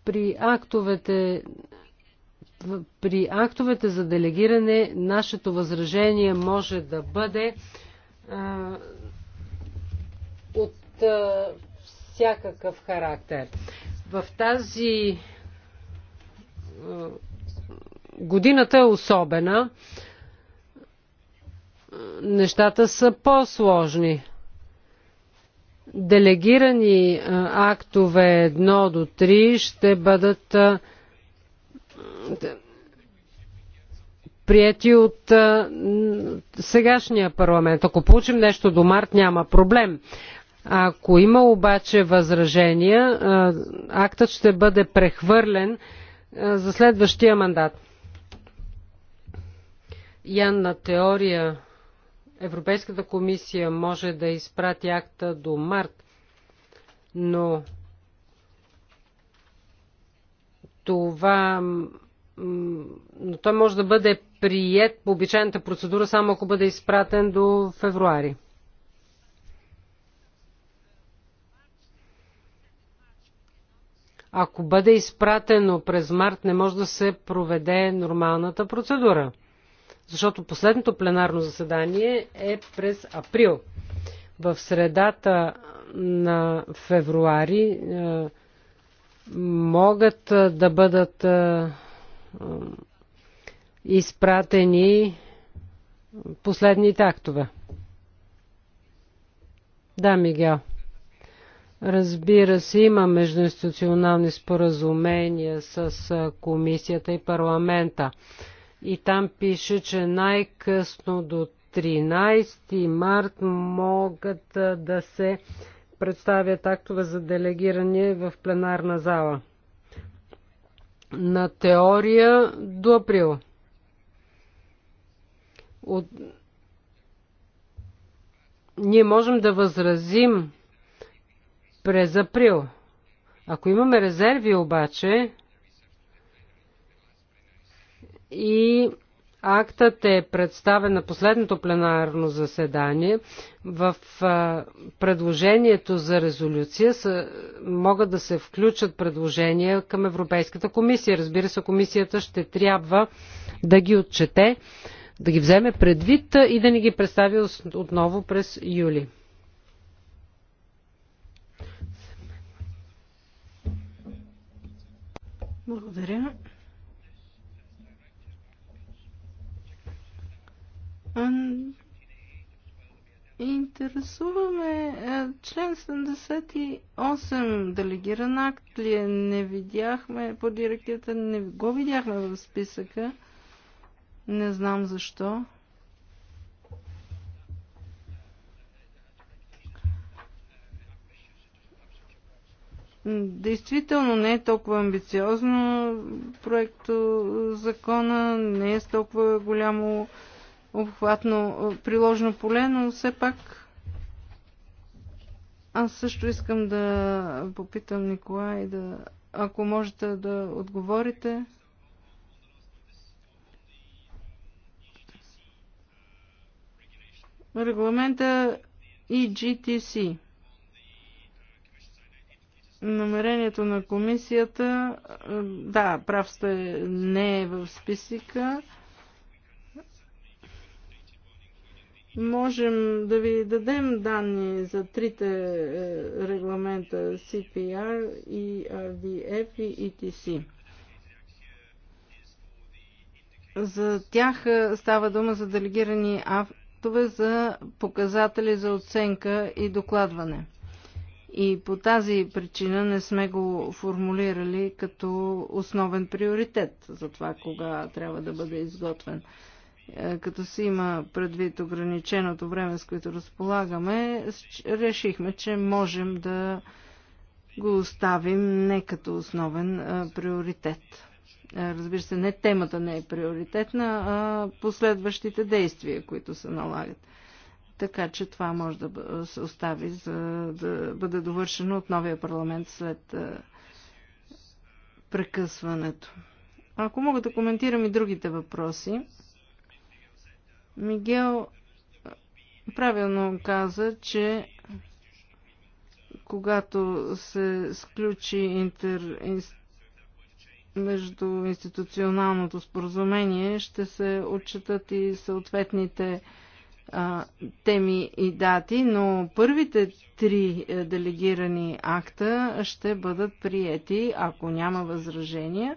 При актовете при актовете за делегиране нашето възражение може да бъде а, от а, всякакъв характер. В тази а, годината е особена. Нещата са по-сложни делегирани актове 1 до 3 ще бъдат прияти от сегашния парламент. Ако получим нещо до март, няма проблем. Ако има обаче възражения, актът ще бъде прехвърлен за следващия мандат. Ян, на теория Европейската комисия може да изпрати акта до март, но това но той може да бъде прият по обичайната процедура само ако бъде изпратен до февруари. Ако бъде изпратено през март, не може да се проведе нормалната процедура. Защото последното пленарно заседание е през април. В средата на февруари е, могат е, да бъдат е, е, изпратени последните актове. Да, Мигел. Разбира се, има междуинституционални споразумения с комисията и парламента. И там пише, че най-късно до 13 март могат да се представят актове за делегиране в пленарна зала на теория до април. От... Ние можем да възразим през април. Ако имаме резерви обаче и Актът е представен на последното пленарно заседание. В предложението за резолюция са, могат да се включат предложения към Европейската комисия. Разбира се, комисията ще трябва да ги отчете, да ги вземе предвид и да ни ги представи отново през юли. Благодаря. Интересуваме член 78 делегиран акт ли е? Не видяхме по директивата, не го видяхме в списъка. Не знам защо. Действително не е толкова амбициозно проекто закона, не е с толкова голямо обхватно приложено поле, но все пак аз също искам да попитам Николай да, ако можете да отговорите. Регламента EGTC. Намерението на комисията, да, прав сте, не е в списъка. Можем да ви дадем данни за трите е, регламента CPR, ERDF и ETC. За тях е, става дума за делегирани автове за показатели за оценка и докладване. И по тази причина не сме го формулирали като основен приоритет за това кога трябва да бъде изготвен. Е, като се има предвид ограниченото време, с което разполагаме, решихме, че можем да го оставим не като основен е, приоритет. Е, разбира се, не темата не е приоритетна, а последващите действия, които се налагат. Така че това може да се остави за да бъде довършено от новия парламент след прекъсването. Ако мога да коментирам и другите въпроси. Мигел правилно каза, че когато се сключи интер... между институционалното споразумение, ще се отчитат и съответните а, теми и дати, но първите три е, делегирани акта ще бъдат приети, ако няма възражения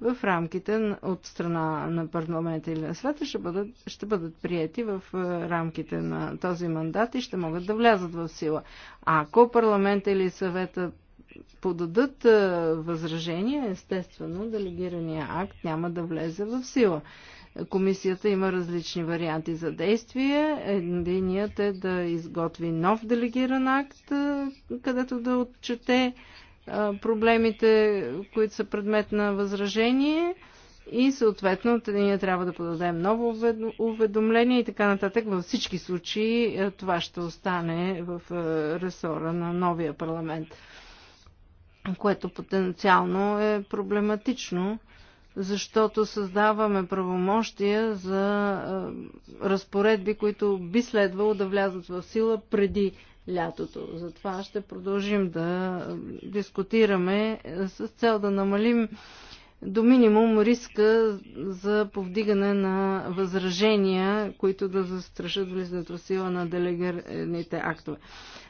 в рамките от страна на парламента или на света ще бъдат, ще бъдат прияти в е, рамките на този мандат и ще могат да влязат в сила. А ако парламента или съвета подадат е, възражение, естествено, делегирания акт няма да влезе в сила. Комисията има различни варианти за действие. Единият е да изготви нов делегиран акт, е, където да отчете проблемите, които са предмет на възражение и съответно ние трябва да подадем ново уведомление и така нататък. Във всички случаи това ще остане в ресора на новия парламент, което потенциално е проблематично, защото създаваме правомощия за разпоредби, които би следвало да влязат в сила преди лятото. Затова ще продължим да дискутираме с цел да намалим до минимум риска за повдигане на възражения, които да застрашат влизането в сила на делегираните актове.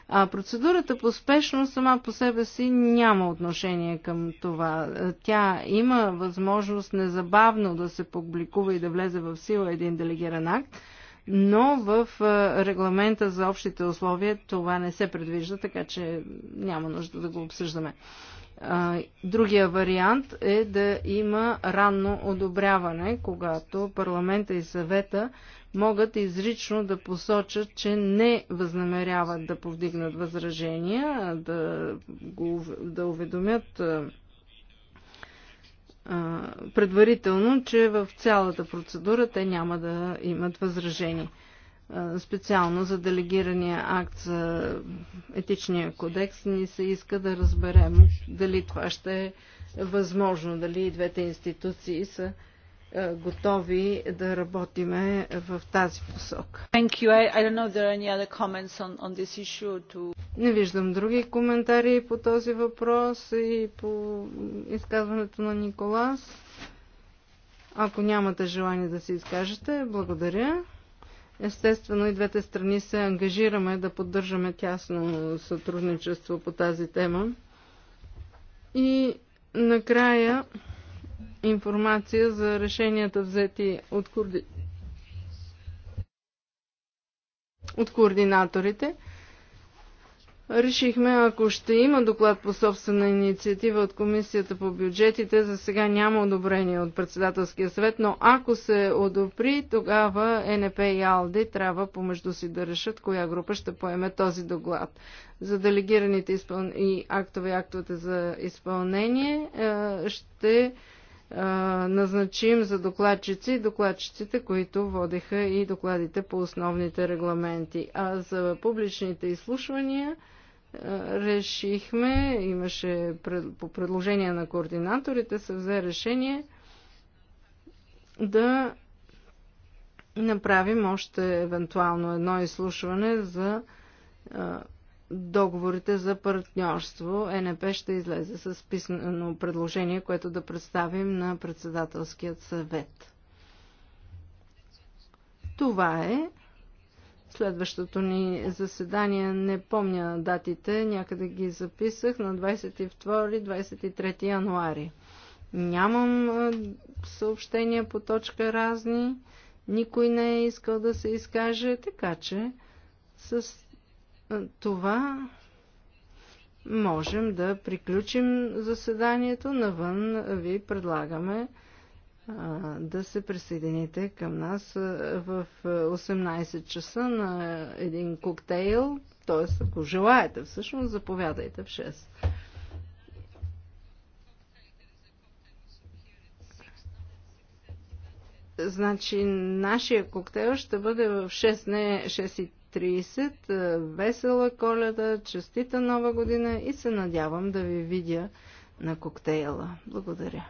А процедурата по спешност сама по себе си няма отношение към това. Тя има възможност незабавно да се публикува и да влезе в сила един делегиран акт, но в регламента за общите условия това не се предвижда, така че няма нужда да го обсъждаме. Другия вариант е да има ранно одобряване, когато парламента и съвета могат изрично да посочат, че не възнамеряват да повдигнат възражения, да, го, да уведомят предварително, че в цялата процедура те няма да имат възражение. Специално за делегирания акт за етичния кодекс ни се иска да разберем дали това ще е възможно, дали и двете институции са е, готови да работиме в тази посока. Не виждам други коментари по този въпрос и по изказването на Николас. Ако нямате желание да се изкажете, благодаря. Естествено и двете страни се ангажираме да поддържаме тясно сътрудничество по тази тема. И накрая информация за решенията взети от, курди... от координаторите. Решихме, ако ще има доклад по собствена инициатива от Комисията по бюджетите, за сега няма одобрение от Председателския съвет, но ако се одобри, тогава НП и АЛДИ трябва помежду си да решат коя група ще поеме този доклад. За делегираните изпъл... и актове и актовете за изпълнение е, ще назначим за докладчици докладчиците, които водеха и докладите по основните регламенти. А за публичните изслушвания решихме, имаше по предложение на координаторите се взе решение да направим още евентуално едно изслушване за договорите за партньорство, ЕНП ще излезе с писано предложение, което да представим на председателският съвет. Това е. Следващото ни заседание, не помня датите, някъде ги записах на 22-23 януари. Нямам съобщения по точка разни, никой не е искал да се изкаже, така че с това можем да приключим заседанието. Навън ви предлагаме да се присъедините към нас в 18 часа на един коктейл, т.е. ако желаете всъщност, заповядайте в 6. Значи, нашия коктейл ще бъде в 6, не 6 и 30. Е, весела коледа, честита нова година и се надявам да ви видя на коктейла. Благодаря.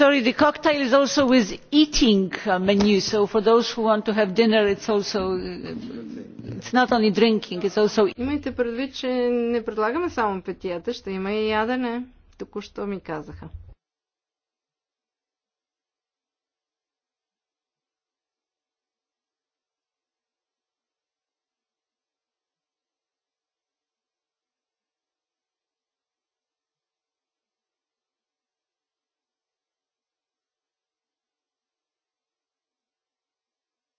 sorry the cocktail is also with eating menu so for those who want to have dinner it's also it's not only drinking it's also Имайте предвид, че не предлагаме само питиета, ще има и ядене. Току-що ми казаха.